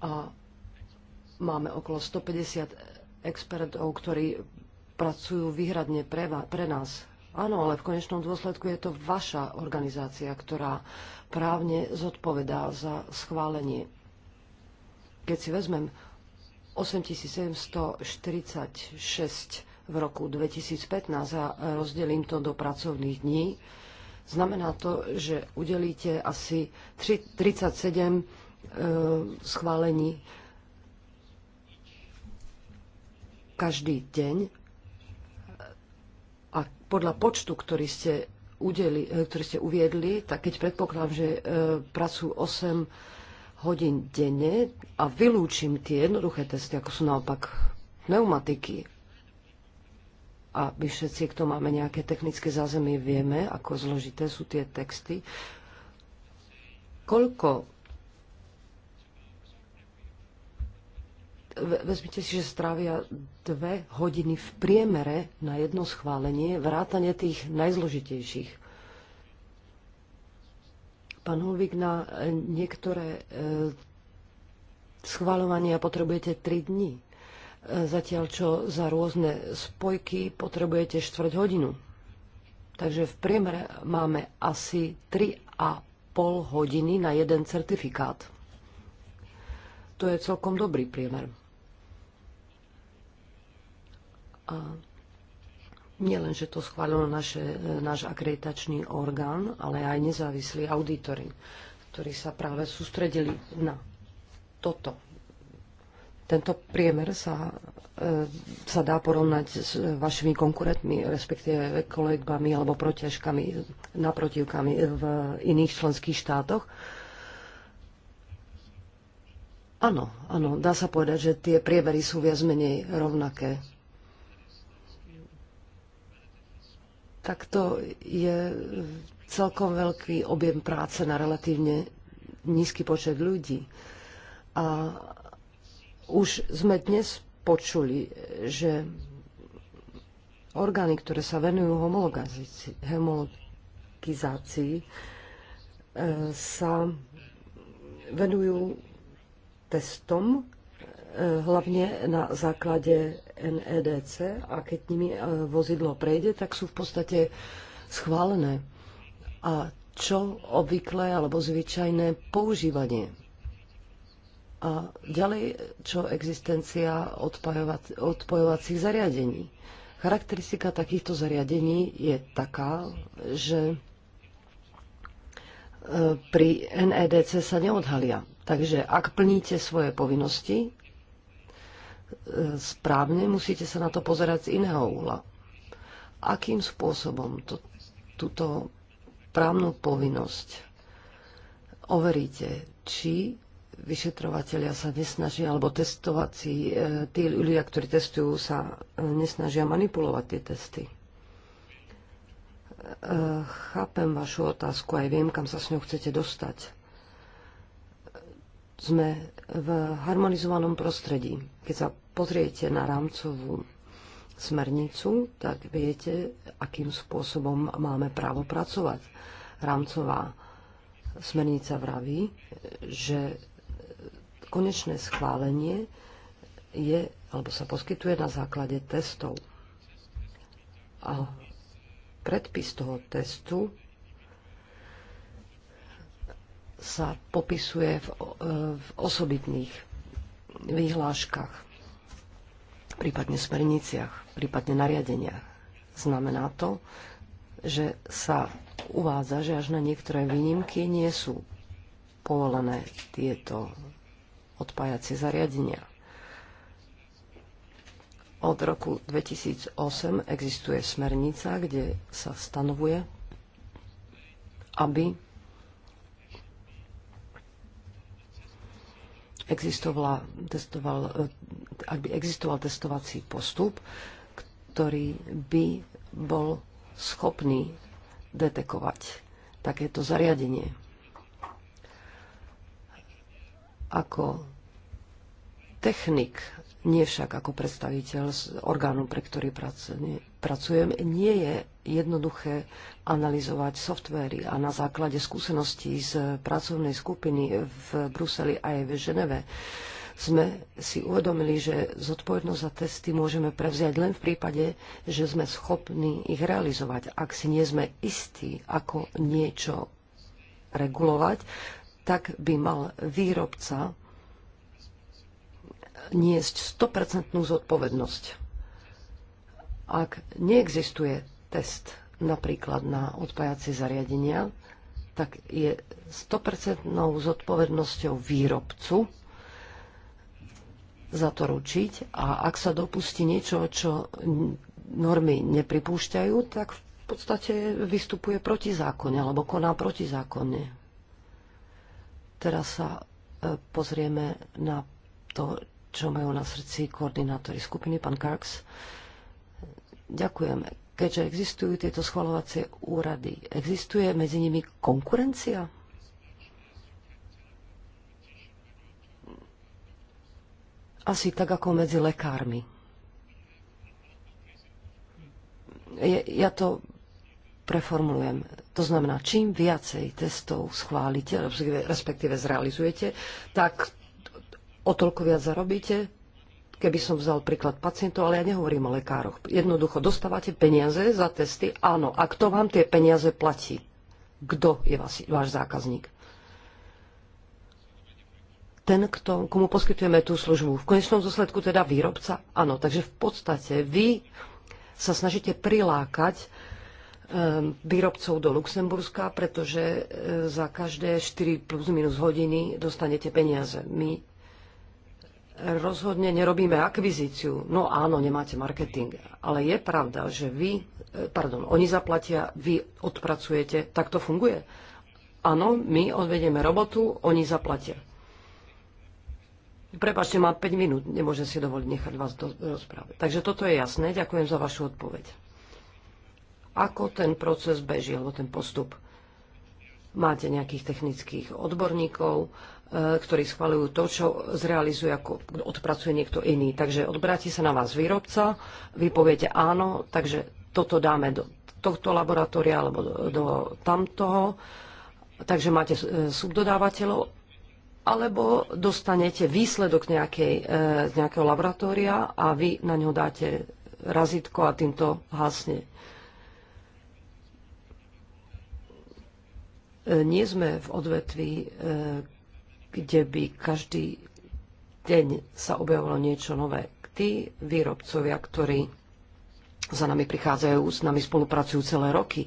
a máme okolo 150 expertov, ktorí pracujú výhradne pre, pre nás. Áno, ale v konečnom dôsledku je to vaša organizácia, ktorá právne zodpovedá za schválenie. Keď si vezmem 8746 v roku 2015 a rozdelím to do pracovných dní, znamená to, že udelíte asi 37 e, schválení každý deň a podľa počtu, ktorý ste, udeli, e, ktorý ste uviedli, tak keď predpokladám, že e, pracujú 8 hodín denne a vylúčim tie jednoduché testy, ako sú naopak pneumatiky, a my všetci, kto máme nejaké technické zázemie, vieme, ako zložité sú tie texty. Koľko vezmite si, že strávia dve hodiny v priemere na jedno schválenie, vrátane tých najzložitejších. Pán Hulvík, na e, niektoré e, schváľovania potrebujete 3 dní, e, zatiaľ čo za rôzne spojky potrebujete štvrť hodinu. Takže v priemere máme asi 3 a pol hodiny na jeden certifikát. To je celkom dobrý priemer. A nielen, že to schválil naše, náš akreditačný orgán, ale aj nezávislí auditory, ktorí sa práve sústredili na toto. Tento priemer sa, e, sa dá porovnať s vašimi konkurentmi, respektíve kolegami alebo protiažkami, naprotivkami v iných členských štátoch. Áno, áno, dá sa povedať, že tie priemery sú viac menej rovnaké. tak to je celkom veľký objem práce na relatívne nízky počet ľudí. A už sme dnes počuli, že orgány, ktoré sa venujú homologizácii, e, sa venujú testom e, hlavne na základe NEDC a keď nimi e, vozidlo prejde, tak sú v podstate schválené. A čo obvyklé alebo zvyčajné používanie. A ďalej, čo existencia odpojovacích zariadení. Charakteristika takýchto zariadení je taká, že e, pri NEDC sa neodhalia. Takže ak plníte svoje povinnosti, E, správne, musíte sa na to pozerať z iného uhla. Akým spôsobom to, túto právnu povinnosť overíte, či vyšetrovateľia sa nesnažia, alebo testovací, e, tí ľudia, ktorí testujú, sa e, nesnažia manipulovať tie testy. Chápem vašu otázku, aj viem, kam sa s ňou chcete dostať sme v harmonizovanom prostredí. Keď sa pozriete na rámcovú smernicu, tak viete, akým spôsobom máme právo pracovať. Rámcová smernica vraví, že konečné schválenie je alebo sa poskytuje na základe testov. A predpis toho testu sa popisuje v, e, v osobitných vyhláškach, prípadne smerniciach, prípadne nariadeniach. Znamená to, že sa uvádza, že až na niektoré výnimky nie sú povolené tieto odpájacie zariadenia. Od roku 2008 existuje smernica, kde sa stanovuje, aby existovala, testoval, eh, ak by existoval testovací postup, ktorý by bol schopný detekovať takéto zariadenie. Ako technik nie však ako predstaviteľ orgánu, pre ktorý pracujem, nie je jednoduché analyzovať softvery a na základe skúseností z pracovnej skupiny v Bruseli a aj v Ženeve sme si uvedomili, že zodpovednosť za testy môžeme prevziať len v prípade, že sme schopní ich realizovať. Ak si nie sme istí, ako niečo regulovať, tak by mal výrobca niesť 100% zodpovednosť. Ak neexistuje test napríklad na odpájacie zariadenia, tak je 100% zodpovednosťou výrobcu za to ručiť a ak sa dopustí niečo, čo normy nepripúšťajú, tak v podstate vystupuje proti zákone alebo koná proti zákone. Teraz sa e, pozrieme na to, čo majú na srdci koordinátori skupiny, pán Karks. Ďakujem. Keďže existujú tieto schvalovacie úrady, existuje medzi nimi konkurencia? Asi tak ako medzi lekármi. Je, ja to preformulujem. To znamená, čím viacej testov schválite, respektíve zrealizujete, tak o toľko viac zarobíte, keby som vzal príklad pacientov, ale ja nehovorím o lekároch. Jednoducho dostávate peniaze za testy, áno. A kto vám tie peniaze platí? Kto je vás, váš zákazník? Ten, kto, komu poskytujeme tú službu. V konečnom dôsledku teda výrobca, áno. Takže v podstate vy sa snažíte prilákať ehm, výrobcov do Luxemburska, pretože e, za každé 4 plus minus hodiny dostanete peniaze. My rozhodne nerobíme akvizíciu. No áno, nemáte marketing, ale je pravda, že vy, e, pardon, oni zaplatia, vy odpracujete, tak to funguje. Áno, my odvedieme robotu, oni zaplatia. Prepačte, mám 5 minút, nemôžem si dovoliť nechať vás do rozprávy. Takže toto je jasné, ďakujem za vašu odpoveď. Ako ten proces beží, alebo ten postup? Máte nejakých technických odborníkov, E, ktorí schvaľujú to, čo zrealizuje, ako odpracuje niekto iný. Takže odbráti sa na vás výrobca, vy poviete áno, takže toto dáme do tohto laboratória alebo do, do tamtoho, takže máte subdodávateľov, e, alebo dostanete výsledok nejakej, e, z nejakého laboratória a vy na ňo dáte razitko a týmto hasne. Nie sme v odvetví, kde by každý deň sa objavovalo niečo nové. Tí výrobcovia, ktorí za nami prichádzajú, s nami spolupracujú celé roky,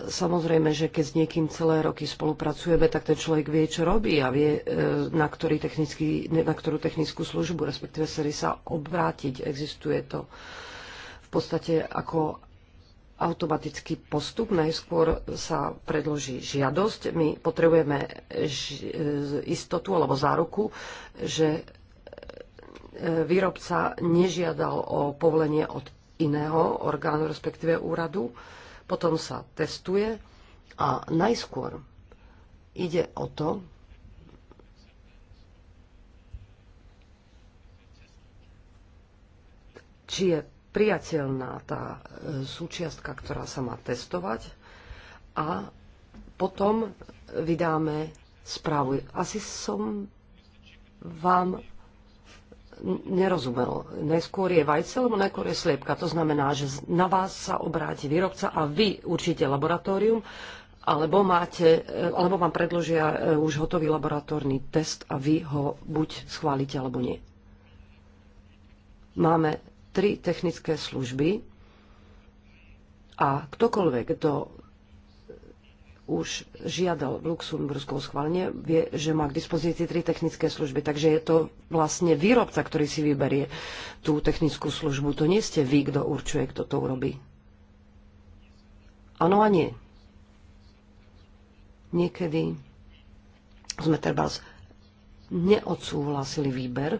samozrejme, že keď s niekým celé roky spolupracujeme, tak ten človek vie, čo robí a vie, e, na, ktorý technický, na ktorú technickú službu, respektíve sa sa obrátiť. Existuje to v podstate ako automatický postup. Najskôr sa predloží žiadosť. My potrebujeme istotu alebo záruku, že e, výrobca nežiadal o povolenie od iného orgánu, respektíve úradu. Potom sa testuje a najskôr ide o to, či je priateľná tá e, súčiastka, ktorá sa má testovať a potom vydáme správu. Asi som vám nerozumel. Najskôr je vajce, lebo najskôr je sliepka. To znamená, že na vás sa obráti výrobca a vy určite laboratórium, alebo, máte, e, alebo vám predložia e, už hotový laboratórny test a vy ho buď schválite, alebo nie. Máme tri technické služby a ktokoľvek, kto už žiadal v Luxembursku schválne, vie, že má k dispozícii tri technické služby. Takže je to vlastne výrobca, ktorý si vyberie tú technickú službu. To nie ste vy, kto určuje, kto to urobí. Áno a nie. Niekedy sme treba neodsúhlasili výber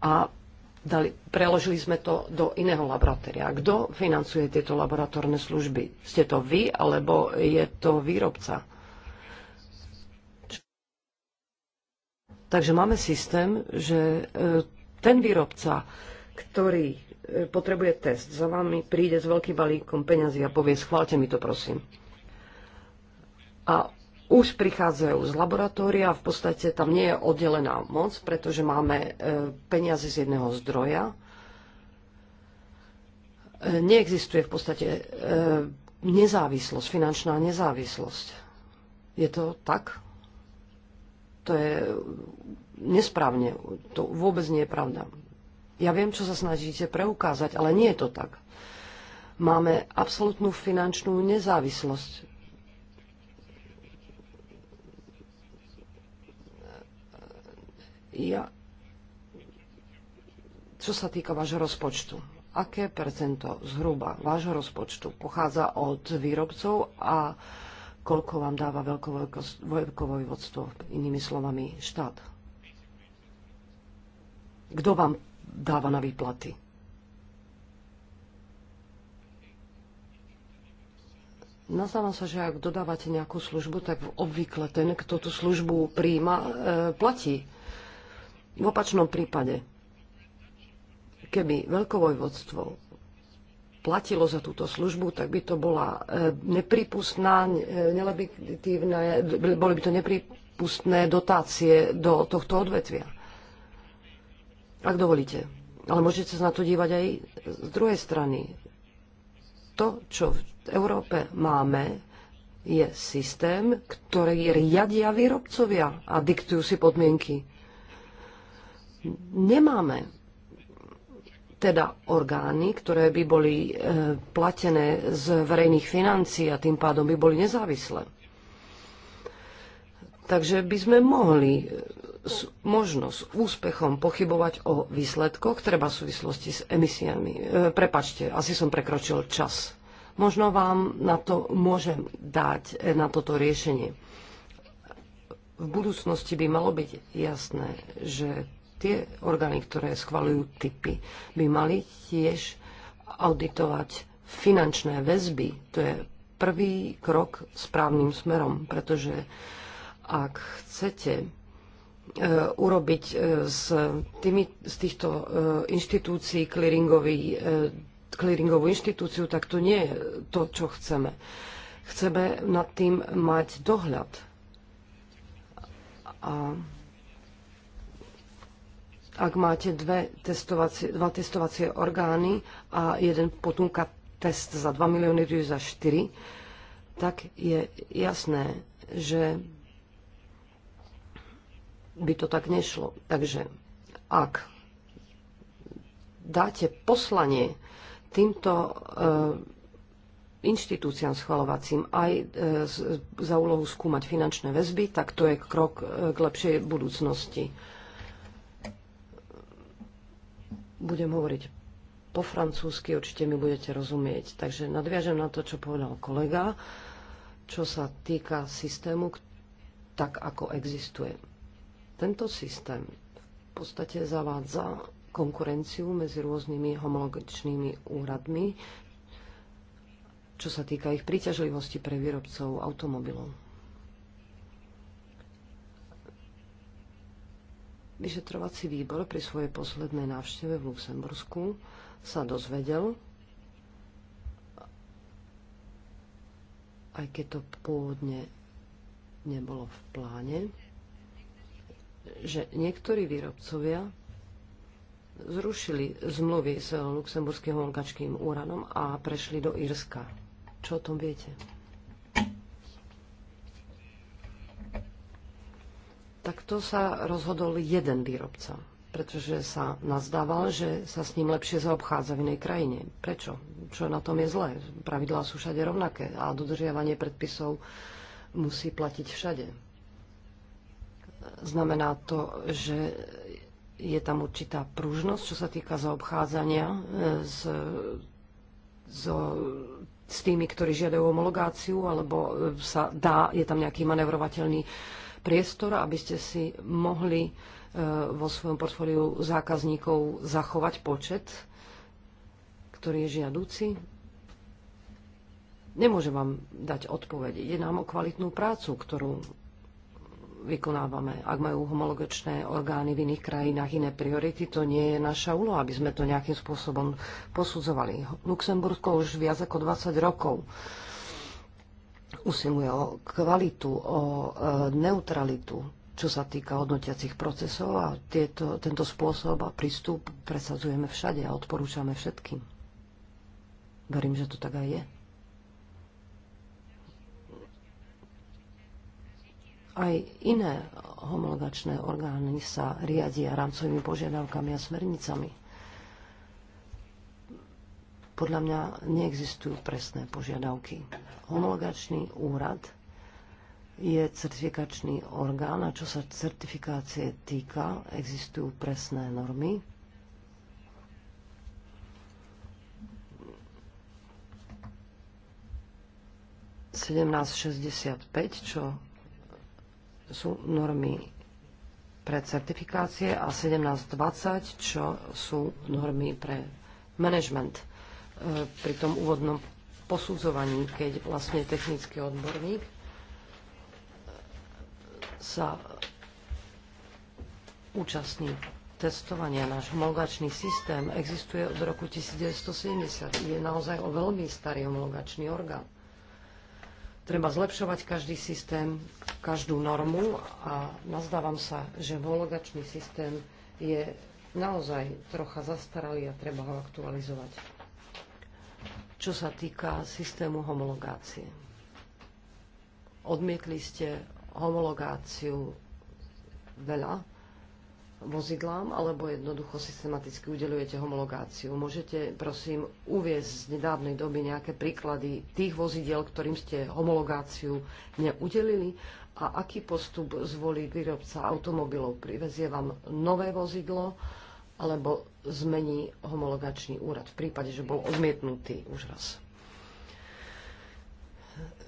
a dali, preložili sme to do iného laboratória. Kto financuje tieto laboratórne služby? Ste to vy, alebo je to výrobca? Takže máme systém, že e, ten výrobca, ktorý e, potrebuje test, za vami príde s veľkým balíkom peňazí a povie, schválte mi to, prosím. A už prichádzajú z laboratória a v podstate tam nie je oddelená moc, pretože máme e, peniaze z jedného zdroja. E, neexistuje v podstate e, nezávislosť, finančná nezávislosť. Je to tak? To je nesprávne. To vôbec nie je pravda. Ja viem, čo sa snažíte preukázať, ale nie je to tak. Máme absolútnu finančnú nezávislosť ja, čo sa týka vášho rozpočtu, aké percento zhruba vášho rozpočtu pochádza od výrobcov a koľko vám dáva veľkovojvodstvo, inými slovami štát? Kto vám dáva na výplaty? Nazdávam sa, že ak dodávate nejakú službu, tak obvykle ten, kto tú službu príjma, e, platí. V opačnom prípade, keby veľkovojvodstvo platilo za túto službu, tak by to bola e, nepripustná, e, nelebitívne, boli by to nepripustné dotácie do tohto odvetvia. Ak dovolíte. Ale môžete sa na to dívať aj z druhej strany. To, čo v Európe máme, je systém, ktorý riadia výrobcovia a diktujú si podmienky nemáme teda orgány, ktoré by boli e, platené z verejných financií a tým pádom by boli nezávislé. Takže by sme mohli možno s úspechom pochybovať o výsledkoch, treba v súvislosti s emisiami. E, prepačte, asi som prekročil čas. Možno vám na to môžem dať, e, na toto riešenie. V budúcnosti by malo byť jasné, že tie orgány, ktoré schvalujú typy, by mali tiež auditovať finančné väzby. To je prvý krok správnym smerom, pretože ak chcete e, urobiť z, e, tými, z týchto e, inštitúcií clearingový, clearingovú inštitúciu, tak to nie je to, čo chceme. Chceme nad tým mať dohľad. A ak máte dve testovacie, dva testovacie orgány a jeden potúka test za 2 milióny, druhý za 4, tak je jasné, že by to tak nešlo. Takže ak dáte poslanie týmto e, inštitúciám schvalovacím aj e, za úlohu skúmať finančné väzby, tak to je krok e, k lepšej budúcnosti. Budem hovoriť po francúzsky, určite mi budete rozumieť. Takže nadviažem na to, čo povedal kolega, čo sa týka systému, tak ako existuje. Tento systém v podstate zavádza konkurenciu medzi rôznymi homologičnými úradmi, čo sa týka ich príťažlivosti pre výrobcov automobilov. Vyšetrovací výbor pri svojej poslednej návšteve v Luxembursku sa dozvedel, aj keď to pôvodne nebolo v pláne, že niektorí výrobcovia zrušili zmluvy s luxemburským holkačkým úranom a prešli do Írska. Čo o tom viete? tak to sa rozhodol jeden výrobca, pretože sa nazdával, že sa s ním lepšie zaobchádza v inej krajine. Prečo? Čo na tom je zlé? Pravidlá sú všade rovnaké a dodržiavanie predpisov musí platiť všade. Znamená to, že je tam určitá pružnosť, čo sa týka zaobchádzania e, s, s, s tými, ktorí žiadajú homologáciu, alebo sa dá, je tam nejaký manevrovateľný priestor, aby ste si mohli e, vo svojom portfóliu zákazníkov zachovať počet, ktorý je žiadúci? Nemôžem vám dať odpoveď. Ide nám o kvalitnú prácu, ktorú vykonávame. Ak majú homologačné orgány v iných krajinách iné priority, to nie je naša úloha, aby sme to nejakým spôsobom posudzovali. Luxembursko už viac ako 20 rokov usiluje o kvalitu, o e, neutralitu, čo sa týka hodnotiacich procesov a tieto, tento spôsob a prístup presadzujeme všade a odporúčame všetkým. Verím, že to tak aj je. Aj iné homologačné orgány sa riadia rámcovými požiadavkami a smernicami. Podľa mňa neexistujú presné požiadavky. Homologačný úrad je certifikačný orgán a čo sa certifikácie týka, existujú presné normy. ...1765, čo sú normy pre certifikácie a 1720, čo sú normy pre management. E, pri tom úvodnom posudzovaní, keď vlastne technický odborník sa účastní testovania. Náš homologačný systém existuje od roku 1970. Je naozaj o veľmi starý homologačný orgán. Treba zlepšovať každý systém, každú normu a nazdávam sa, že homologačný systém je naozaj trocha zastaralý a treba ho aktualizovať čo sa týka systému homologácie. Odmietli ste homologáciu veľa vozidlám, alebo jednoducho systematicky udelujete homologáciu. Môžete, prosím, uviezť z nedávnej doby nejaké príklady tých vozidiel, ktorým ste homologáciu neudelili a aký postup zvolí výrobca automobilov. Privezie vám nové vozidlo, alebo zmení homologačný úrad v prípade, že bol odmietnutý už raz.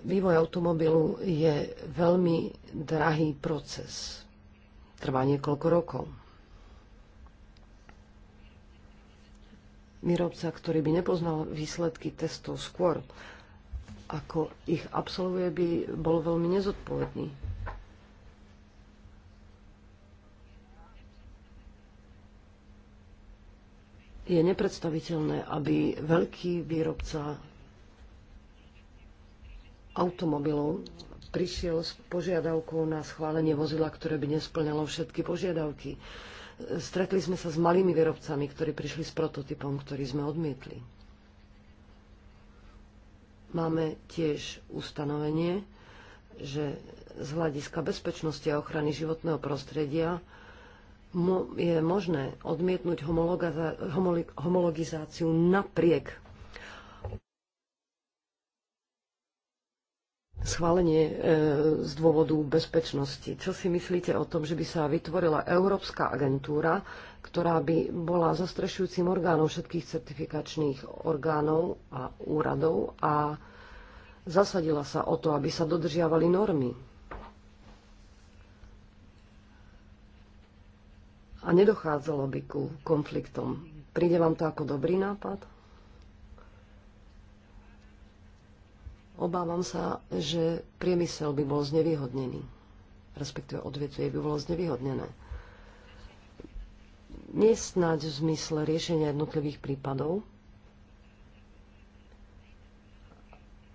Vývoj automobilu je veľmi drahý proces. Trvá niekoľko rokov. Výrobca, ktorý by nepoznal výsledky testov skôr, ako ich absolvuje, by bol veľmi nezodpovedný. je nepredstaviteľné, aby veľký výrobca automobilov prišiel s požiadavkou na schválenie vozidla, ktoré by nesplňalo všetky požiadavky. Stretli sme sa s malými výrobcami, ktorí prišli s prototypom, ktorý sme odmietli. Máme tiež ustanovenie, že z hľadiska bezpečnosti a ochrany životného prostredia je možné odmietnúť homologizáciu napriek schválenie e, z dôvodu bezpečnosti. Čo si myslíte o tom, že by sa vytvorila Európska agentúra, ktorá by bola zastrešujúcim orgánom všetkých certifikačných orgánov a úradov a zasadila sa o to, aby sa dodržiavali normy? a nedochádzalo by ku konfliktom. Príde vám to ako dobrý nápad? Obávam sa, že priemysel by bol znevýhodnený, respektíve odvetvie by bolo znevýhodnené. Nesnáď v zmysle riešenia jednotlivých prípadov,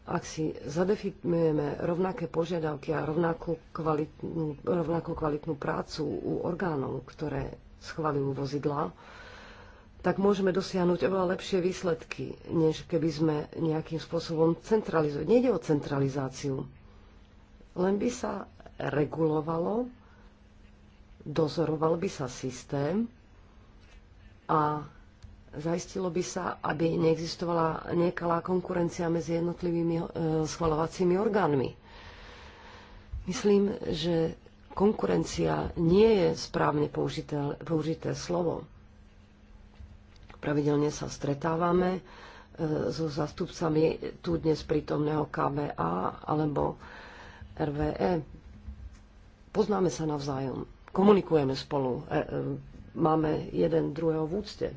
Ak si zadefinujeme rovnaké požiadavky a rovnakú kvalitnú, rovnakú kvalitnú prácu u orgánov, ktoré schvalujú vozidla, tak môžeme dosiahnuť oveľa lepšie výsledky, než keby sme nejakým spôsobom centralizovali. Nejde o centralizáciu, len by sa regulovalo, dozoroval by sa systém a Zajistilo by sa, aby neexistovala nekalá konkurencia medzi jednotlivými e, schvalovacími orgánmi. Myslím, že konkurencia nie je správne použité, použité slovo. Pravidelne sa stretávame e, so zastupcami tu dnes prítomného KBA alebo RVE. Poznáme sa navzájom, komunikujeme spolu, e, máme jeden druhého v úcte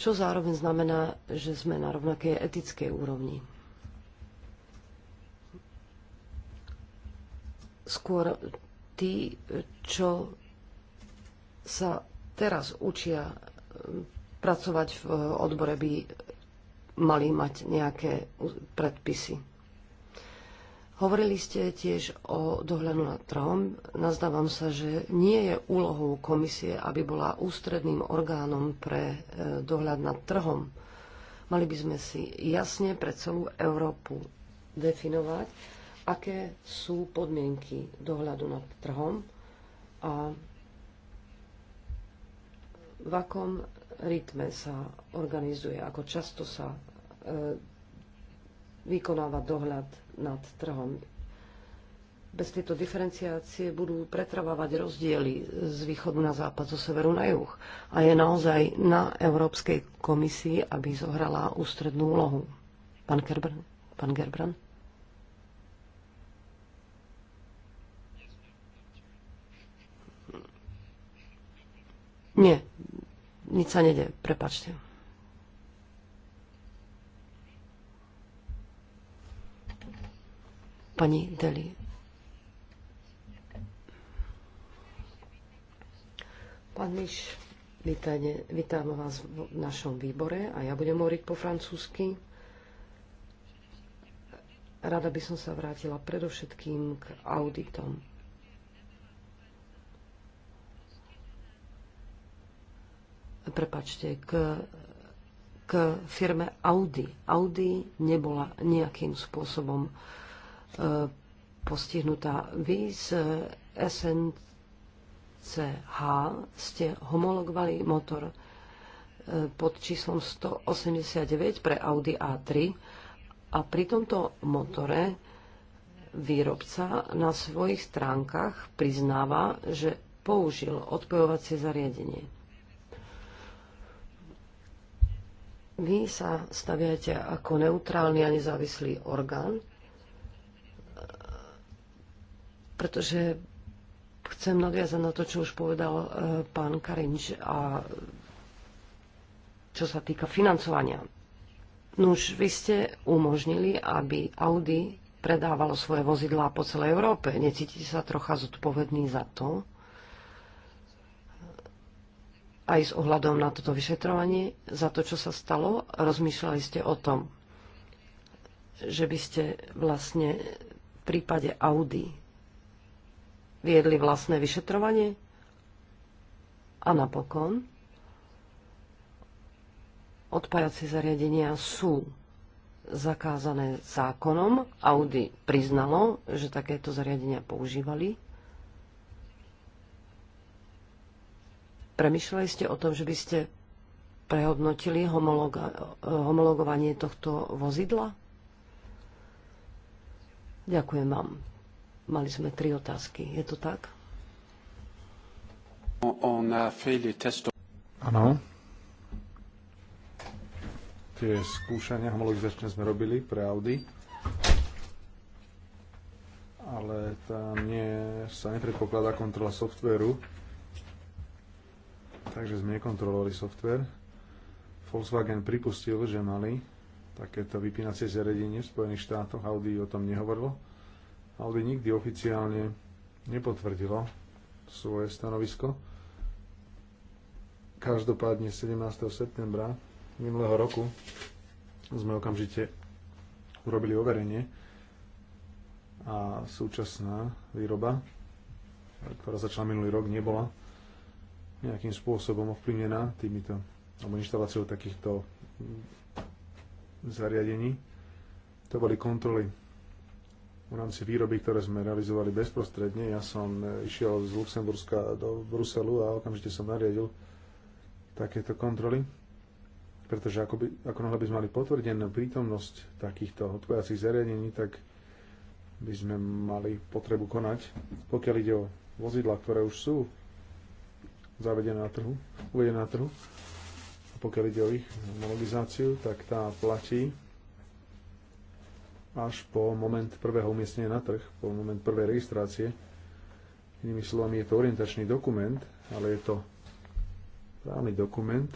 čo zároveň znamená, že sme na rovnakej etickej úrovni. Skôr tí, čo sa teraz učia um, pracovať v odbore, by mali mať nejaké predpisy. Hovorili ste tiež o dohľadu nad trhom. Nazdávam sa, že nie je úlohou komisie, aby bola ústredným orgánom pre e, dohľad nad trhom. Mali by sme si jasne pre celú Európu definovať, aké sú podmienky dohľadu nad trhom a v akom rytme sa organizuje, ako často sa e, vykonáva dohľad nad trhom. Bez tejto diferenciácie budú pretrvávať rozdiely z východu na západ, zo severu na juh. A je naozaj na Európskej komisii, aby zohrala ústrednú úlohu. Pán Gerbran? Pán Gerbran? Nie, nič sa nede, prepačte. Pani Deli. Pán Miš, vítajne, vítam vás v našom výbore a ja budem hovoriť po francúzsky. Rada by som sa vrátila predovšetkým k auditom. prepačte, k, k firme Audi. Audi nebola nejakým spôsobom E, postihnutá. Vy z SNCH ste homologovali motor e, pod číslom 189 pre Audi A3 a pri tomto motore výrobca na svojich stránkach priznáva, že použil odpojovacie zariadenie. Vy sa staviate ako neutrálny a nezávislý orgán pretože chcem nadviazať na to, čo už povedal e, pán Karinč a čo sa týka financovania. Nuž, vy ste umožnili, aby Audi predávalo svoje vozidlá po celej Európe. Necítite sa trocha zodpovedný za to? Aj s ohľadom na toto vyšetrovanie, za to, čo sa stalo, rozmýšľali ste o tom, že by ste vlastne v prípade Audi viedli vlastné vyšetrovanie? A napokon, odpájacie zariadenia sú zakázané zákonom. Audi priznalo, že takéto zariadenia používali. Premýšľali ste o tom, že by ste prehodnotili homologa- homologovanie tohto vozidla? Ďakujem vám. Mali sme tri otázky. Je to tak? Áno. Tie skúšania homologizačne sme robili pre Audi. Ale tam nie, sa nepredpokladá kontrola softveru. Takže sme nekontrolovali software. Volkswagen pripustil, že mali takéto vypínacie zariadenie v Spojených štátoch. Audi o tom nehovorilo Albi nikdy oficiálne nepotvrdilo svoje stanovisko. Každopádne 17. septembra minulého roku sme okamžite urobili overenie a súčasná výroba, ktorá začala minulý rok, nebola nejakým spôsobom ovplyvnená týmito alebo inštaláciou takýchto zariadení. To boli kontroly v rámci výroby, ktoré sme realizovali bezprostredne. Ja som e, išiel z Luxemburska do Bruselu a okamžite som nariadil takéto kontroly, pretože ako, by, ako by sme mali potvrdenú prítomnosť takýchto odpojacích zariadení, tak by sme mali potrebu konať. Pokiaľ ide o vozidla, ktoré už sú zavedené na trhu, uvedené na trhu, a pokiaľ ide o ich homologizáciu, tak tá platí až po moment prvého umiestnenia na trh, po moment prvej registrácie. Inými slovami, je to orientačný dokument, ale je to právny dokument.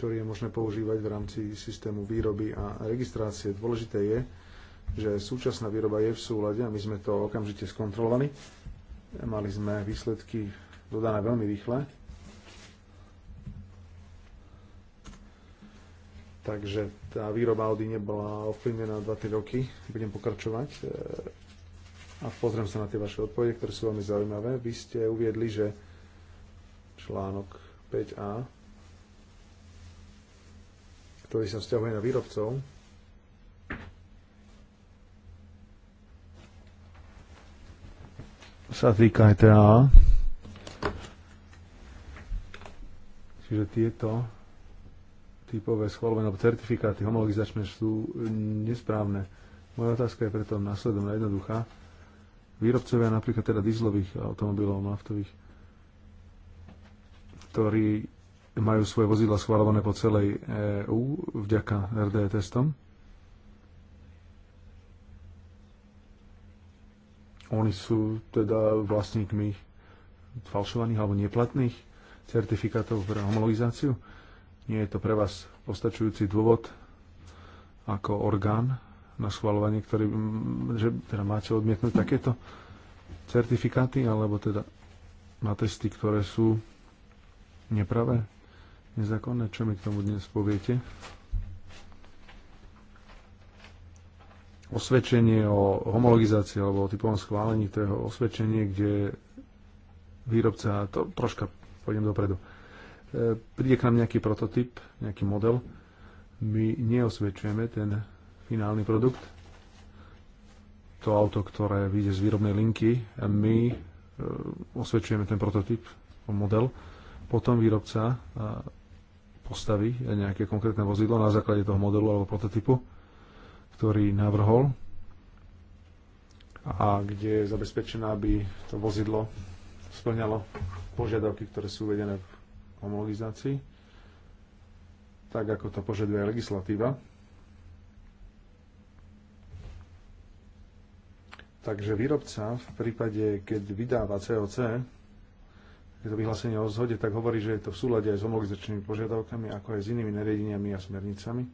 ktorý je možné používať v rámci systému výroby a registrácie. Dôležité je, že súčasná výroba je v súlade a my sme to okamžite skontrolovali. Mali sme výsledky dodané veľmi rýchle takže tá výroba Audi nebola ovplyvnená 2-3 roky. Budem pokračovať e, a pozriem sa na tie vaše odpovede, ktoré sú veľmi zaujímavé. Vy ste uviedli, že článok 5a, ktorý sa vzťahuje na výrobcov, sa týka ETA. Čiže tieto typové schválené alebo certifikáty homologizačné sú e, nesprávne. Moja otázka je preto následovná jednoduchá. Výrobcovia napríklad teda dieselových automobilov, naftových, ktorí majú svoje vozidla schváľované po celej EU vďaka RDE testom. Oni sú teda vlastníkmi falšovaných alebo neplatných certifikátov pre homologizáciu. Nie je to pre vás postačujúci dôvod ako orgán na schvalovanie, ktorý, že teda máte odmietnúť takéto certifikáty, alebo teda na testy, ktoré sú nepravé, nezákonné. Čo mi k tomu dnes poviete? Osvedčenie o homologizácii alebo o typovom schválení, to je osvedčenie, kde výrobca, to troška pôjdem dopredu, E, príde k nám nejaký prototyp, nejaký model, my neosvedčujeme ten finálny produkt, to auto, ktoré vyjde z výrobnej linky, my e, osvedčujeme ten prototyp, model, potom výrobca e, postaví nejaké konkrétne vozidlo na základe toho modelu alebo prototypu, ktorý navrhol a kde je zabezpečená, aby to vozidlo splňalo požiadavky, ktoré sú uvedené v homologizácii, tak ako to požaduje legislatíva. Takže výrobca v prípade, keď vydáva COC, je to vyhlásenie o zhode, tak hovorí, že je to v súlade aj s homologizačnými požiadavkami, ako aj s inými nariadeniami a smernicami.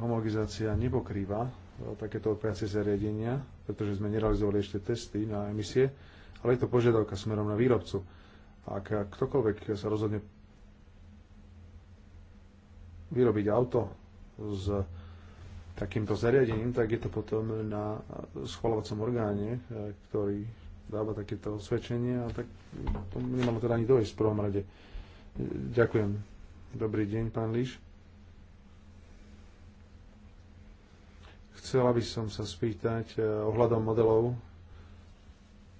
Homologizácia nepokrýva takéto operácie zariadenia, pretože sme nerealizovali ešte testy na emisie ale je to požiadavka smerom na výrobcu. Ak ktokoľvek sa rozhodne vyrobiť auto s takýmto zariadením, tak je to potom na schvalovacom orgáne, eh, ktorý dáva takéto osvedčenie a tak to nemalo teda ani dojsť v prvom rade. Ďakujem. Dobrý deň, pán Líš. Chcela by som sa spýtať eh, ohľadom modelov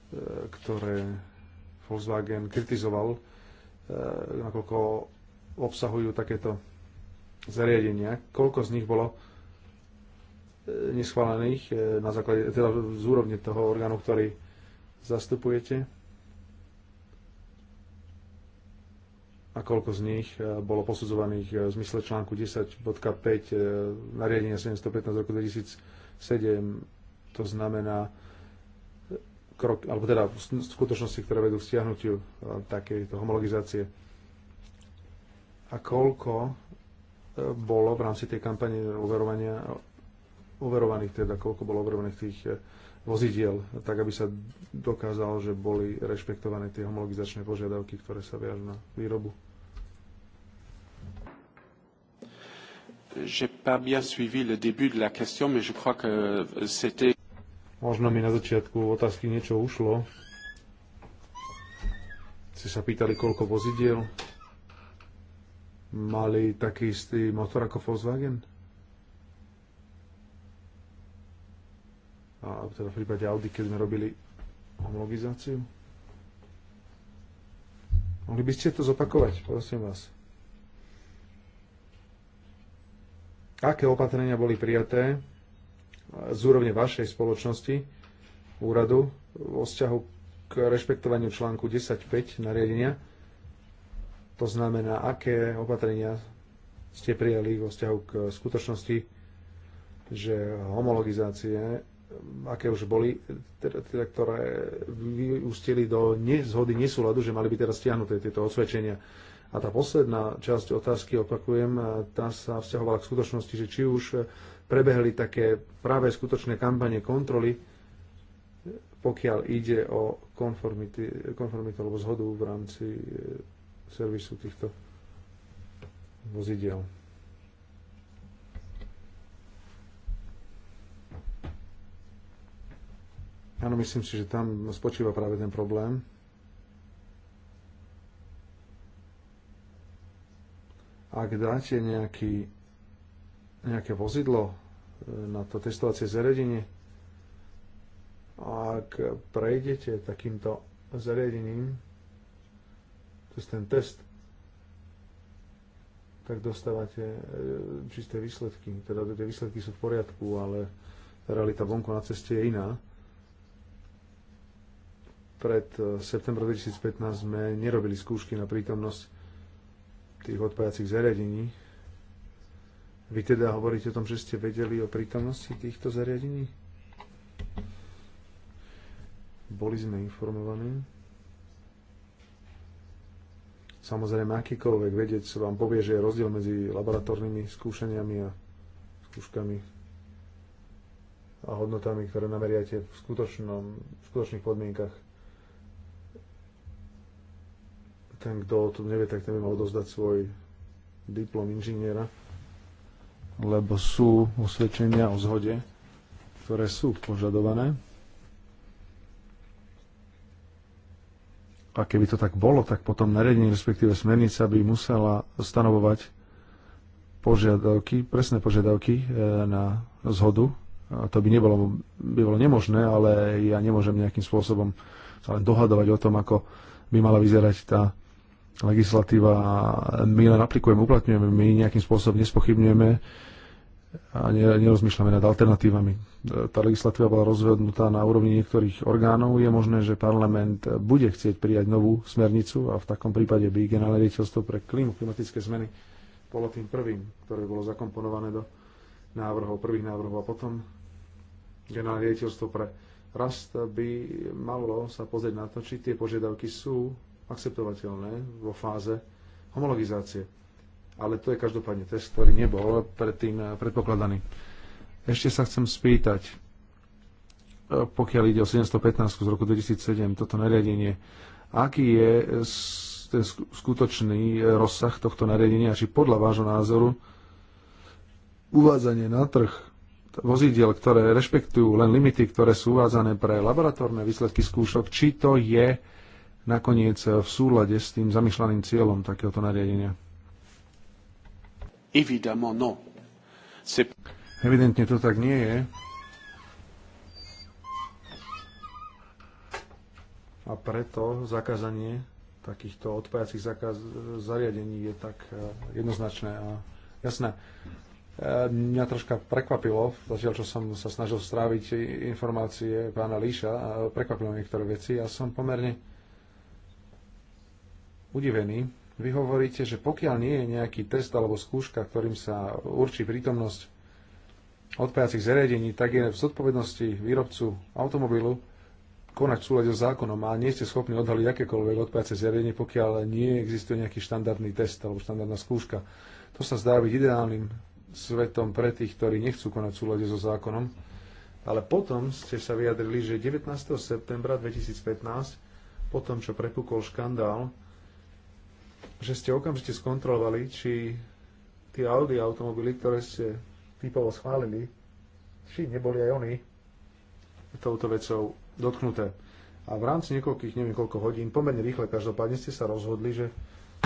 E, ktoré Volkswagen kritizoval, e, nakoľko obsahujú takéto zariadenia. Koľko z nich bolo e, neschválených na základe, teda z úrovne toho orgánu, ktorý zastupujete? A koľko z nich bolo posudzovaných v zmysle článku 10.5 nariadenia 715 roku 2007? To znamená, krok, alebo teda skutočnosti, ktoré vedú k stiahnutiu e, takejto homologizácie. A koľko e, bolo v rámci tej kampane overovania overovaných, teda koľko bolo overovaných tých e, vozidiel, tak aby sa dokázalo, že boli rešpektované tie homologizačné požiadavky, ktoré sa viažú na výrobu. J'ai pas bien suivi le début de la question, mais je crois que c'était Možno mi na začiatku otázky niečo ušlo. Si sa pýtali, koľko vozidiel mali taký istý motor ako Volkswagen? A teda v prípade Audi, keď sme robili homologizáciu? Mohli by ste to zopakovať, prosím vás. Aké opatrenia boli prijaté? z úrovne vašej spoločnosti, úradu, vo vzťahu k rešpektovaniu článku 10.5 nariadenia. To znamená, aké opatrenia ste prijali vo vzťahu k skutočnosti, že homologizácie, aké už boli, teda, teda, ktoré vyústili do nezhody nesúladu, že mali by teraz stiahnuté tieto osvedčenia. A tá posledná časť otázky, opakujem, tá sa vzťahovala k skutočnosti, že či už prebehli také práve skutočné kampanie kontroly, pokiaľ ide o konformitu alebo zhodu v rámci e, servisu týchto vozidel. Áno, myslím si, že tam spočíva práve ten problém. Ak dáte nejaký nejaké vozidlo e, na to testovacie zariadenie. A ak prejdete takýmto zariadením cez ten test, tak dostávate e, čisté výsledky. Teda tie výsledky sú v poriadku, ale realita vonku na ceste je iná. Pred e, septembrom 2015 sme nerobili skúšky na prítomnosť tých odpájacích zariadení vy teda hovoríte o tom, že ste vedeli o prítomnosti týchto zariadení? Boli sme informovaní. Samozrejme, akýkoľvek vedec vám povie, že je rozdiel medzi laboratórnymi skúšaniami a skúškami a hodnotami, ktoré nameriate v, skutočnom, v skutočných podmienkach. Ten, kto to nevie, tak ten by mal dozdať svoj diplom inžiniera lebo sú usvedčenia o zhode, ktoré sú požadované. A keby to tak bolo, tak potom nariadenie, respektíve smernica by musela stanovovať požiadavky, presné požiadavky e, na zhodu. A to by nebolo, by bolo nemožné, ale ja nemôžem nejakým spôsobom sa len dohadovať o tom, ako by mala vyzerať tá legislatíva, my len aplikujeme, uplatňujeme, my nejakým spôsobom nespochybňujeme a nerozmýšľame nad alternatívami. Tá legislatíva bola rozhodnutá na úrovni niektorých orgánov. Je možné, že parlament bude chcieť prijať novú smernicu a v takom prípade by generálne riaditeľstvo pre klímu, klimatické zmeny bolo tým prvým, ktoré bolo zakomponované do návrhov, prvých návrhov a potom generálne riaditeľstvo pre rast by malo sa pozrieť na to, či tie požiadavky sú akceptovateľné vo fáze homologizácie. Ale to je každopádne test, ktorý nebol predtým eh, predpokladaný. Ešte sa chcem spýtať, eh, pokiaľ ide o 715 z roku 2007, toto nariadenie, aký je ten skutočný eh, rozsah tohto nariadenia, či podľa vášho názoru uvádzanie na trh vozidiel, ktoré rešpektujú len limity, ktoré sú uvádzané pre laboratórne výsledky skúšok, či to je nakoniec v súlade s tým zamýšľaným cieľom takéhoto nariadenia? Evidentne to tak nie je. A preto zakázanie takýchto odpájacích zariadení je tak eh, jednoznačné a jasné. Eh, mňa troška prekvapilo, zatiaľ čo som sa snažil stráviť informácie pána Líša, eh, prekvapilo niektoré veci. Ja som pomerne udivení. Vy hovoríte, že pokiaľ nie je nejaký test alebo skúška, ktorým sa určí prítomnosť odpájacích zariadení, tak je v zodpovednosti výrobcu automobilu konať v súlade zákonom a nie ste schopní odhaliť akékoľvek odpájace zariadenie, pokiaľ nie existuje nejaký štandardný test alebo štandardná skúška. To sa zdá byť ideálnym svetom pre tých, ktorí nechcú konať v súlade so zákonom. Ale potom ste sa vyjadrili, že 19. septembra 2015, po tom, čo prepukol škandál že ste okamžite skontrolovali, či tie Audi automobily, ktoré ste typovo schválili, či neboli aj oni touto vecou dotknuté. A v rámci niekoľkých, neviem koľko hodín, pomerne rýchle každopádne ste sa rozhodli, že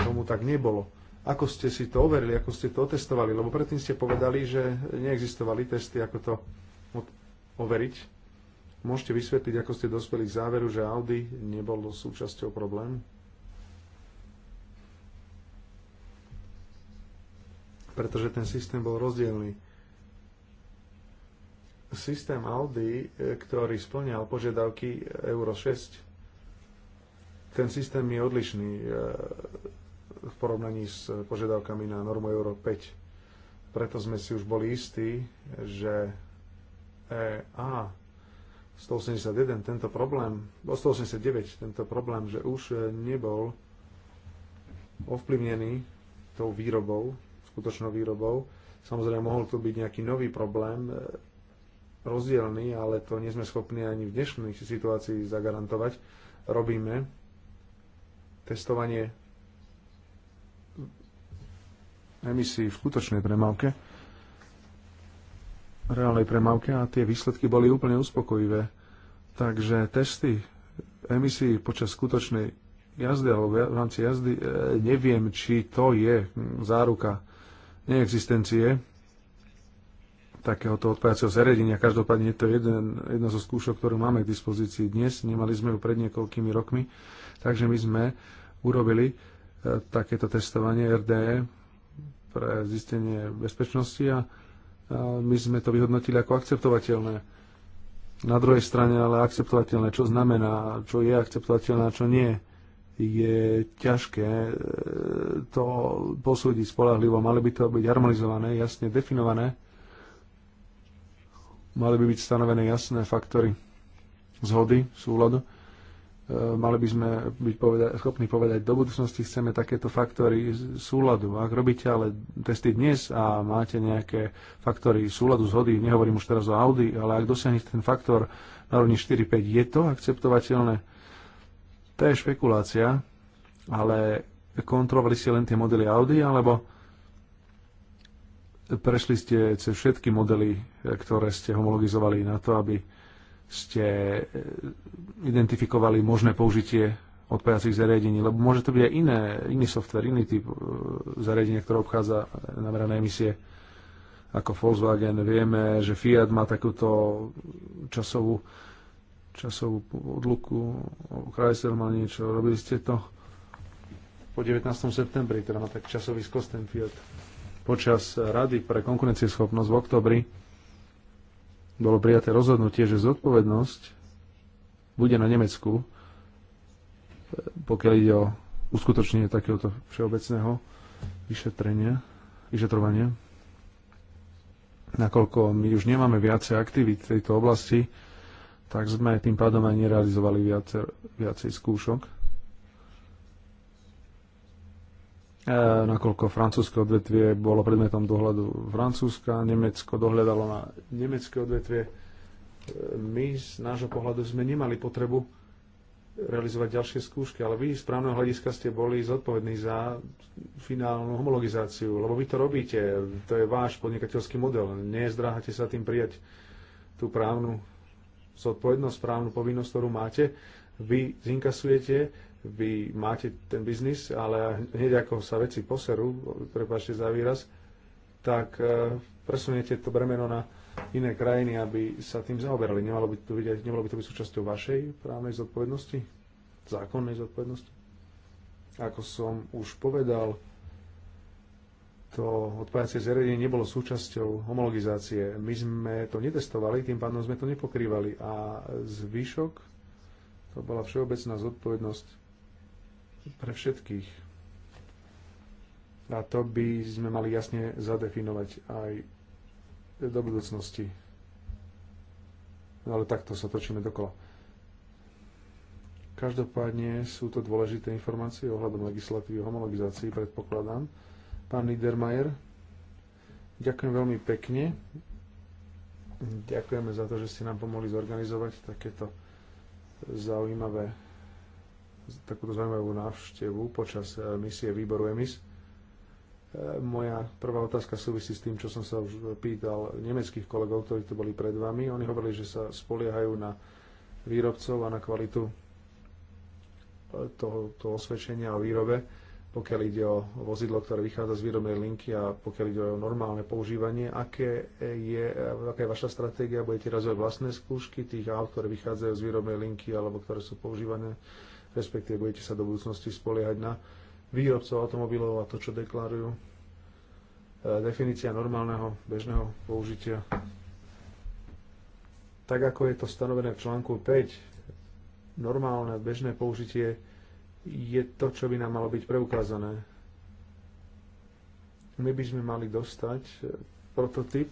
tomu tak nebolo. Ako ste si to overili, ako ste to otestovali? Lebo predtým ste povedali, že neexistovali testy, ako to overiť. Môžete vysvetliť, ako ste dospeli k záveru, že Audi nebolo súčasťou problému? pretože ten systém bol rozdielný. Systém Audi, e, ktorý splňal požiadavky Euro 6, ten systém je odlišný e, v porovnaní s požiadavkami na normu Euro 5. Preto sme si už boli istí, že EA 181 tento problém, 189 no tento problém, že už e, nebol ovplyvnený tou výrobou skutočnou výrobou. Samozrejme, mohol to byť nejaký nový problém, e, rozdielný, ale to nie sme schopní ani v dnešnej situácii zagarantovať. Robíme testovanie emisí v skutočnej premávke, reálnej premávke a tie výsledky boli úplne uspokojivé. Takže testy emisí počas skutočnej jazdy alebo v rámci jazdy e, neviem, či to je záruka neexistencie takéhoto odpájacieho zariadenia. Každopádne je to jeden, jedna zo skúšok, ktorú máme k dispozícii dnes. Nemali sme ju pred niekoľkými rokmi, takže my sme urobili e, takéto testovanie RDE pre zistenie bezpečnosti a my sme to vyhodnotili ako akceptovateľné. Na druhej strane ale akceptovateľné, čo znamená, čo je akceptovateľné a čo nie je ťažké e, to posúdiť spolahlivo. Mali by to byť harmonizované, jasne definované. Mali by byť stanovené jasné faktory zhody, súladu. E, mali by sme byť poveda- schopní povedať, do budúcnosti chceme takéto faktory súladu. Ak robíte ale testy dnes a máte nejaké faktory súladu, zhody, nehovorím už teraz o Audi, ale ak dosiahnete ten faktor na rovni 4-5, je to akceptovateľné? To je špekulácia, ale kontrolovali ste len tie modely Audi, alebo prešli ste cez všetky modely, ktoré ste homologizovali na to, aby ste eh, identifikovali možné použitie odpájacích zariadení, lebo môže to byť aj iné, iný software, iný typ eh, zariadenia, ktoré obchádza namerané emisie ako Volkswagen. Vieme, že Fiat má takúto časovú časovú odluku, Chrysler mal niečo, robili ste to po 19. septembri, teda má tak časový skos ten Fiat. Počas Rady pre konkurencieschopnosť v oktobri bolo prijaté rozhodnutie, že zodpovednosť bude na Nemecku, e, pokiaľ ide o uskutočnenie takéhoto všeobecného vyšetrenia, vyšetrovania. Nakoľko my už nemáme viacej aktivít v tejto oblasti, tak sme tým pádom aj nerealizovali viacej, viacej skúšok. E, nakoľko francúzske odvetvie bolo predmetom dohľadu Francúzska, Nemecko dohľadalo na nemecké odvetvie. E, my z nášho pohľadu sme nemali potrebu realizovať ďalšie skúšky, ale vy z právneho hľadiska ste boli zodpovední za finálnu homologizáciu, lebo vy to robíte, to je váš podnikateľský model, nezdráhate sa tým prijať tú právnu zodpovednosť, správnu povinnosť, ktorú máte. Vy zinkasujete, vy máte ten biznis, ale hneď ako sa veci poserú, prepáčte za výraz, tak e, presuniete to bremeno na iné krajiny, aby sa tým zaoberali. Nemalo by to byť, nemalo by to byť súčasťou vašej právnej zodpovednosti? Zákonnej zodpovednosti? Ako som už povedal, to odpájacie zariadenie nebolo súčasťou homologizácie. My sme to netestovali, tým pádom sme to nepokrývali. A zvyšok, to bola všeobecná zodpovednosť pre všetkých. A to by sme mali jasne zadefinovať aj do budúcnosti. No ale takto sa točíme dokola. Každopádne sú to dôležité informácie ohľadom legislatívy o homologizácii, predpokladám. Pán Lidermajer, ďakujem veľmi pekne. Ďakujeme za to, že ste nám pomohli zorganizovať takéto zaujímavé takúto zaujímavú návštevu počas eh, misie výboru EMIS. Eh, moja prvá otázka súvisí s tým, čo som sa už pýtal nemeckých kolegov, ktorí tu boli pred vami. Oni hovorili, že sa spoliehajú na výrobcov a na kvalitu eh, toho, toho osvedčenia o výrobe pokiaľ ide o vozidlo, ktoré vychádza z výrobnej linky a pokiaľ ide o normálne používanie, aké je, aká je vaša stratégia, budete razovať vlastné skúšky tých aut, ktoré vychádzajú z výrobnej linky alebo ktoré sú používané, respektíve budete sa do budúcnosti spoliehať na výrobcov automobilov a to, čo deklarujú. E, definícia normálneho bežného použitia. Tak ako je to stanovené v článku 5, normálne bežné použitie je to, čo by nám malo byť preukázané. My by sme mali dostať eh, prototyp,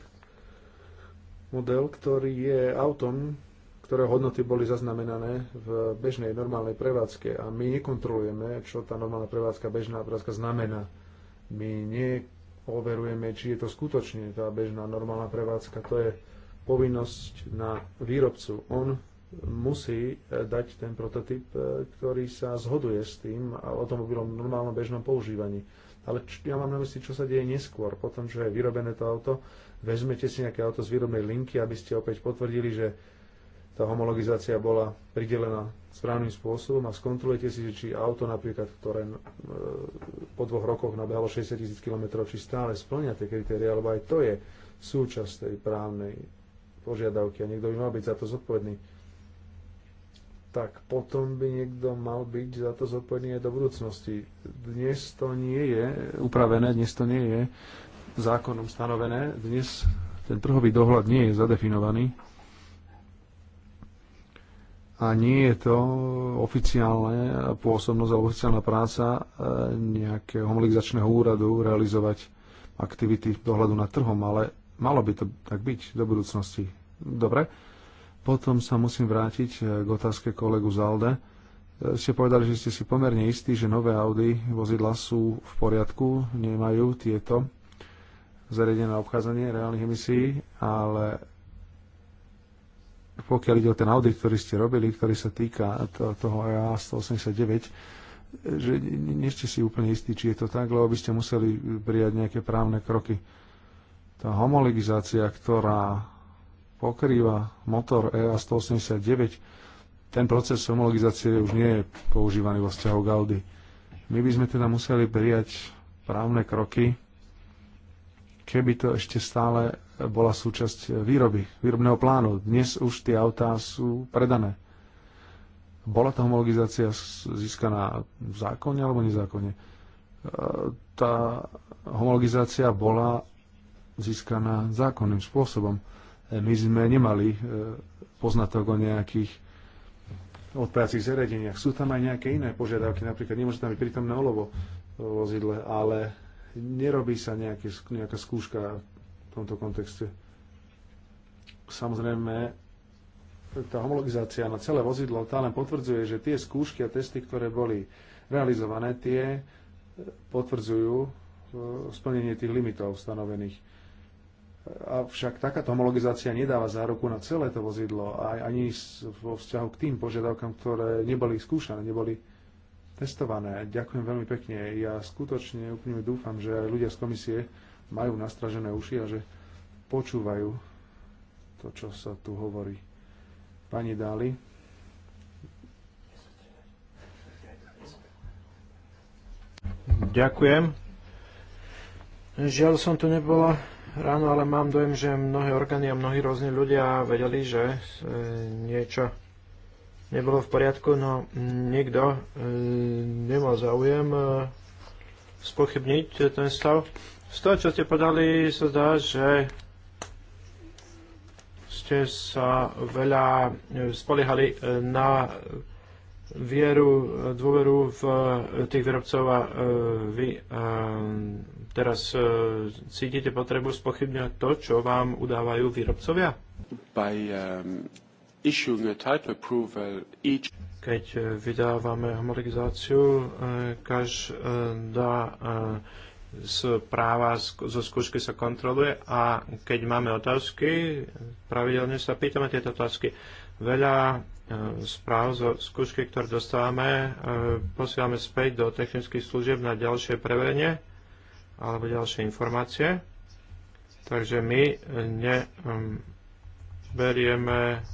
model, ktorý je autom, ktoré hodnoty boli zaznamenané v bežnej normálnej prevádzke a my nekontrolujeme, čo tá normálna prevádzka, bežná prevádzka znamená. My neoverujeme, či je to skutočne tá bežná normálna prevádzka. To je povinnosť na výrobcu. On musí eh, dať ten prototyp, eh, ktorý sa zhoduje s tým automobilom v normálnom bežnom používaní. Ale č- ja mám na mysli, čo sa deje neskôr, potom, čo je vyrobené to auto, vezmete si nejaké auto z výrobnej linky, aby ste opäť potvrdili, že tá homologizácia bola pridelená správnym spôsobom a skontrolujete si, či auto napríklad, ktoré eh, po dvoch rokoch nabehalo 60 tisíc km, či stále splňa tie kritéria, lebo aj to je súčasť tej právnej požiadavky a niekto by mal byť za to zodpovedný tak potom by niekto mal byť za to zodpovedný aj do budúcnosti. Dnes to nie je upravené, dnes to nie je zákonom stanovené, dnes ten trhový dohľad nie je zadefinovaný a nie je to oficiálne pôsobnosť alebo oficiálna práca e, nejakého homologizačného úradu realizovať aktivity dohľadu nad trhom, ale malo by to tak byť do budúcnosti. Dobre? Potom sa musím vrátiť eh, k otázke kolegu Zalde. Eh, ste povedali, že ste si pomerne istí, že nové Audi vozidla sú v poriadku, nemajú tieto zariadené obchádzanie reálnych emisí, ale pokiaľ ide o ten audit, ktorý ste robili, ktorý sa týka toho EA 189, eh, že nie ste si úplne istí, či je to tak, lebo by ste museli prijať nejaké právne kroky. Tá homologizácia, ktorá pokrýva motor EA189, ten proces homologizácie už nie je používaný vo vzťahu k Audi. My by sme teda museli prijať právne kroky, keby to ešte stále bola súčasť výroby, výrobného plánu. Dnes už tie autá sú predané. Bola tá homologizácia získaná v zákone alebo nezákonne? E, tá homologizácia bola získaná zákonným spôsobom my sme nemali e, poznatok o nejakých odpájacích zariadeniach. Sú tam aj nejaké iné požiadavky, napríklad nemôže tam byť prítomné olovo e, vozidle, ale nerobí sa nejaké, nejaká skúška v tomto kontexte. Samozrejme, tá homologizácia na celé vozidlo, tá len potvrdzuje, že tie skúšky a testy, ktoré boli realizované, tie potvrdzujú e, splnenie tých limitov stanovených Avšak takáto homologizácia nedáva záruku na celé to vozidlo, ani vo vzťahu k tým požiadavkám, ktoré neboli skúšané, neboli testované. Ďakujem veľmi pekne. Ja skutočne úplne dúfam, že aj ľudia z komisie majú nastražené uši a že počúvajú to, čo sa tu hovorí. Pani Dáli. Ďakujem. Žiaľ som tu nebola ráno, ale mám dojem, že mnohé orgány a mnohí rôzni ľudia vedeli, že e, niečo nebolo v poriadku, no nikto e, nemal záujem e, spochybniť ten stav. Z toho, čo ste podali, sa zdá, že ste sa veľa spoliehali na vieru, dôveru v tých výrobcov a vy teraz uh, cítite potrebu spochybňovať to, čo vám udávajú výrobcovia? By, um, issuing a approval each keď e, vydávame homologizáciu, e, každá správa zo skúšky sa kontroluje a keď máme otázky, pravidelne sa pýtame tieto otázky. Veľa správ zo skúšky, ktoré dostávame, posielame späť do technických služieb na ďalšie preverenie alebo ďalšie informácie. Takže my eh, neberieme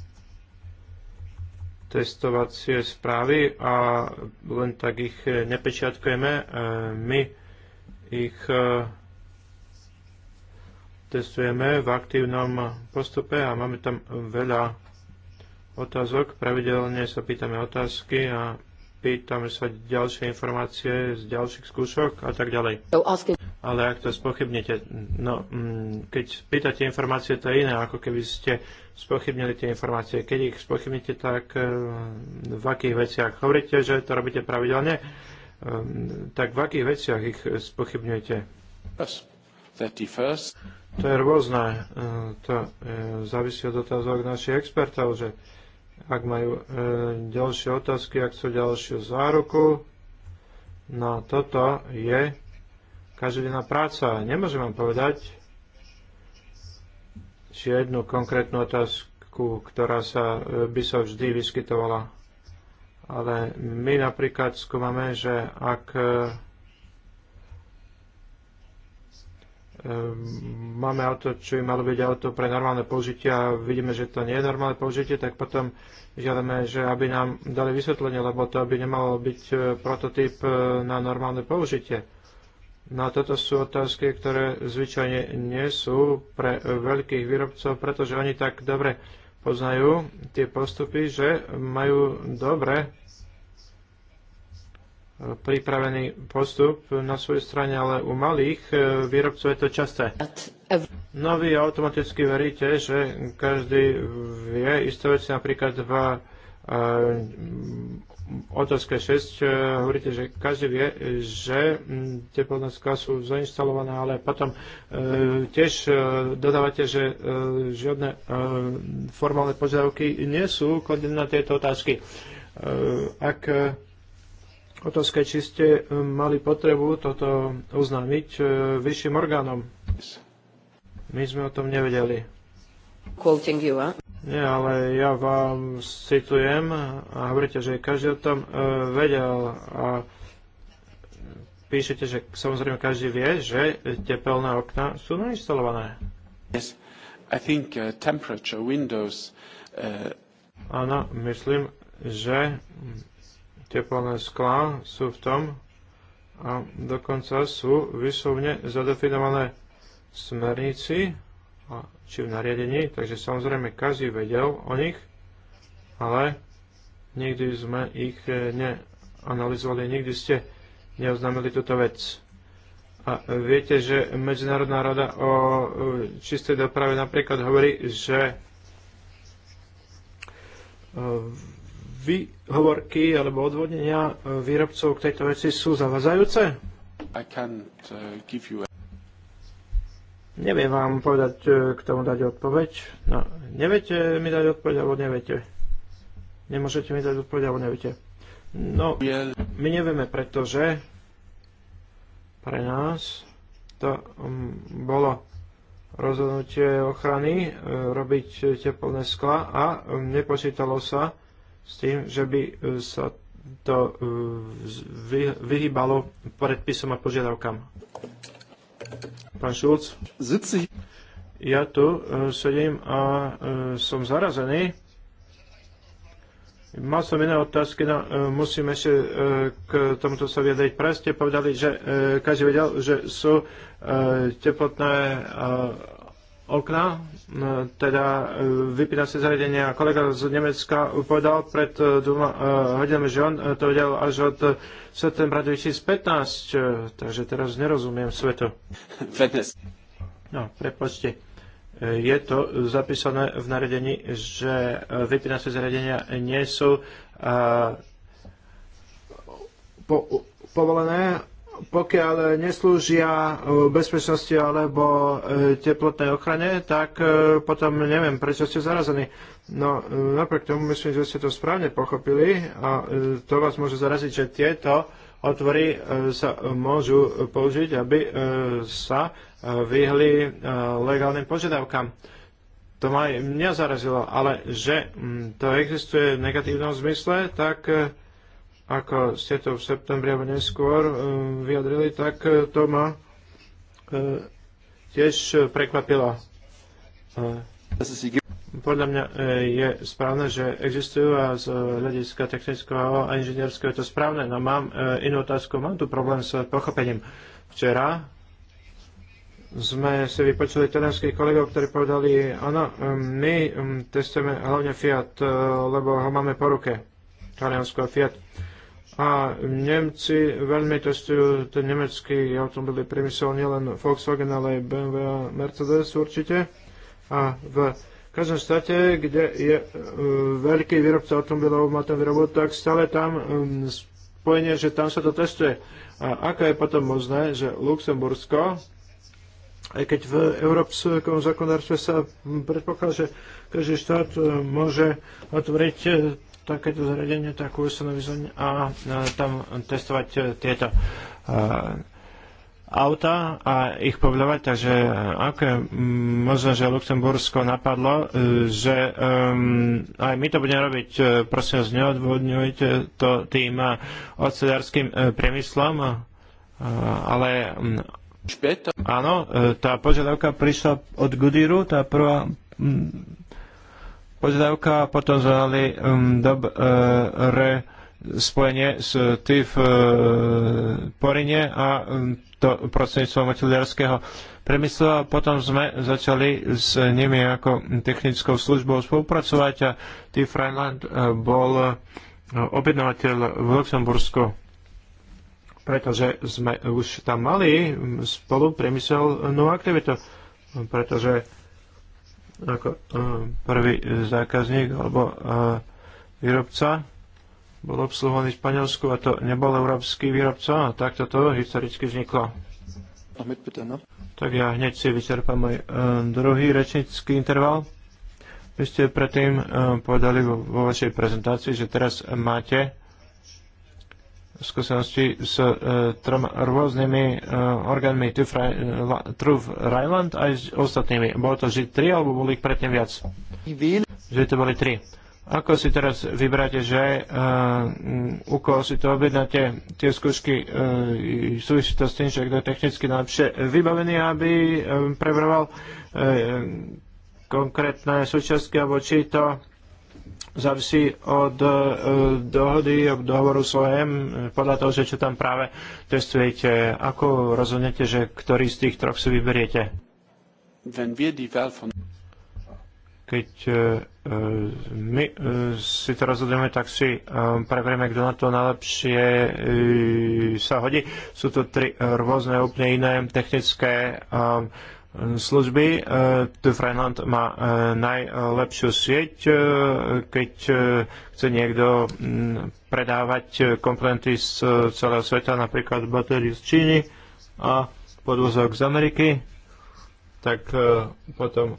testovacie správy a len tak ich eh, nepečiatkujeme. Eh, my ich testujeme v aktívnom postupe a máme tam veľa otázok. Pravidelne sa pýtame otázky a pýtame sa ďalšie informácie z ďalších skúšok a tak ďalej ale ak to spochybnete, no, mm, keď pýtate informácie, to je iné, ako keby ste spochybnili tie informácie. Keď ich spochybnite, tak eh, v akých veciach hovoríte, že to robíte pravidelne, eh, tak v akých veciach ich spochybňujete? To je rôzne. Eh, to závisí od otázok našich expertov, že ak majú ďalšie otázky, ak sú ďalšiu záruku, no toto je každodenná práca. Nemôžem vám povedať, či jednu konkrétnu otázku, ktorá sa e, by sa vždy vyskytovala. Ale my napríklad skúmame, že ak e, e, máme auto, čo by malo byť auto pre normálne použitie a vidíme, že to nie je normálne použitie, tak potom žiadame, že aby nám dali vysvetlenie, lebo to by nemalo byť prototyp na normálne použitie. No a toto sú otázky, ktoré zvyčajne nie sú pre veľkých výrobcov, pretože oni tak dobre poznajú tie postupy, že majú dobre pripravený postup na svojej strane, ale u malých e, výrobcov je to časté. No vy automaticky veríte, že každý vie isté veci, napríklad v otázka 6 eh, hovoríte, že každý vie, že hm, tie podnoská sú zainštalované, ale potom eh, tiež eh, dodávate, že žiadne formálne požiadavky nie sú kladené na tieto otázky. Ak otázka, či ste mali potrebu toto oznámiť vyšším orgánom. My sme o tom nevedeli. Quoting you, nie, ale ja vám citujem a hovoríte, že každý o tom e, vedel a píšete, že samozrejme každý vie, že tepelné okna sú nainštalované. Yes. I think uh, temperature windows uh... Áno, myslím, že teplné sklá sú v tom a dokonca sú vyslovne zadefinované smernici či v nariadení, takže samozrejme každý vedel o nich, ale nikdy sme ich eh, neanalizovali, nikdy ste neoznámili túto vec. A viete, že Medzinárodná rada o eh, čistej doprave napríklad hovorí, že eh, výhovorky alebo odvodnenia výrobcov k tejto veci sú zavazajúce? I can't, give you a... Neviem vám povedať, e, k tomu dať odpoveď. No, neviete mi dať odpoveď, alebo neviete. Nemôžete mi dať odpoveď, alebo neviete. No, my nevieme, pretože pre nás to mm, bolo rozhodnutie ochrany e, robiť teplné skla a mm, nepočítalo sa s tým, že by e, sa to vyhýbalo predpisom a požiadavkám. Pán Šulc. Ja tu uh, sedím a uh, som zarazený. Mal som iné otázky, no uh, musím ešte uh, k tomuto sa vyjadriť. Preste povedali, že uh, každý vedel, že sú uh, teplotné uh, okna, teda e, vypínacie zariadenia. Kolega z Nemecka povedal pred e, dvoma e, hodinami, že on to vedel až od septembra 2015, takže teraz nerozumiem svetu. No, prepočte. Je to zapísané v naredení, že vypínacie zariadenia nie sú povolené pokiaľ neslúžia e, bezpečnosti alebo e, teplotnej ochrane, tak e, potom neviem, prečo ste zarazení. No, napriek tomu myslím, že ste to správne pochopili a to vás môže zaraziť, že tieto otvory sa môžu použiť, aby sa vyhli legálnym požiadavkám. To ma aj mňa zarazilo, ale že mm, to existuje v negatívnom zmysle, tak ako ste to v septembri alebo neskôr um, vyjadrili, tak e, to ma e, tiež prekvapilo. E, podľa mňa je správne, že existujú a z hľadiska technického a inžinierského je to správne. No mám inú otázku, mám tu problém s pochopením. Včera sme si vypočuli talianských kolegov, ktorí povedali, áno, my testujeme hlavne Fiat, lebo ho máme po ruke, taliansko Fiat. A Nemci veľmi testujú ten nemecký automobilový priemysel, nielen Volkswagen, ale aj BMW a Mercedes určite. A v každom štáte, kde je e, veľký výrobca automobilov, má ten výrobok, tak stále tam e, spojenie, že tam sa to testuje. A ako je potom možné, že Luxembursko, aj keď v európskom zákonárstve sa predpokladá, že každý štát e, môže otvoriť takéto zariadenie, takú ustanovizoň a e, tam testovať e, tieto e, auta a ich povľovať. Takže ako je možno, že Luxembursko napadlo, že um, aj my to budeme robiť, prosím vás, neodvodňujte to tým ocelárským priemyslom, ale Áno, tá požiadavka prišla od Goodyearu, tá prvá požiadavka, potom sme mali um, dobré spojenie s TIF uh, Porine a um, to prostredníctvom hoteliarského priemyslu a potom sme začali s nimi ako technickou službou spolupracovať a TIF Rhineland uh, bol uh, objednávateľ v Luxembursku pretože sme už tam mali um, spolu priemyselnú aktivitu, pretože ako e, prvý zákazník alebo e, výrobca bol obsluhovaný v Španielsku a to nebol európsky výrobca a takto to historicky vzniklo. Tak ja hneď si vyčerpám môj e, druhý rečnický interval. Vy ste predtým povedali vo vašej prezentácii, že teraz máte skúsenosti s e, trom rôznymi e, orgánmi Truth Ryland aj s ostatnými. Bolo to že tri, alebo boli ich predtým viac? Že to boli tri. Ako si teraz vyberáte, že uh, u koho si to objednáte, tie skúšky uh, súvisí to s tým, že kto je technicky najlepšie vybavený, aby um, e, prebroval uh, konkrétne súčiastky, alebo či to závisí od e, dohody, od dohovoru s OEM, podľa toho, že čo tam práve testujete. Ako rozhodnete, že ktorý z tých troch si vyberiete? Keď e, e, my si to rozhodujeme, tak si preverieme, kto na to najlepšie sa hodí. Sú to tri rôzne, úplne iné technické služby. E, tu Freinland má e, najlepšiu sieť, e, keď chce niekto predávať komponenty z celého sveta, napríklad batériu z Číny a podvozok z Ameriky, tak potom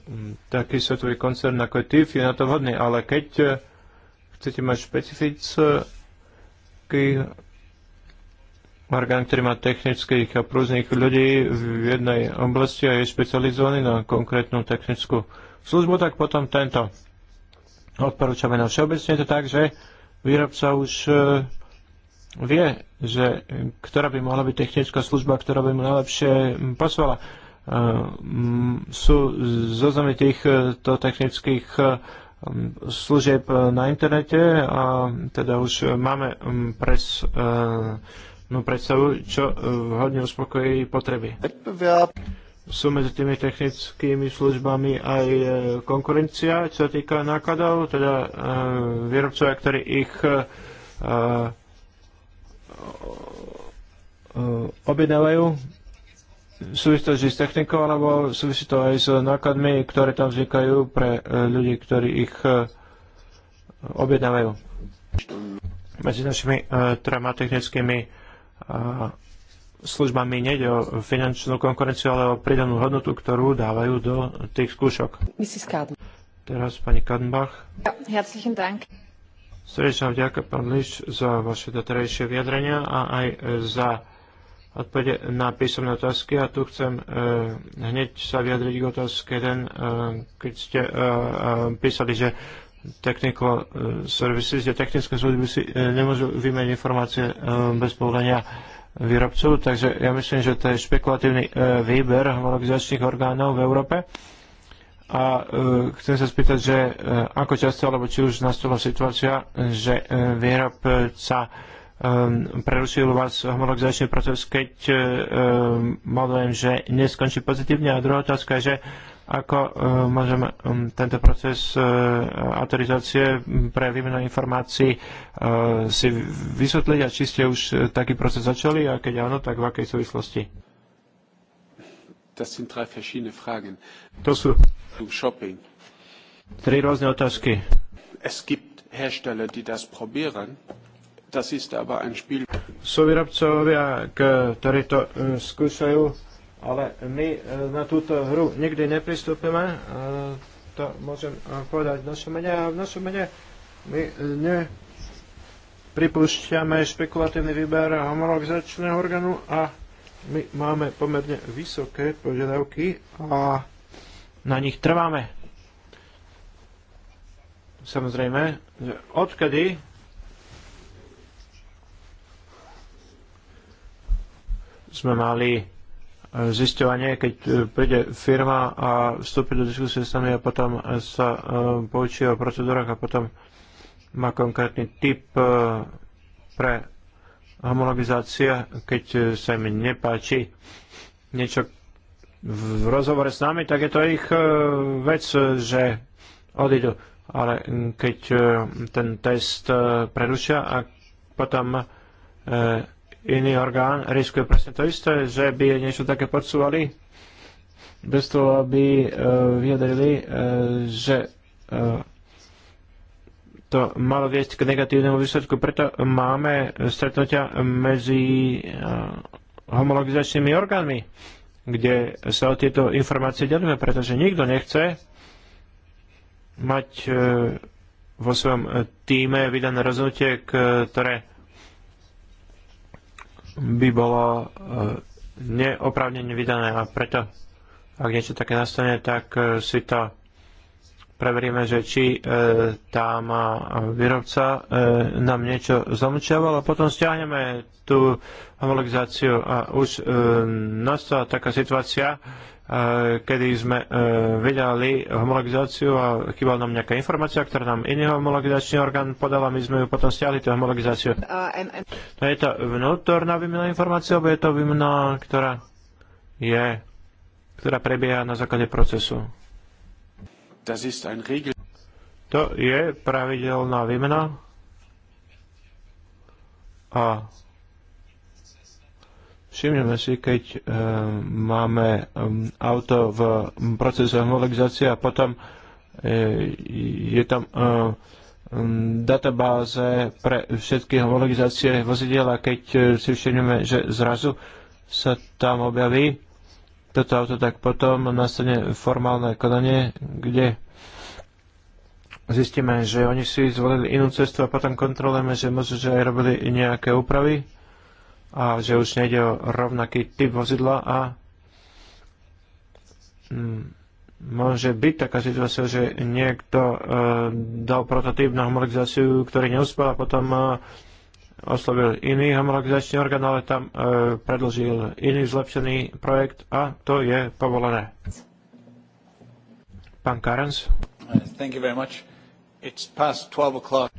taký svetový koncern ako TIF je na to vhodný, ale keď chcete mať špecifický orgán, ktorý má technických a prúzných ľudí v jednej oblasti a je špecializovaný na konkrétnu technickú službu, tak potom tento odporúčame na všeobecne to tak, že výrobca už e, vie, že ktorá by mohla byť technická služba, ktorá by mu najlepšie pasovala. E, sú zoznamy týchto e, technických služieb na internete a teda už máme pres no predstavu, čo eh, hodne uspokojí potreby. Sú medzi tými technickými službami aj eh, konkurencia, čo sa týka nákladov, teda eh, výrobcovia, ktorí ich objednávajú. Súvisí to s technikou, alebo súvisí to aj s nákladmi, ktoré tam vznikajú pre ľudí, ktorí ich objednávajú. Medzi našimi trema technickými službami nejde o finančnú konkurenciu, ale o pridanú hodnotu, ktorú dávajú do tých skúšok. Teraz pani Kadenbach. Ja, herzlichen Dank. Srdečná vďaka, pán Liš, za vaše doterajšie vyjadrenia a aj za odpovede na písomné otázky. A tu chcem e, hneď sa vyjadriť k otázke 1, e, keď ste e, e, písali, že technical e, services, kde technické služby si e, nemôžu vymeniť informácie e, bez povolenia výrobcov, takže ja myslím, že to je špekulatívny výber homologizačných orgánov v Európe. A chcem sa spýtať, že ako často, alebo či už nastala situácia, že výrobca prerušil vás homologizačný proces, keď mal dojem, že neskončí pozitívne. A druhá otázka je, že ako uh, môžeme um, tento proces uh, autorizácie pre výmenu informácií uh, si vysvetliť a či ste už uh, taký proces začali a keď áno, tak v akej súvislosti? Das sind drei To sú Shopping. tri rôzne otázky. Es gibt Hersteller, die das probieren. Das ist aber ein Spiel. Sú výrobcovia, ktorí to skúšajú ale my e, na túto hru nikdy nepristúpime. E, to môžem e, povedať v našom mene. A v našom mene my nepripúšťame špekulatívny výber homologizačného orgánu a my máme pomerne vysoké požiadavky a na nich trváme. Samozrejme, že odkedy sme mali zisťovanie, keď e, príde firma a vstúpi do diskusie s nami a potom e, sa e, poučí o procedúrach a potom má konkrétny typ pre homologizácia, keď sa im nepáči niečo v rozhovore s nami, tak je to ich vec, že odídu. Ale keď ten test prerušia a potom iný orgán riskuje presne to isté, že by niečo také podsúvali, bez toho, aby e, vyjadrili, e, že e, to malo viesť k negatívnemu výsledku. Preto máme stretnutia medzi homologizačnými orgánmi, kde sa o tieto informácie delíme, pretože nikto nechce mať vo svojom týme vydané rozhodnutie, ktoré by bolo eh, neoprávnene vydané a preto, ak niečo také nastane, tak eh, si to preveríme, že či e, eh, tam výrobca e, nám niečo zamlčiaval a potom stiahneme tú homologizáciu a už e, nastala taká situácia, Eh, kedy sme eh, vydali homologizáciu a chýbala nám nejaká informácia, ktorá nám iný homologizačný orgán podal a my sme ju potom stiahli, tú homologizáciu. To je to vnútorná výmena informácií, alebo je to výmena, ktorá je, ktorá prebieha na základe procesu? To je pravidelná výmena a Všimneme si, keď e, máme auto v procese homologizácie a potom e, je tam e, databáze pre všetky homologizácie vozidiel a keď si všimneme, že zrazu sa tam objaví toto auto, tak potom nastane formálne konanie, kde zistíme, že oni si zvolili inú cestu a potom kontrolujeme, že možno, že aj robili nejaké úpravy a že už nejde o rovnaký typ vozidla a mm, môže byť taká situácia, že niekto e, dal prototyp na homologizáciu, ktorý neuspel a potom e, oslovil iný homologizačný orgán, ale tam e, predložil iný zlepšený projekt a to je povolené. Pán Karens. Thank you very much. It's past 12 o'clock.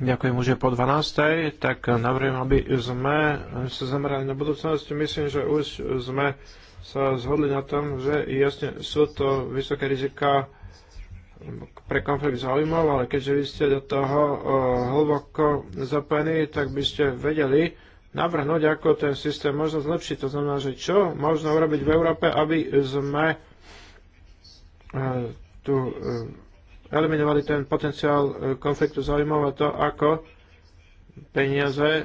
Ďakujem už je po 12. Tak navrhujem, aby sme sa zamerali na budúcnosť. Myslím, že už sme sa zhodli na tom, že jasne sú to vysoké rizika pre konflikt záujmov, ale keďže vy ste do toho eh, hlboko zapojení, tak by ste vedeli navrhnúť, ako ten systém možno zlepšiť. To znamená, že čo možno urobiť v Európe, aby sme eh, tu eh, eliminovali ten potenciál e, konfliktu zaujímavé to, ako peniaze e, e,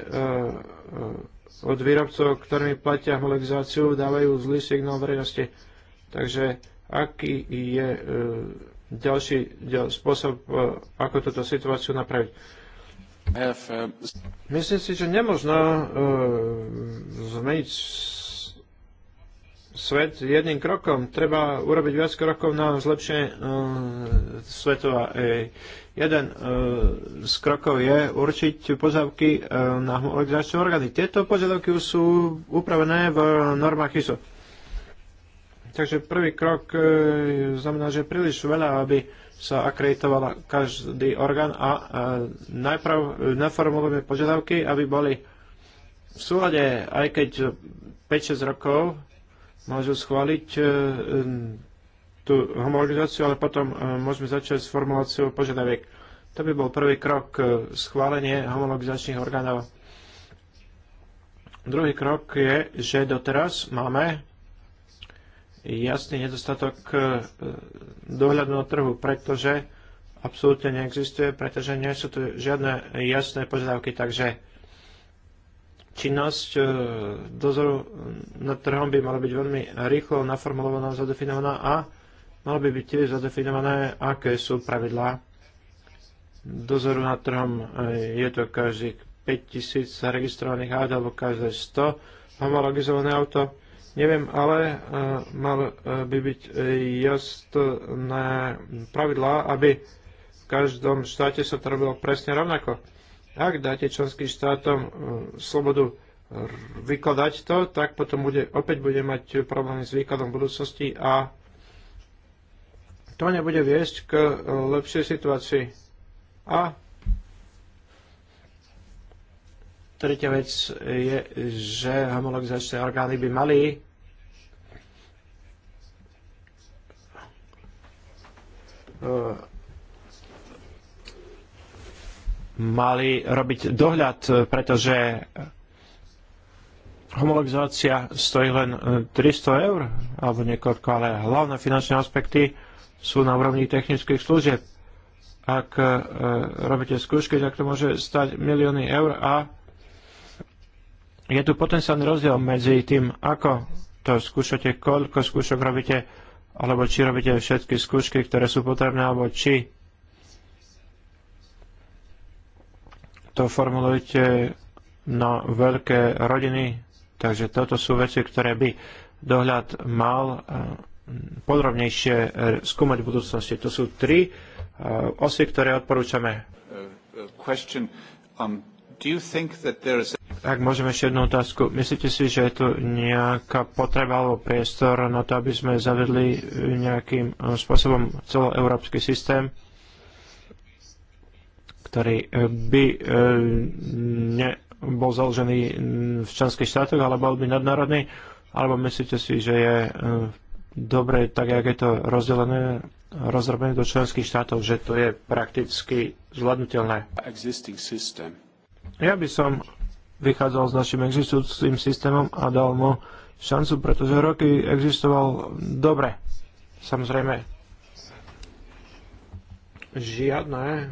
od výrobcov, ktorými platia homologizáciu, dávajú zlý signál verejnosti. Takže aký je ďalší spôsob, ako túto situáciu napraviť? Uh, Myslím si, že nemožno zmeniť svet jedným krokom. Treba urobiť viac krokov na zlepšenie uh, svetova. E, jeden uh, z krokov je určiť požiadavky uh, eh, na homologizačné orgány. Tieto požiadavky sú upravené v normách ISO. Takže prvý krok uh, znamená, že príliš veľa, aby sa akreditoval každý orgán a uh, najprv neformulujeme požiadavky, aby boli v súlade, aj keď 5-6 rokov môžu schváliť e, e, tú homologizáciu, ale potom e, môžeme začať s formuláciou požiadaviek. To by bol prvý krok schválenie homologizačných orgánov. Druhý krok je, že doteraz máme jasný nedostatok dohľadu na trhu, pretože absolútne neexistuje, pretože nie sú tu žiadne jasné požiadavky, takže činnosť e, dozoru nad trhom by mala byť veľmi rýchlo naformulovaná, zadefinovaná a malo by byť tiež zadefinované, aké sú pravidlá dozoru nad trhom. E, je to každých 5000 registrovaných aut alebo každé 100 homologizované auto. Neviem, ale uh, mal by byť jasné pravidlá, aby v každom štáte sa to robilo presne rovnako. Ak dáte členským štátom e, slobodu e, vykladať to, tak potom bude, opäť bude mať problémy s výkladom budúcnosti a to nebude viesť k e, lepšej situácii. A tretia vec je, že homologizačné orgány by mali uh, mali robiť dohľad, e, pretože homologizácia stojí len 300 e, eur alebo niekoľko, ale hlavné finančné aspekty sú na úrovni technických služieb. Ak e, robíte skúšky, tak to môže stať milióny eur a je tu potenciálny rozdiel medzi tým, ako to skúšate, koľko skúšok robíte, alebo či robíte všetky skúšky, ktoré sú potrebné, alebo či to formulujete na veľké rodiny, takže toto sú veci, ktoré by dohľad mal e, podrobnejšie e, skúmať v budúcnosti. To sú tri e, osy, ktoré odporúčame. Um, Ak môžem ešte jednu otázku. Myslíte si, že je tu nejaká potreba alebo priestor na to, aby sme zavedli nejakým spôsobom celoeurópsky systém? ktorý e, by e, ne, bol založený v členských štátoch, ale bol by nadnárodný? Alebo myslíte si, že je e, dobre, tak jak je to rozdelené, rozrobené do členských štátov, že to je prakticky zvládnutelné? Ja by som vychádzal s našim existujúcim systémom a dal mu šancu, pretože roky existoval dobre. Samozrejme, žiadne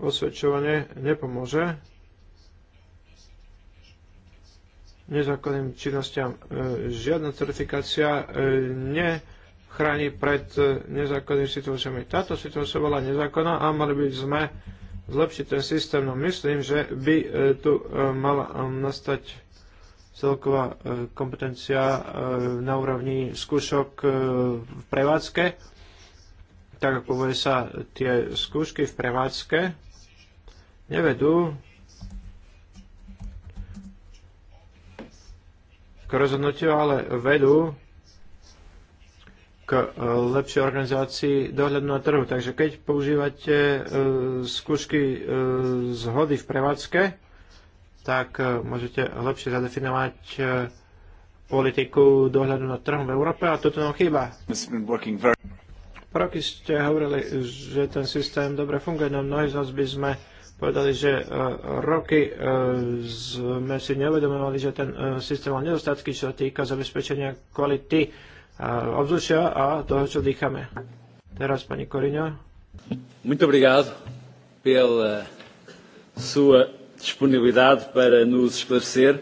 osvedčovanie nepomôže nezákonným činnostiam. E, žiadna certifikácia e, nechráni pred e, nezákonnými situáciami. Táto situácia bola nezákonná a mali by sme zlepšiť ten systém. No myslím, že by tu mala nastať celková kompetencia na úrovni skúšok v prevádzke, tak ako bude sa tie skúšky v prevádzke nevedú k rozhodnutiu, ale vedú k eh, lepšej organizácii dohľadu na trhu. Takže keď používate eh, skúšky eh, zhody v prevádzke, tak môžete lepšie zadefinovať politiku dohľadu na trhu v Európe a toto nám chýba. Proky ste hovorili, že ten systém dobre funguje, no mnohí z nás by sme povedali, že uh, roky uh, sme si nevedomovali, že ten uh, systém mal nedostatky, čo sa týka zabezpečenia kvality uh, ovzdušia a toho, čo dýchame. Teraz pani Koriňa. Muito obrigado pela sua disponibilidade para nos esclarecer.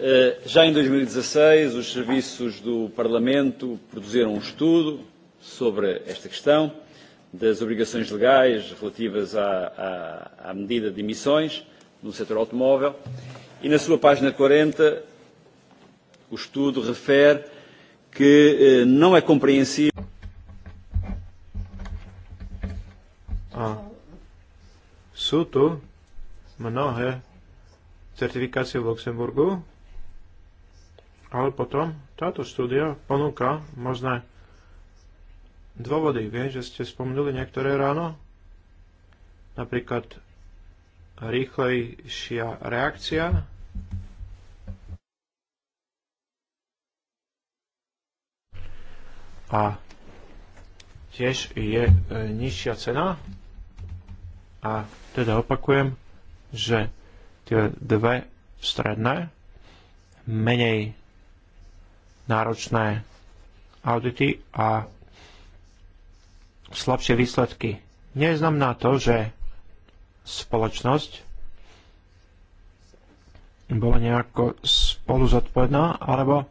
Eh, já em 2016, os serviços do Parlamento produziram um estudo sobre esta questão das obrigações legais relativas à, à, à medida de emissões no setor automóvel. E na sua página 40, o estudo refere que eh, não é compreensível. Ah. Suto, tu mnohé certifikácie v Luxemburgu, ale potom táto štúdia ponúka možné dôvody. Viem, že ste spomenuli niektoré ráno, napríklad rýchlejšia reakcia. A tiež je e, nižšia cena. A teda opakujem, že tie dve stredné, menej náročné audity a slabšie výsledky. Neznamená to, že spoločnosť bola nejako spolu zodpovedná, alebo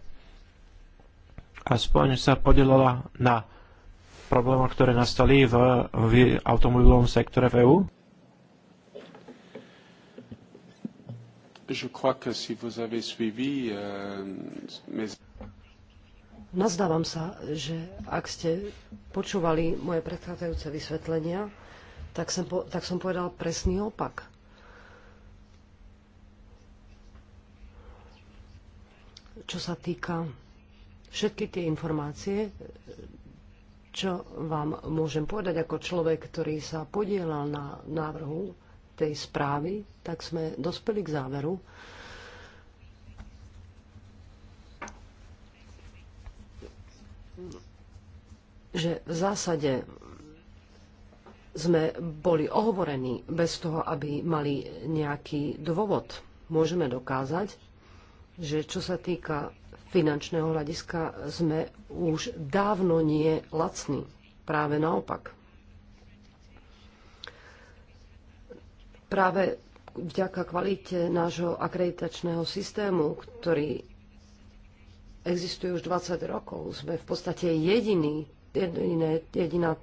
aspoň sa podelala na problémy, ktoré nastali v, v automobilovom sektore v EU. Je crois que si vous avez suivi, euh, mes... Nazdávam sa, že ak ste počúvali moje predchádzajúce vysvetlenia, tak som, po, tak som povedal presný opak. Čo sa týka všetky tie informácie, čo vám môžem povedať ako človek, ktorý sa podielal na návrhu tej správy, tak sme dospeli k záveru, že v zásade sme boli ohovorení bez toho, aby mali nejaký dôvod. Môžeme dokázať, že čo sa týka finančného hľadiska, sme už dávno nie lacní. Práve naopak. Práve vďaka kvalite nášho akreditačného systému, ktorý existuje už 20 rokov, sme v podstate jediný jediné, jediná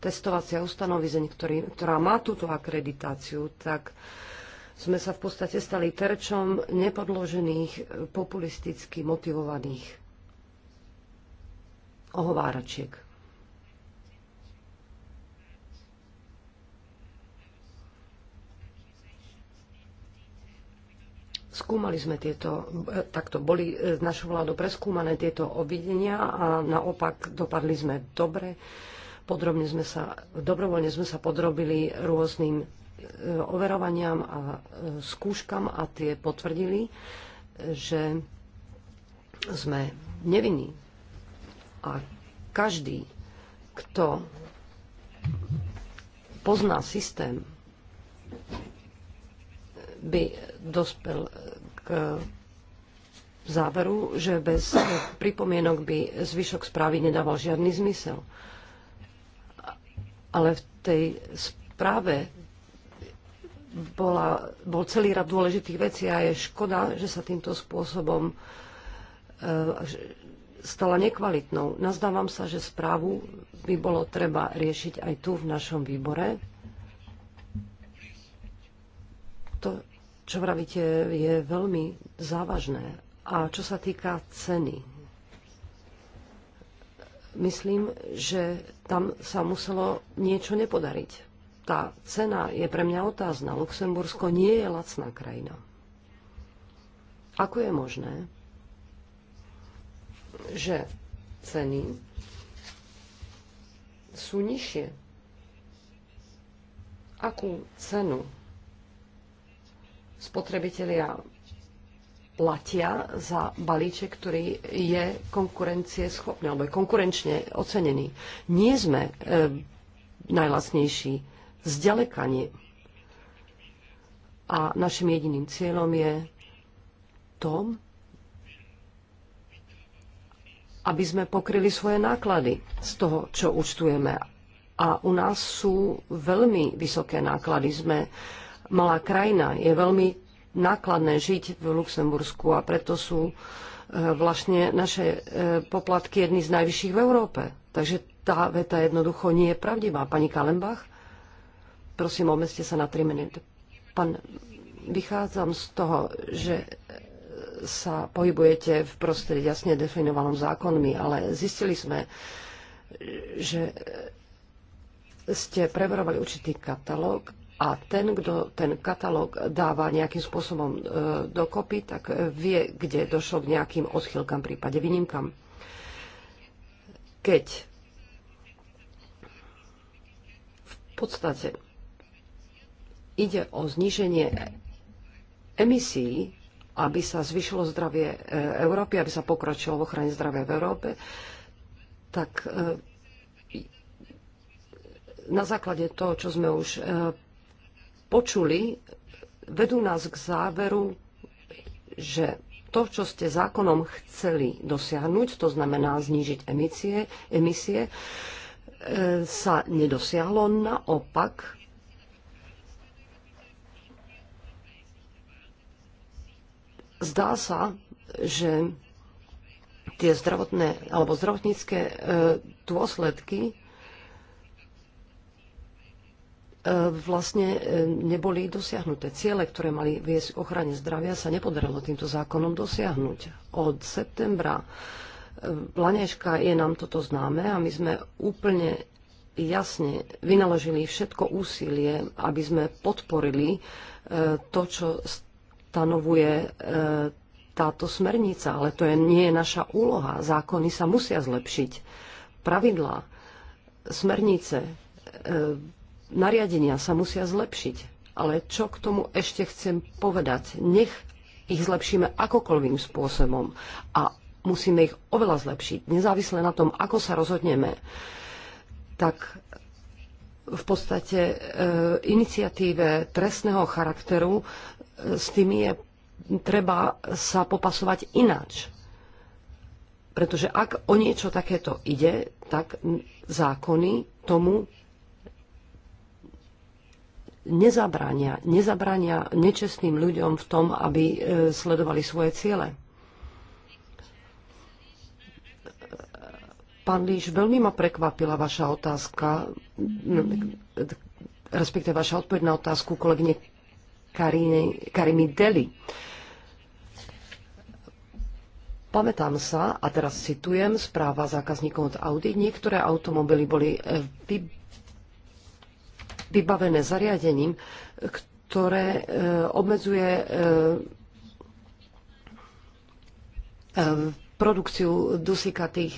testovacia ustanovizenie, ktorý, ktorá má túto akreditáciu, tak sme sa v podstate stali terčom nepodložených populisticky motivovaných ohováračiek. Skúmali sme tieto, e, takto boli z e, našou vládou preskúmané tieto obvinenia a naopak dopadli sme dobre. Podrobne sme sa, dobrovoľne sme sa podrobili rôznym e, overovaniam a skúškam a tie potvrdili, že sme nevinní. A každý, kto pozná systém by dospel k záveru, že bez pripomienok by zvyšok správy nedával žiadny zmysel. Ale v tej správe bola, bol celý rad dôležitých vecí a je škoda, že sa týmto spôsobom e, stala nekvalitnou. Nazdávam sa, že správu by bolo treba riešiť aj tu v našom výbore, to, čo pravíte, je veľmi závažné. A čo sa týka ceny, myslím, že tam sa muselo niečo nepodariť. Tá cena je pre mňa otázna. Luxembursko nie je lacná krajina. Ako je možné, že ceny sú nižšie? Akú cenu spotrebitelia platia za balíček, ktorý je konkurencieschopný alebo je konkurenčne ocenený. Nie sme e, najlasnejší, zďaleka nie. A našim jediným cieľom je to, aby sme pokryli svoje náklady z toho, čo účtujeme. A u nás sú veľmi vysoké náklady. Sme malá krajina. Je veľmi nákladné žiť v Luxembursku a preto sú e, vlastne naše e, poplatky jedny z najvyšších v Európe. Takže tá veta jednoducho nie je pravdivá. Pani Kalembach, prosím, omeste sa na 3 minúty. Pán, vychádzam z toho, že sa pohybujete v prostredí jasne definovanom zákonmi, ale zistili sme, že ste preverovali určitý katalóg a ten, kto ten katalóg dáva nejakým spôsobom e, dokopy, tak vie, kde došlo k nejakým odchylkám, prípade výnimkám. Keď v podstate ide o zníženie emisí, aby sa zvyšilo zdravie e, Európy, aby sa pokračilo v ochrane zdravia v Európe, tak e, na základe toho, čo sme už e, počuli, vedú nás k záveru, že to, čo ste zákonom chceli dosiahnuť, to znamená znížiť emisie, emisie e, sa nedosiahlo. Naopak, zdá sa, že tie zdravotné alebo zdravotnícke e, dôsledky E, vlastne e, neboli dosiahnuté. Ciele, ktoré mali viesť k ochrane zdravia, sa nepodarilo týmto zákonom dosiahnuť. Od septembra e, Laneška je nám toto známe a my sme úplne jasne vynaložili všetko úsilie, aby sme podporili to, čo stanovuje táto smernica. Ale to je, nie je naša úloha. Zákony sa musia zlepšiť. Pravidlá, smernice, nariadenia sa musia zlepšiť. Ale čo k tomu ešte chcem povedať? Nech ich zlepšíme akokoľvým spôsobom a musíme ich oveľa zlepšiť, nezávisle na tom, ako sa rozhodneme, tak v podstate e, iniciatíve trestného charakteru e, s tými je treba sa popasovať ináč. Pretože ak o niečo takéto ide, tak zákony tomu nezabránia, nezabránia nečestným ľuďom v tom, aby e, sledovali svoje ciele. Pán Líš, veľmi ma prekvapila vaša otázka, no, respektive vaša odpoveď na otázku kolegyne Karimi Deli. Pamätám sa, a teraz citujem, správa zákazníkov od Audi, niektoré automobily boli e, vy, vybavené zariadením, ktoré e, obmedzuje e, e, produkciu dusikatých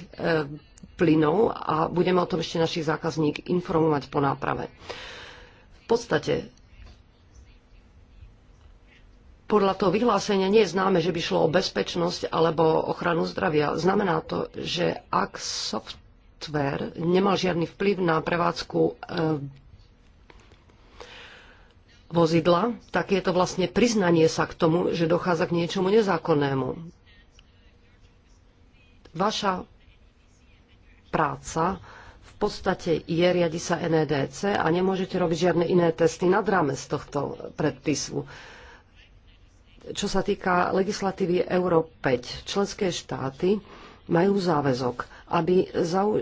plynov a budeme o tom ešte našich zákazník informovať po náprave. V podstate podľa toho vyhlásenia nie je známe, že by šlo o bezpečnosť alebo ochranu zdravia. Znamená to, že ak software nemal žiadny vplyv na prevádzku vozidla, tak je to vlastne priznanie sa k tomu, že dochádza k niečomu nezákonnému. Vaša práca v podstate je riadi sa NEDC a nemôžete robiť žiadne iné testy nad z tohto predpisu. Čo sa týka legislatívy Euro 5, členské štáty majú záväzok, aby, zau,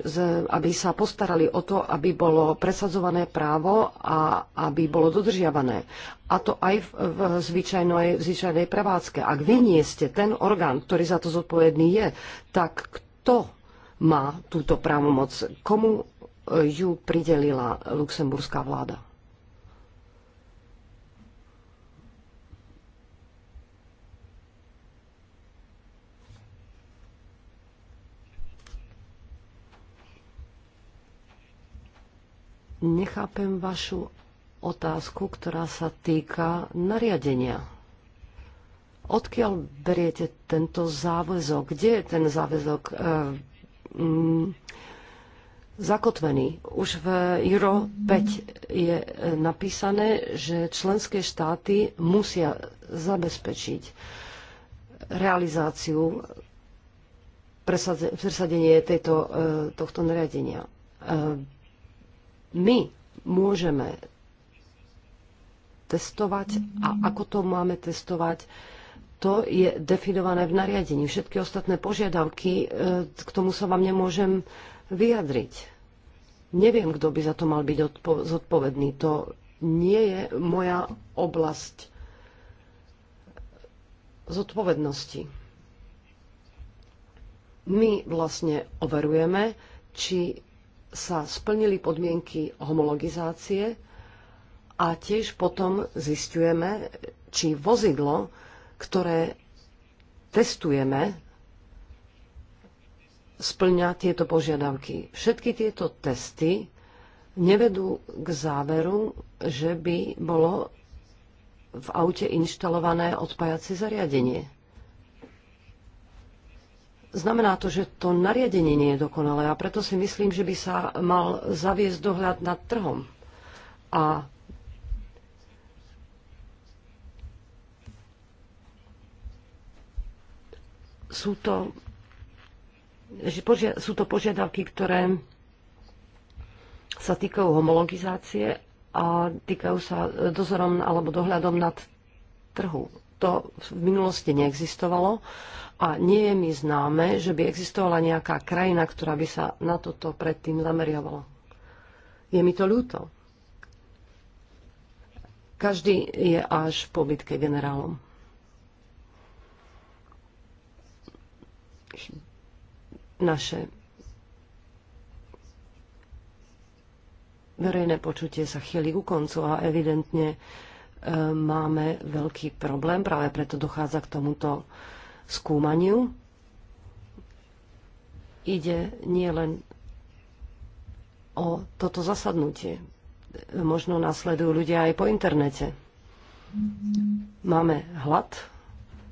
aby sa postarali o to, aby bolo presadzované právo a aby bolo dodržiavané. A to aj v, v zvyčajnej, v zvyčajnej prevádzke. Ak vy nie ste ten orgán, ktorý za to zodpovedný je, tak kto má túto právomoc? Komu ju pridelila luxemburská vláda? Nechápem vašu otázku, ktorá sa týka nariadenia. Odkiaľ beriete tento záväzok? Kde je ten záväzok e, eh, m, mm, zakotvený? Už v Euro 5 je eh, napísané, že členské štáty musia zabezpečiť realizáciu presadenie tejto, eh, tohto nariadenia my môžeme testovať a ako to máme testovať, to je definované v nariadení. Všetky ostatné požiadavky, e, k tomu sa vám nemôžem vyjadriť. Neviem, kto by za to mal byť zodpovedný. To nie je moja oblasť zodpovednosti. My vlastne overujeme, či sa splnili podmienky homologizácie a tiež potom zistujeme, či vozidlo, ktoré testujeme, splňa tieto požiadavky. Všetky tieto testy nevedú k záveru, že by bolo v aute inštalované odpájacie zariadenie. Znamená to, že to nariadenie nie je dokonalé a preto si myslím, že by sa mal zaviesť dohľad nad trhom. A sú to, že požia, sú to požiadavky, ktoré sa týkajú homologizácie a týkajú sa dozorom alebo dohľadom nad trhu to v minulosti neexistovalo a nie je mi známe, že by existovala nejaká krajina, ktorá by sa na toto predtým zameriavala. Je mi to ľúto. Každý je až po bitke generálom. Naše verejné počutie sa chýli ku koncu a evidentne máme veľký problém, práve preto dochádza k tomuto skúmaniu. Ide nielen o toto zasadnutie. Možno následujú ľudia aj po internete. Máme hlad,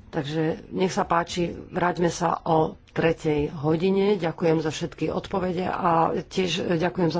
takže nech sa páči, vráťme sa o tretej hodine. Ďakujem za všetky odpovede a tiež ďakujem za